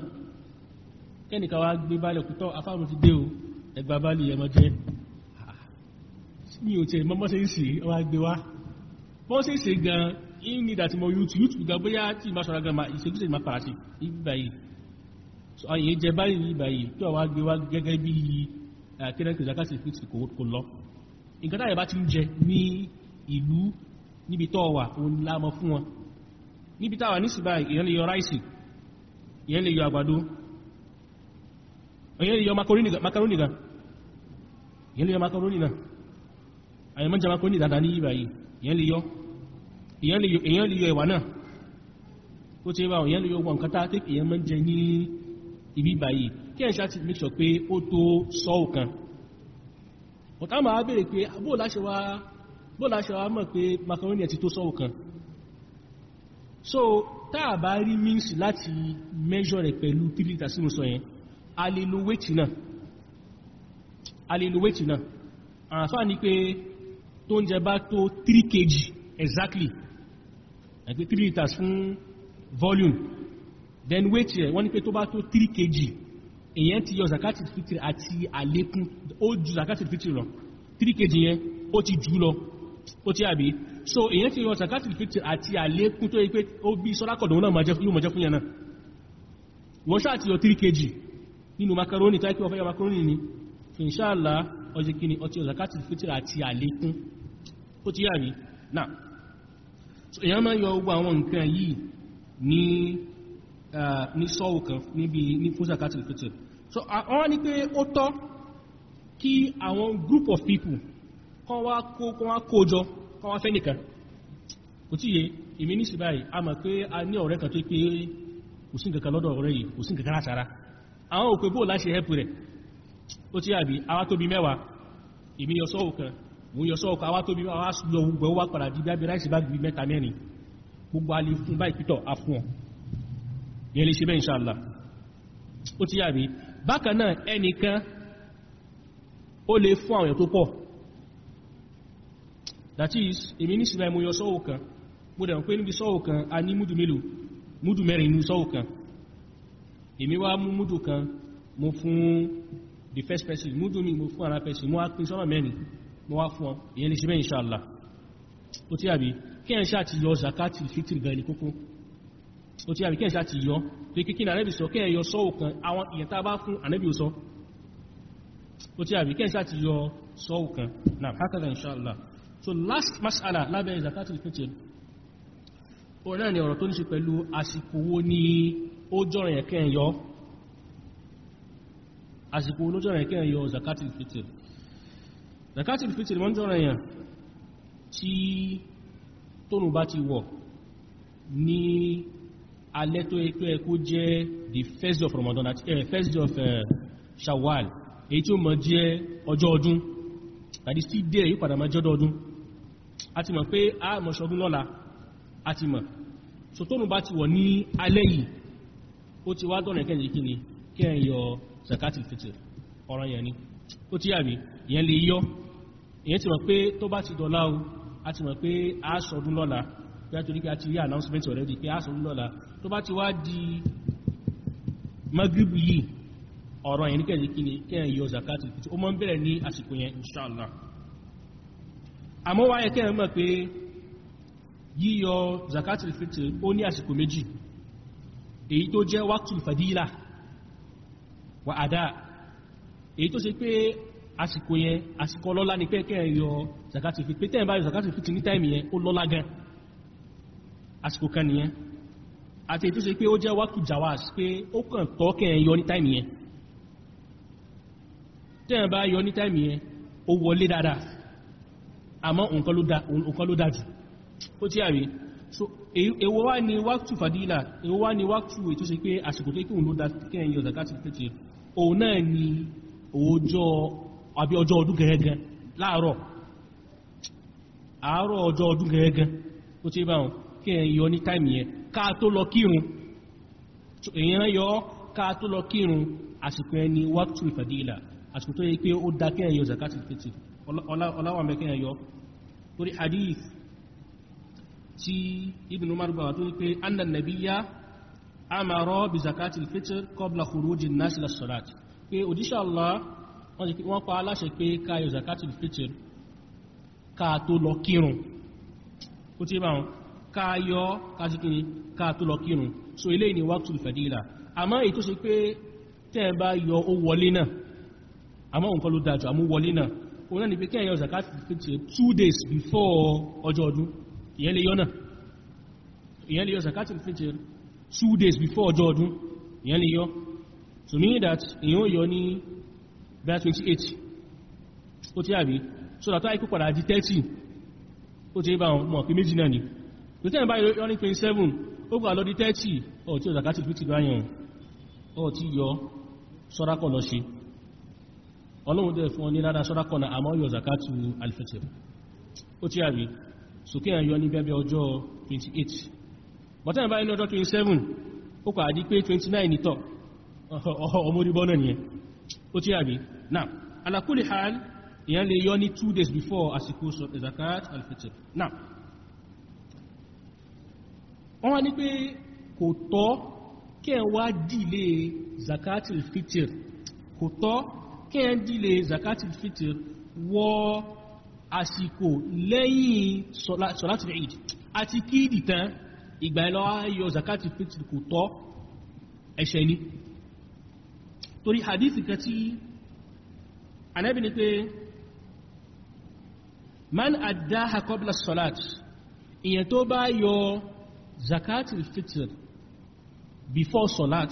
[SPEAKER 1] kẹ́nìkan wá gbé báàlì òkútọ́ afáàmù ti dé o ẹgbà báàlì yẹn mọ́ jẹ́ mi ò mọ́ mọ́sẹ̀ wá gbé wá mọ́sẹ̀ gan youtube youtube gan bóyá tí ìbá ṣọ́ra gan so ayè jẹ báàlì ìgbà yìí tó àwọn agbé wá gẹ́gẹ́ bí kẹ́nẹ́kì zakasi fi ti kò lọ nǹkan táyà bá ti níbi tó òun lámọ fún wọn níbi táwà ní síbá ìyẹn lè yọ ráìsì ìyẹn lè yọ àgbàdo ìyẹn lè yọ makaroni gan ìyẹn lè yọ makaroni náà àyẹ̀ mọ́jà makaroni dáadáa ní ibà yìí ìyẹn lè yọ ìyẹn lè yọ ẹ̀wà náà ó ti bá ìyẹn lè yọ wọn kátá tí ìyẹn mọ́ jẹ ní ibi ibà yìí kí ẹ̀ ṣá ti make sure pé ó tó sọ́ọ̀ kan ọ̀tá máa bèèrè pé bóòlá ṣe wá mọ̀ pé makaroni ẹ̀ ti tó sọ́ọ̀ kan so táà bá rí means láti measure rẹ̀ pẹ̀lú 3 litres sínú sọ yẹn a lè lo weight náà a lè ní pé tó ń jẹ bá tó 3 kg exactly ẹgbẹ́ 3 litres fún volume then weight rẹ̀ wọ́n ní pé tó bá tó 3 kg èyàn ti yọ zakati fitri àti àlékún ó ju zakati fitri lọ 3 kg yẹn ó ti jù lọ ó tí àbí so èyàn ti yọ sàkátì fìtì àti àlékún tó yí pé ó bí sọ́lákọ̀dọ̀ náà yóò mọ̀ jẹ́ fún yẹn náà wọ́n ṣáà ti yọ 3 kg nínú makaroni tàbí ọfẹ́ yọ makaroni ni inṣáàlá ọjọ́ kíni ọtí yọ sàkátì fìtì àti àlékún ó tí àbí náà so èyàn máa yọ ogun àwọn nǹkan yìí ní ní sọ́wọ́ kan níbi ní fún sàkátì fìtì so àwọn ni pé ó tọ́ kí àwọn group of people kọ́ wá kó kọ́ wá kó jọ kọ́ wá fẹ́ nìkan kò tíye èmi ní síbáyì a mọ̀ pé a ní ọ̀rẹ́ kan tó pé kò sí nǹkan lọ́dọ̀ ọ̀rẹ́ yìí kò sí nǹkan látara àwọn òpè bóò láṣẹ hẹ́pù rẹ̀ ó tí àbí awá tóbi mẹ́wàá èmi yọ sọ́wọ́ kan òun yọ sọ́wọ́ kan awá tóbi awá lọ gbẹ̀ wá padà di bíábí ráìsì bá gbì mẹ́ta mẹ́rin gbogbo alẹ́ fún báyìí pítọ̀ afún ọ̀ ní ẹlẹ́ ṣe bẹ́ ó tí àbí bákan náà ẹnìkan ó lè fún àwọn èèyàn tó pọ̀ that is èmi ní sílẹ̀ mo yọ sọ́wọ́ kan mo dẹ̀ pé níbi sọ́wọ́ kan a ní múdù mélòó múdù mẹ́rin inú sọ́wọ́ kan èmi wá mú múdù kan mo fún the first person múdù mi mo fún ara person mo wá pín sọ́nà mẹ́rin mo wá fún ọ ìyẹn lè ṣe bẹ́ẹ̀ inṣàlá ó tí àbí kí ẹ̀ṣà ti yọ zakati fitri gan ní kókó ó tí àbí kí ẹ̀ṣà ti yọ pé kíkí ànábì sọ kí ẹ̀yọ sọ́wọ́ kan àwọn ìyẹn tá bá fún ànábì ó sọ ó tí àbí kí ẹ̀ṣà ti yọ sọ́wọ́ kan náà hákàtà inṣàlá so last masala lábẹ́ zakatul fitr òun náà ni ọ̀rọ̀ tó ní ṣe pẹ̀lú àsìkò wo ni ó jọ̀rọ̀ yẹn kẹ́ yọ àsìkò wo ló jọ̀rọ̀ yẹn kẹ́ yọ zakatul fitr zakatul fitr wọ́n jọ̀rọ̀ yẹn tí tóun bá ní alẹ́ tó ẹ̀tọ́ ẹ̀kó jẹ́ the first of Ramadan àti eh, first of uh, Shawwal èyí tí ó mọ̀ jẹ́ ọjọ́ ọdún tàbí sí a mọ̀ pé a mọ̀ ṣọdún lọ́la a ti mọ̀ so tóòrùn bá ti wọ̀ ní alẹ́ yìí ó ti wá dọ̀nà kẹ́yìn kí ni kẹ́yìn yọ zakati fitr ọ̀rọ̀ yẹn ni ó ti yàrí ìyẹn lè yọ ìyẹn ti mọ̀ pé tó bá ti dọ̀la o a ti mọ̀ pé a ṣọdún lọ́la pé a torí pé a ti rí announcement already pé a ṣọdún lọ́la tó bá ti wá di maghrib yìí ọ̀rọ̀ yẹn ní kẹ́yìn kí ni kẹ́yìn yọ zakati fitr ó mọ́ bẹ̀rẹ̀ ní àsìkò yẹn inshallah àmọ́ wáyé kẹ́ mọ̀ pé yíyọ zakatul fitr ó ní àsìkò méjì èyí tó jẹ́ waqtul fadila wà àdá èyí tó ṣe pé àsìkò yẹn àsìkò ọlọ́lá ní pẹ́ẹ̀kẹ́ yọ zakatul fitr pé tẹ́ẹ̀ bá yọ zakatul fitr ní táìmì yẹn ó lọ́lá gan àsìkò kan nìyẹn àti èyí tó ṣe pé ó jẹ́ waqtul jawaz pé ó kàn tọ́kẹ̀ yọ ní táìmì yẹn tẹ́ẹ̀ bá yọ ní táìmì yẹn ó wọlé dáadáa àmọ́ nǹkan ló dájú ó tí àrí so èwo wá ní wákùtù fàdílà èwo wá ní wákùtù ètò ṣe pé àsìkò tó kí òun ló dá kí ẹ̀yìn ni ọjọ́ àbí ọjọ́ ọdún gẹ̀ẹ́gẹ́ láàárọ̀ àárọ̀ ọjọ́ ọdún gẹ̀ẹ́gẹ́ ó tí bá wọn kí ẹ̀yìn yọ ní táìmì yẹn ká tó lọ kírun èèyàn yọ ká tó lọ kírun àsìkò ẹni wákùtù fàdílà àsìkò tó yẹ pé ó dá kí ẹ̀yìn ọ̀dà káàkiri pẹ̀tì ọláwà mẹ́kẹ́ ẹ̀yọ́ torí hadith tí ibn umar gbà tó wípé annan nabiyya amara bi zakati al-fitr qabla khuruji an-nas ila as-salat pé odisha allah wọ́n pa aláṣẹ pé ká yọ zakati al-fitr ká tó lọ kírun kò tí bá wọn ká yọ ká sí kíni ká tó lọ kírun so eléyìí ni waqtul fadila àmọ́ èyí tó ṣe pé tẹ́ẹ̀ bá yọ ó wọlé náà àmọ́ nǹkan ló àmú wọlé náà òun náà ni pé kí ẹ̀yàn zakat fitri two days before ọjọ́ ọdún ìyẹn lè yọ́nà ìyẹn lè yọ zakat fitri two days before ọjọ́ ọdún ìyẹn lè to mean that èyàn ó yọ ní bá 28 ó tí àbí so that i kó padà di 30 ó tí bá mọ̀ pé méjì náà ni tó tẹ́ bá yọ ní 27 ó gbà lọ di 30 ọ̀ tí ó zakat fitri bá yàn ọ̀ yọ sọ́rákọ̀ lọ ṣe ọlọ́run dẹ̀ fún ọ ní lára sọ́dákọ̀nà àmọ́ yọ zakatu alfitr ó tí a rí sókè àyọ ní bẹ́bẹ̀ ọjọ́ 28 bọ́tán bá inú ọjọ́ 27 ó kà àdí pé 29 nítọ̀ ọmọdébọ́nà nìyẹn now ala hal ìyẹn lè yọ days before àsìkò zakat alfitr now wọ́n wá ní pé kò tọ́ zakat alfitr kò kí ẹ dìlẹ̀ zakatul fitr wọ àsìkò lẹ́yìn sọ̀látì eid àti kí ìdìtàn ìgbà ẹ̀lọ́ ayọ zakatul fitr kò tọ́ ẹ̀ṣẹ̀ ni torí hadith kan tí Ànábì ní pé man addaha qabla salat ìyẹn tó bá yọ zakatul fitr before salat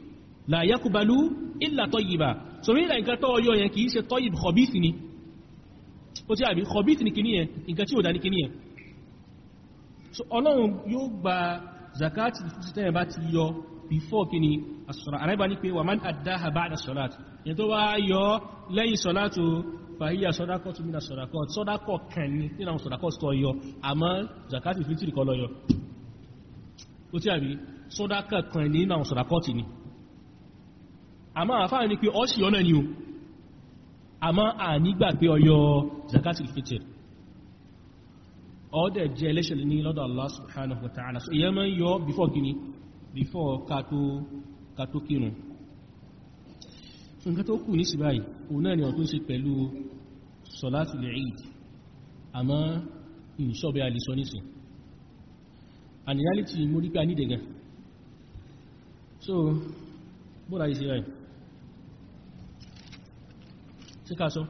[SPEAKER 1] la yakubalu illa tayyiba so mi la nǹkan tó yọ yẹn kìí ṣe tayyib khabith ni ó ti àbí khabith ni kìíní yẹn nǹkan tí ó dá ní kìíní yẹn so ọlọ́run yóò gba zakati tẹ́yẹ̀ bá ti yọ before kìíní asọ̀rọ̀ àrẹ́bà ní pé wa man addaha ba'da salat yẹn tó wá yọ lẹ́yìn salatu fàíyà sọ́dákọ́ tún mí na sọ́dákọ́ sọ́dákọ́ kan ní nínú àwọn sọ́dákọ́ sọ́ yọ àmọ́ zakati fitiri kọ́ lọ yọ ó ti àbí sọ́dákọ́ kan ní nínú àwọn sọ́dákọ́ àmọ́ àfáà ní pé ọ sí ọ̀nà ni o àmọ́ à nígbà pé ọyọ zakatul fitr ọdẹ̀ jẹ́ ẹlẹ́ṣẹ̀ ní lọ́dọ̀ Allah subhanahu wa ta'ala so ìyẹn mọ́ yọ before gini before kàtó kírun so nǹkan tó kù ní sí báyìí òun náà ni ọ̀tún eid àmọ́ ìṣọ́bẹ̀ alìsọ nísìn and reality mo rí pé a nídẹ̀gan so bóra ìsẹ́ báyìí sí ká sọ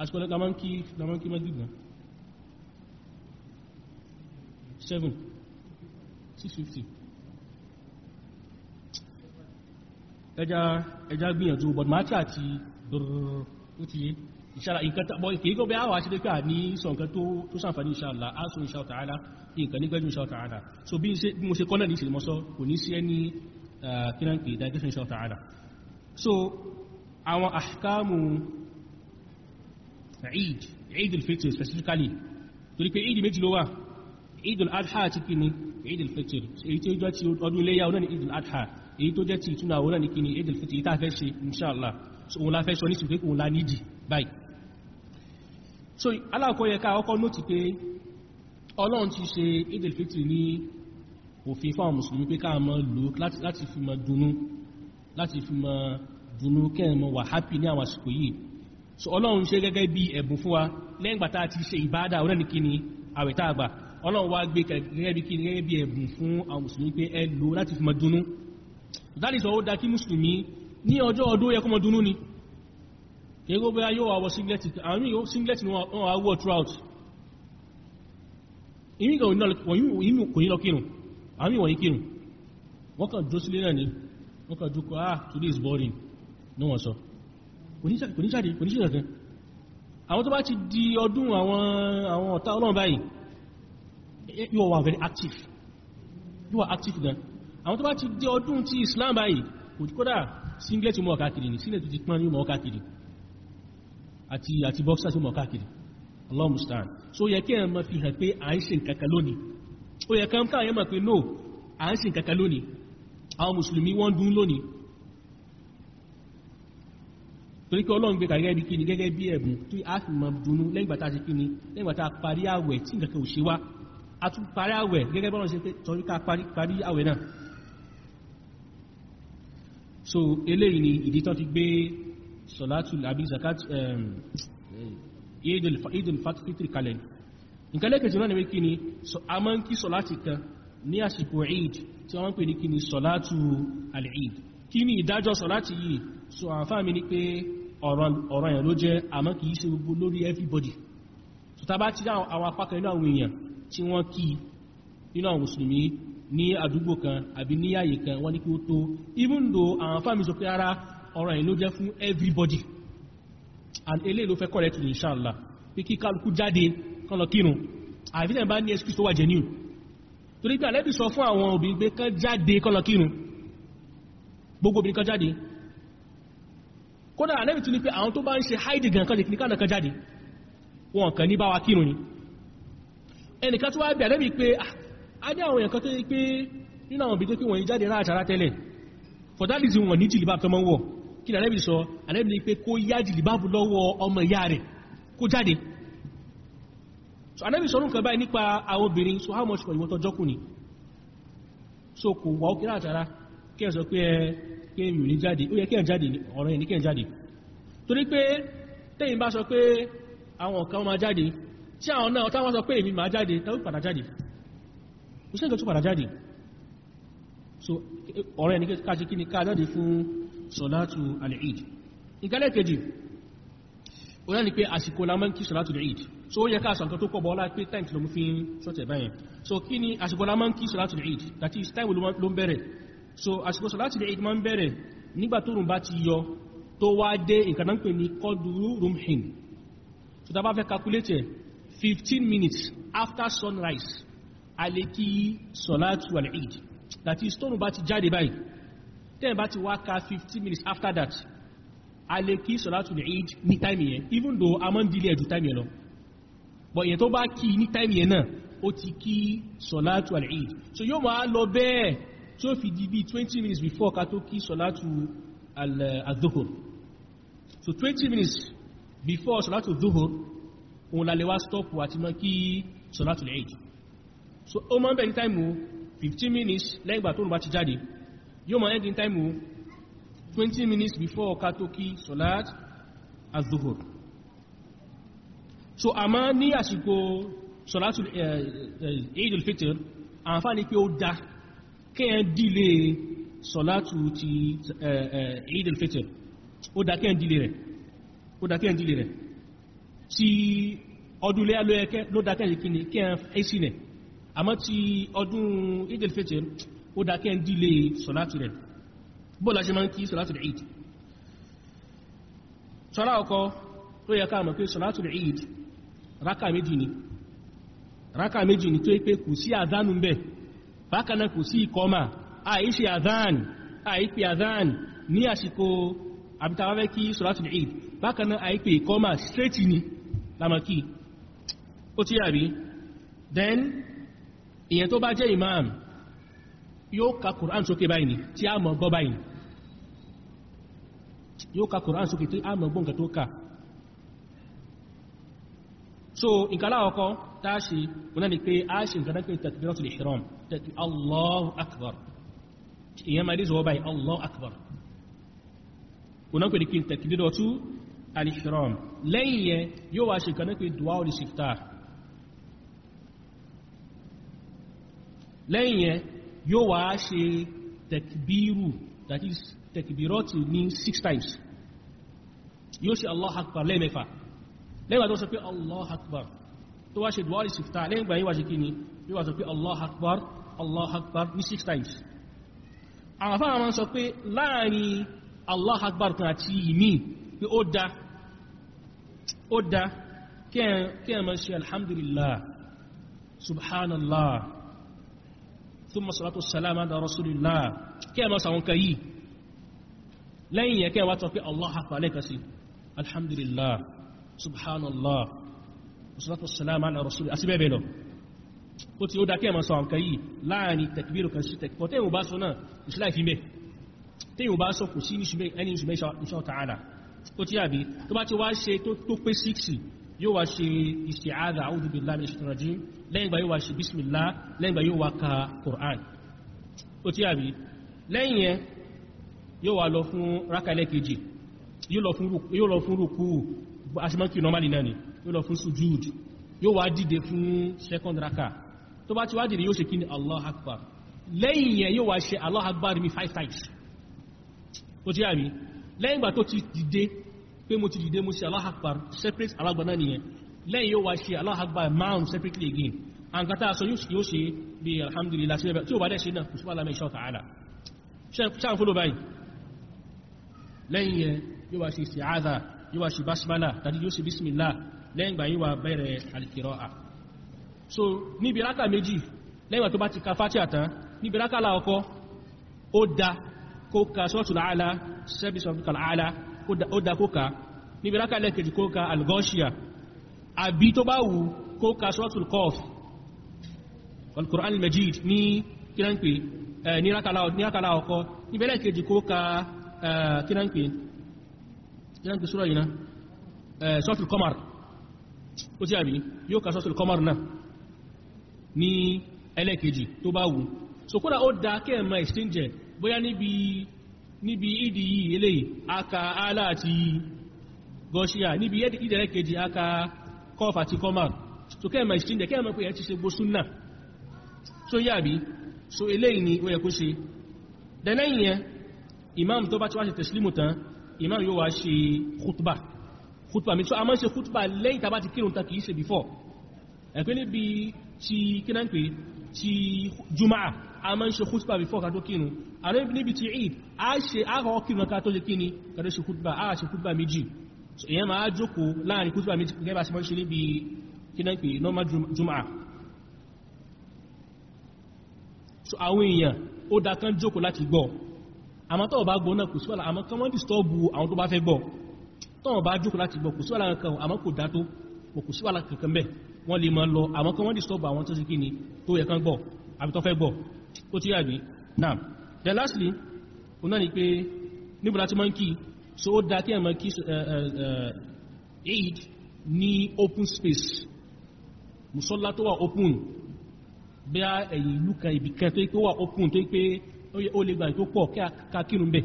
[SPEAKER 1] àsìkò lẹ́ta máa ń kí mẹ́gbìgbà 7 650 ẹja ẹja gbìyànjú but máa tí àti dọ̀rọ̀rọ̀ ó ti yé inshallah nǹkan tàbọ̀ ìkèé gọ́bẹ̀ àwọ̀ àti lẹ́pẹ́ àní sọ nǹkan tó sàǹfàní inshallah áṣùn inshallah ta'ala nǹkan nígbẹ́jú inshallah ta'ala so bí mo ṣe kọ́nà ní ìṣẹ̀lẹ̀mọ́sọ́ kò ní sí ẹni uh, kíránkì digression inshallah ta'ala so àwọn ahkamu eid eid al-fitr specifically torí pé eid méjì ló wà eid al-adha àti kíni eid al-fitr èyí tí ó jẹ́ ti ọdún iléyà ọdún ní eid al-adha èyí tó jẹ́ ti ìtúnà ọdún ní kíni eid al-fitr ìta fẹ́ ṣe inṣàlá so òun la fẹ́ sọ ní ṣùgbé òun la nídì báyìí láti fi máa dùnnú láti fi máa dùnú kẹ́ẹ̀mọ̀ wà happy ní àwọn àsìkò yìí so ọlọ́run ṣe gẹ́gẹ́ bí ẹ̀bùn fún wa lẹ́yìn gbàtà ṣe ìbáadà ọ̀rẹ́ nìkíni àwẹ̀ àgbà ọlọ́run wá gbé gẹ́gẹ́ that is all that kí mùsùlùmí ní ni kéèkó bóyá yóò wọ singlet àwọn yóò singlet ni wọ́n wá wọ throughout ìmí kò ní lọ kírun àwọn ìwọ̀nyí kírun wọ́n kàn jó sílé náà ni ah, today is boring ní wọ́n sọ kò ní jáde kò ní ṣìkàkan àwọn tó bá ti di ọdún àwọn ọ̀tá ọlọ́run báyìí you are very active you are active gan àwọn tó bá ti di ọdún ti Islam báyìí kò kódà singlet mọ́ ọ̀kákiri ni singlet ti pán ní mọ́ ọ̀kákiri àti àti boxer ti mọ́ ọ̀kákiri Allah mustaan so yẹ kí ẹ máa fi hàn pé à ń ṣe nǹkankan lónìí ó torí kí ọlọ́run gbé kàgẹ́ bí kíni gẹ́gẹ́ bí ẹ̀bùn tí a fi mọ̀ dúnú lẹ́yìn gbàtà sí kíni lẹ́yìn gbàtà parí àwẹ̀ tí nǹkan kan ò ṣe wá a tún parí àwẹ̀ gẹ́gẹ́ bọ́rọ̀ so eléyìí ni ìdí tán ti gbé zakat ehm, idul fatfitri kalẹ̀ nǹkan lẹ́kẹ̀ẹ́ tí wọ́n ní kíni a máa ń kí sọ̀látì kan ní àsìkò eid tí wọ́n ń pè ní ni ìdájọ́ sọ̀látì yìí so àǹfààní ni pé ọ̀rọ̀ yẹn ló jẹ́ àmọ́ kìí ṣe gbogbo lórí everybody so ta bá ti rá àwọn apákan inú àwọn èèyàn tí wọ́n kí inú àwọn mùsùlùmí ní àdúgbò kan àbí ní àyè kan wọ́n ní kí ó tó even though àwọn fáàmì sọ pé ara ọ̀rọ̀ yẹn ló jẹ́ fún everybody and eléyìí ló fẹ́ correct ní inshallah pé kí kálukú jáde kán lọ kírun àbí tẹ̀ bá ní excuse tó wà genuine torí pé àlẹ́bí sọ fún kódà anẹ́bì tún ní pé àwọn tó bá ń ṣe haidi gan kan nìkan kan jáde wọn kàn ní bá wa kírun ni ẹnìkan tó wá bí anẹ́bì pé ah, a ní àwọn ẹ̀kan tó yí pé nínú àwọn bìtẹ́ pé wọ́n jáde ráàtàrá tẹ́lẹ̀ for that reason wọ́n ní so anẹ́bì sọ́rún kan báyìí nípa so how much for ìwọ́tọ̀ so kò wà ó kí ráàtàrá pé ẹ pé mi ò ní jáde ó yẹ kí ẹ̀ jáde ọ̀rọ̀ yẹn ní kí ẹ̀ jáde torí pé tẹ́yìn bá sọ pé àwọn kan máa jáde tí àwọn náà táwọn sọ pé èmi máa jáde táwọn padà jáde kò sí nǹkan padà jáde so ọ̀rọ̀ yẹn ní ká ṣe kí ni ká jáde fún sọ̀látù al-Eid ìkálẹ̀ kejì ó yẹ́ ni pé àsìkò so ó yẹ ká sọ̀tọ̀ tó pọ̀ bọ́ láti pé time ló mú fi ń sọ̀tẹ̀ báyẹn so kí ni àsìkò la máa ń kí sọ̀látù al that is time ló ń bẹ̀rẹ̀ so àsìkò sọ̀láti lè máa ń bẹ̀rẹ̀ nígbà tó rùn bá ti yọ tó wá dé nǹkan ní kọdùrú rumhin so tá bá fẹ́ calculate 15 minutes after sunrise a lè kí sọ̀láti wà lẹ́ìd that is tóòrùn bá ti jáde báyìí tẹ́ẹ̀ bá ti wá ka 15 minutes after that a lè kí sọ̀láti wà ní time yẹn even though a máa ń dílé ẹ̀jù time yẹn lọ but yẹn tó bá kí ní time yẹn náà ó ti kí sọ̀láti wà so yóò máa lọ bẹ́ẹ̀ tí ó fi di bí 20 minutes before ká tó kí sọ́látù al-dhuhr eh, so 20 minutes before sọ́látù dhuhr òun la lè wá stop àti mọ́ kí sọ́látù al-eid so ó máa ń bẹ̀rẹ̀ táìmù 15 minutes lẹ́yìn ìgbà tó rùn bá ti jáde yóò máa ẹ́dìn táìmù 20 minutes before ká tó kí sọ́látù al so a máa ní àsìkò sọ́látù al-eid eh, eh, al-fitr àǹfààní pé ó dáa kẹ́ẹ̀ dílé sọ̀látù ti Eid al-Fitr ó dá kẹ́ẹ̀ dílé rẹ̀ ó dá kẹ́ẹ̀ dílé rẹ̀ tí ọdún lẹ́yà ló ẹkẹ́ ló dá kẹ́ẹ̀ kíni kẹ́ẹ̀ ẹ̀sì rẹ̀ àmọ́ ti ọdún Eid al-Fitr ó dá kẹ́ẹ̀ dílé sọ̀látù rẹ̀ bọ́ọ̀lá ṣe máa ń kí sọ̀látù rẹ̀ Eid sọ́lá ọkọ̀ bákan náà kò sí ìkọmà àìṣe àdán àìpé àdán ní àsìkò àbítawáfẹ́ kí sọ́látùl Eid bákan náà àìpé ìkọmà straight ni lamaki ó ti yàrí then ìyẹn tó bá jẹ́ imam yóò ka Qur'an sókè báyìí tí a mọ̀ gbọ́ báyìí yóò ka Qur'an sókè tí a mọ̀ gbọ́ nǹkan tó ka so nǹkan láwọ́kọ́ táàṣì wọ́n náà ni pé a ṣe nǹkan dákẹ́ takbiratul ihram tàbí allahu akbar ìyẹn ma rízo báyìí allahu akbar wọ́n náà pè ní kí takbiratul ihram lẹ́yìn yẹn yóò wá ṣe nǹkan that is takbiratu ní six times yóò ṣe allahu akbar lẹ́ẹ̀mẹ́fà lẹ́gbà tó sọ pé allah akbar tó wá ṣe duwari sifta lẹ́gbà yíwa ṣe kíni yíwa sọ pé allah akbar allah akbar ní six times àwọn afẹ́ àwọn sọ pé láàrin allah akbar kan àti ìmí pé ó dá ó dá kí ẹ ma ṣe alhamdulillah subhanallah thumma salatu salama da rasulillah kí ẹ ma sọ àwọn kan subhanallah wasalatu wasalam ala rasul àti bẹ́ẹ̀ bẹ́ẹ̀ lọ ó ti ó dá kẹ́ẹ̀mọ́ sọ àwọn kan yìí láàrin tẹ̀kìbírò kan sí tẹ̀kìbọ̀ tẹ́yìn ò bá sọ náà ìṣláì fi mẹ́ tẹ́yìn ò bá sọ kò sí ẹni ìṣùmẹ́ insha ta'ala ó ti àbí tó bá ti wá ṣe tó pé 60 yóò wá ṣe isti'adha a'udhu billahi minash shaitanir lẹ́yìn gbà yóò wá lọ fún rákàlẹ́kejì yóò lọ fún rúkú aṣímọ́kì normally náà ni yóò lọ fún sujud yóò wá dìde fún second raka tó bá ti wá dìde yóò ṣe kí ni allah akbar lẹ́yìn yẹn yóò wá ṣe allah akbar mi five times tó ti àmì lẹ́yìn ìgbà tó ti dìde pé mo ti dìde mo ṣe allah akbar separate alagba náà nìyẹn lẹ́yìn yóò wá ṣe allah akbar márùn separately again àǹkátá aṣọ yóò ṣe bí alhamdulillah sílẹ̀ tí ó bá dẹ̀ ṣe náà kò sí wà yóò wá ṣe basmala tàbí yóò ṣe bismillah lẹ́yìn ìgbà yóò bẹ̀rẹ̀ alkiroa so níbi rákà méjì lẹ́yìn tó bá ti ka fatiha tán níbi rákà láọkọ́ ó da kó ka suratul service of the ala ó da kó ka níbi rákà lẹ́kẹ̀jì kó ka algoshia àbí tó bá wù kó ka suratul qaf alquran almajid ní kíránkì ní rákà láọkọ́ níbi lẹ́kẹ̀jì kó ka kíránkì yẹn gbé súra yìí náà eh, sọ́tùl kọmar ó tí àbí yóò ka sọ́tùl kọmar náà ní ẹlẹ́kejì tó bá wù so kódà ó dá kẹ́ẹ̀mà ìstíńjẹ bóyá níbi níbi ìdí yìí eléyìí aka ala àti gọ́ṣíà níbi ìdí ẹlẹ́kejì aka kọf àti kọmar so kẹ́ẹ̀mà ìstíńjẹ kẹ́ẹ̀mà pé ẹ ti ṣe gbó súnà so yàbí so eléyìí ni ó yẹ kó ṣe dẹ́lẹ́yìn yẹn imam tó bá ti wá ṣe tẹ̀sílímù tán imam yóò wá ṣe khutba khutba mi so a máa ṣe khutba lẹ́yìn tàbá ti kírun ta kìí ṣe before ẹ̀pẹ́ níbi ti kíná ń pè ti jumaa a máa ṣe khutba before ká tó kírun a níbi ti eid a ṣe àkọ́kọ́ kírun ká tó ṣe kíni ká tó ṣe khutba a ṣe khutba méjì èyàn máa jókòó láàrin khutba méjì gẹ́gẹ́ bá ṣe máa ṣe níbi kíná ń normal jumaa so àwọn èèyàn ó dá kan jókòó láti gbọ́ àmọ́ tó bá gbọ́ náà kò síwọ́lá àmọ́ kán wọ́n dìstọ́bù àwọn tó bá fẹ́ gbọ́ tó bá jókòó láti gbọ́ kò síwọ́lá kankan àmọ́ kò dá tó kò síwọ́lá kankan bẹ́ẹ̀ wọ́n lè máa lọ àmọ́ kán wọ́n dìstọ́bù àwọn tó sì kí ni tó yẹ kán gbọ́ àbí tó fẹ́ gbọ́ ó ti yàgbé náà then lastly ó náà ni pé níbo láti máa kí so ó dá kí ẹ̀ máa kí eh, eh, eh, eid ní open space musọ́lá tó wà open bí a ẹ̀yìn ìlú kan ibìkan tó wà open tó pé ó lè gbà tó pọ̀ ká kírun bẹ̀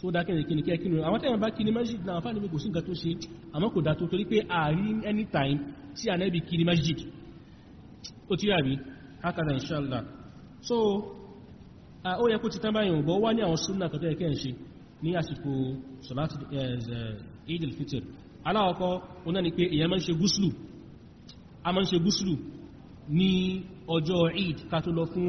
[SPEAKER 1] tó dá kẹ́rẹ̀ kíni kẹ́kírun àwọn tẹ́yàn bá kíni masjid náà fáà níbi kò sí nǹkan tó ṣe àmọ́ kò dá torí pé ààrí anytime tí ànábì kíni masjid ó ti rà so ó yẹ kó ti tán báyìí bọ́ wá ní àwọn súnnà kan tó yẹ kẹ́ ń ṣe ní àsìkò ni pé èyàn máa ń ọjọ́ Eid ká tó lọ fún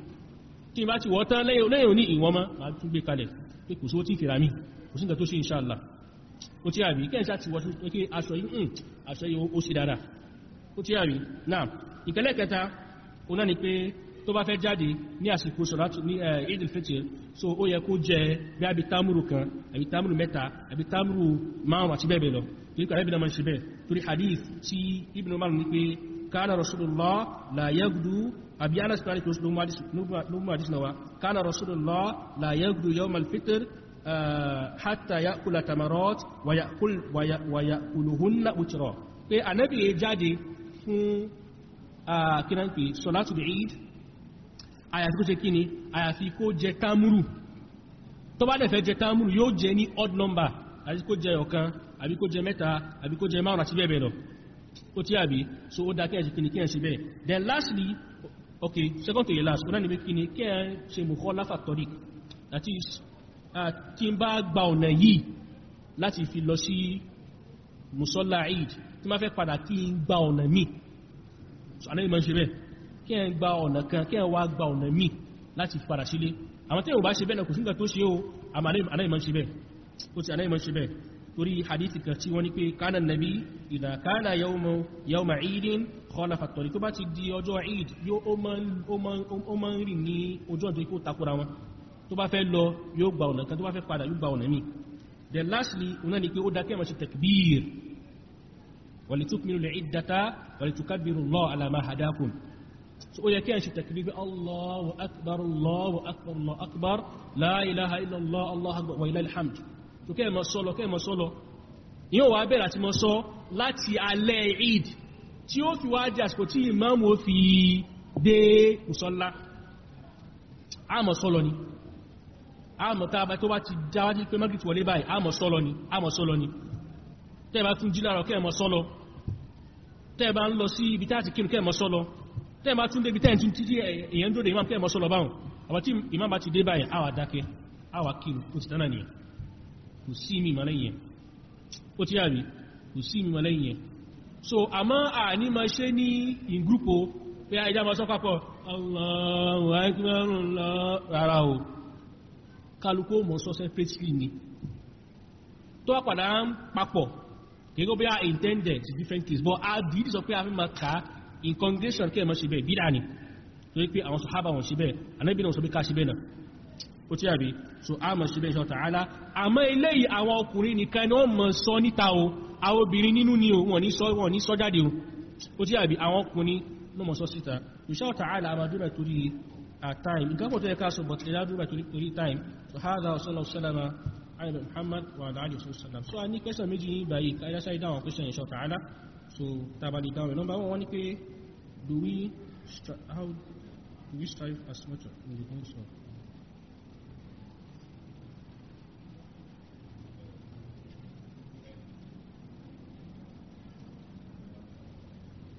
[SPEAKER 1] tí bá ti wọ́ tán lẹ́yìn òní ìwọ́n mọ́ ma tún gbé kalẹ̀ pé kò sówó tí ìfìrà mi kò sí nǹkan tó ṣe ìṣàlá ó ti àbí kẹ́ẹ̀ṣà ti wọ́n pé aṣọ yìí hmm, aṣọ yìí ó sì dára ó ti àbí náà ìkẹlẹ̀ kẹta ó náà ni pé tó bá fẹ́ jáde ní àsìkò sọ̀rọ̀tù eh, so ó yẹ kó jẹ bí abi tamuru kan àbí tamuru mẹ́ta àbí tamuru márùn àti bẹ́ẹ̀ bẹ́ẹ̀ lọ torí kana rasulullah la yagdu àbí anas kari kò lóòmù àdísì náà kana rasulullah la yagdu yawm al-fitr eh, hatta ya'kula tamarot wa ya'kuluhunna utro pé anabi yẹ jáde fún eh, kínan pé salatu al-eid àyàfi kó ṣe kí ni àyàfi kó jẹ támúrù tó bá dẹ̀fẹ́ jẹ támúrù yóò jẹ ní odd number àti kó jẹ ọ̀kan àbí kó jẹ mẹ́ta àbí kó jẹ márùn àti bẹ́ẹ̀ bẹ́ẹ̀ ó tí àbí so ó dákẹ́ ẹ̀sì kìnnì kí ẹ̀ sí bẹ́ẹ̀ then lastly ok second to the last ó náà níbi kìnnì kí ẹ ṣe mú kọ́ láfàtọ́rí that is kí n bá gba ọ̀nà yìí láti fi lọ sí musalla eid tí ma fẹ́ padà kí n gba ọ̀nà mi so anáyí ma ń ṣe bẹ́ẹ̀ kí ẹ gba ọ̀nà kan kí ẹ wá gba ọ̀nà mi láti padà sílé àwọn tí ò bá ṣe bẹ́ẹ̀ kò sí nǹkan tó ṣe o anáyí ma ń ṣe bẹ́ẹ̀ torí hadithi kan tí wọ́n ní pé kánà nàbí ìdá kánà yawma ìdín kọlafa tọ̀rí tó bá ti di ọjọ́ ìd yóò ó máa ń rìn ní ojú ọjọ́ ikú takura wọn tó bá fẹ́ lọ yóò gba ọ̀nà kan tó bá fẹ́ padà yóò gba ọ̀nà míì then lastly ọ̀nà ni pé ó dákẹ́ ma ṣe takbir walitukmilu al-iddata walitukabbiru Allah ala ma hadakum so ó yẹ kí a ṣe takbir bí Allahu akbar Allahu akbar Allahu akbar la ilaha Allahu akbar wa ilal hamd tó kẹ́ mọ́ sọ́lọ kẹ́ mọ́ sọ́lọ yíò wà bẹ̀rẹ̀ àti mọ́ sọ láti alẹ́ eid tí ó fi wá jẹ́ tí ìmáàmù ó fi dé mùsọ́lá àmọ́ sọ́lọ ni àmọ́ tá a bá tó bá ti jáwájú pé mọ́gìtì wọlé báyìí àmọ́ sọ́lọ ni àmọ́ sọ́lọ ni tẹ́ bá tún jí láàárọ̀ kẹ́ mọ́ sọ́lọ tẹ́ bá ń lọ sí ibi tá a ti kírun kẹ́ mọ́ sọ́lọ tẹ́ bá tún débi tẹ́ tún títí èèyàn kò sí mi mọ̀ lẹ́yìn ó ti yàrí kò sí mi mọ̀ lẹ́yìn so àmọ́ àní ma ṣe ní in groupo pé àìjá ma sọ́pàpọ̀ Allahu Akbar rárá o kálukú mọ̀ sọ separately ni tó àpàdà ń papọ̀ kẹ́gọ́ intended different things but a dìí sọ a fi in congregation kẹ́ẹ̀mọ́ ṣe bẹ́ẹ̀ bídà ni tó yí pé àwọn sọ̀hábà wọn ṣe ó tí àbí so a mọ̀ síbẹ̀ ṣọ́ta alá àmọ́ eléyìí àwọn ọkùnrin nìkan ni wọ́n mọ̀ sọ níta o àwọn obìnrin nínú ni o wọ́n ní sọ wọ́n ní sọ jáde o ó tí àbí àwọn ọkùnrin ló mọ̀ sọ síta ṣọ́ta alá a máa dúrà torí time ìgbàpọ̀ tó yẹ ká sọ bọ̀tí lá dúrà torí time so hádà ọ̀sọ́lọ́ sọ́lọ́mà ayẹ̀lú muhammad wà láàrín sọ́lọ́m so a ní kẹsàn méjì yìí báyìí ká yáṣá ìdáwọn kẹsàn ìṣọ́ta alá so tàbàlì ìdáwọn number one wọ́n ní pé do we how do we strive as much in the homes of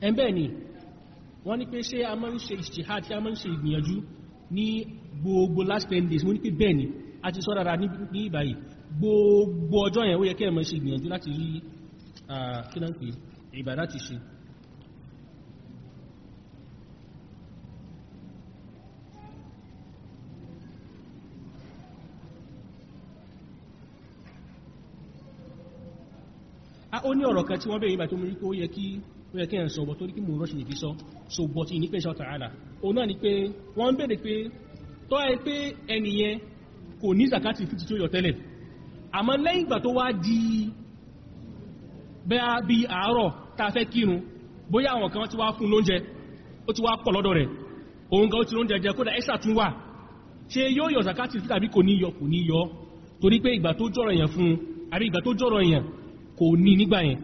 [SPEAKER 1] ẹ̀bẹ́ ni wọ́n ní pé ṣé a máa ń ṣe ìṣìhàd tí a máa ń ṣe ìgbìyànjú ní gbogbo last 10 days mo ní pé bẹ́ẹ̀ ni a ti sọ dára ní ìbáyìí gbogbo ọjọ́ yẹn ó yẹ kí ẹ ṣe ìgbìyànjú láti rí kínáǹkì ìbà láti ṣe ó ní ọ̀rọ̀ kan tí wọ́n bèèrè ìbà tó mú rí pé ó yẹ kí ó yẹ kí ẹ̀ sọ bọ́ torí kí mo rọ́ṣì lè fi sọ so bọ́ ti ìnípẹ́ ṣọ́ta àlà òun náà ni pé wọ́n ń bèèrè pé tọ́ ẹ pé ẹnìyẹn kò ní zakati fìtì tó yọ tẹ́lẹ̀ àmọ́ lẹ́yìn ìgbà tó wá di bẹ́ẹ̀ bí àárọ̀ tá a fẹ́ kírun bóyá àwọn kan ti wá fún lóúnjẹ ó ti wá pọ̀ lọ́dọ̀ rẹ̀ òun gan ó ti lóúnjẹ jẹ kódà ẹ́sà tún wà ṣe yóò yọ zakati fìtì tàbí kò ní yọ kò ní yọ torí pé ìgbà tó jọ̀rọ̀ èèyàn fún àbí ìgbà tó jọ̀rọ̀ èèyàn kò ní nígbà yẹn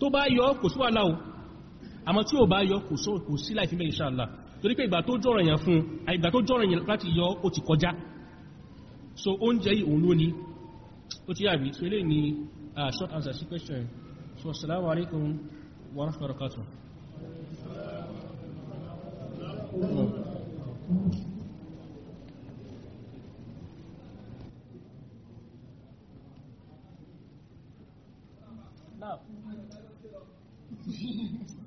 [SPEAKER 1] tó bá yọ kò sí wàhálà o àmọ́ tí ò bá yọ kò sí láì fi mẹ́ inshallah torí pé ìgbà tó jọ́rọ̀ èèyàn fún ìgbà tó jọ́rọ̀ èèyàn láti yọ ó ti kọjá so oúnjẹ yìí òun ló ní ó ti yàrí so eléyìí ni uh, short answer sí question so assalamu alaikum wa rahmatullahi wa barakatuh Yes.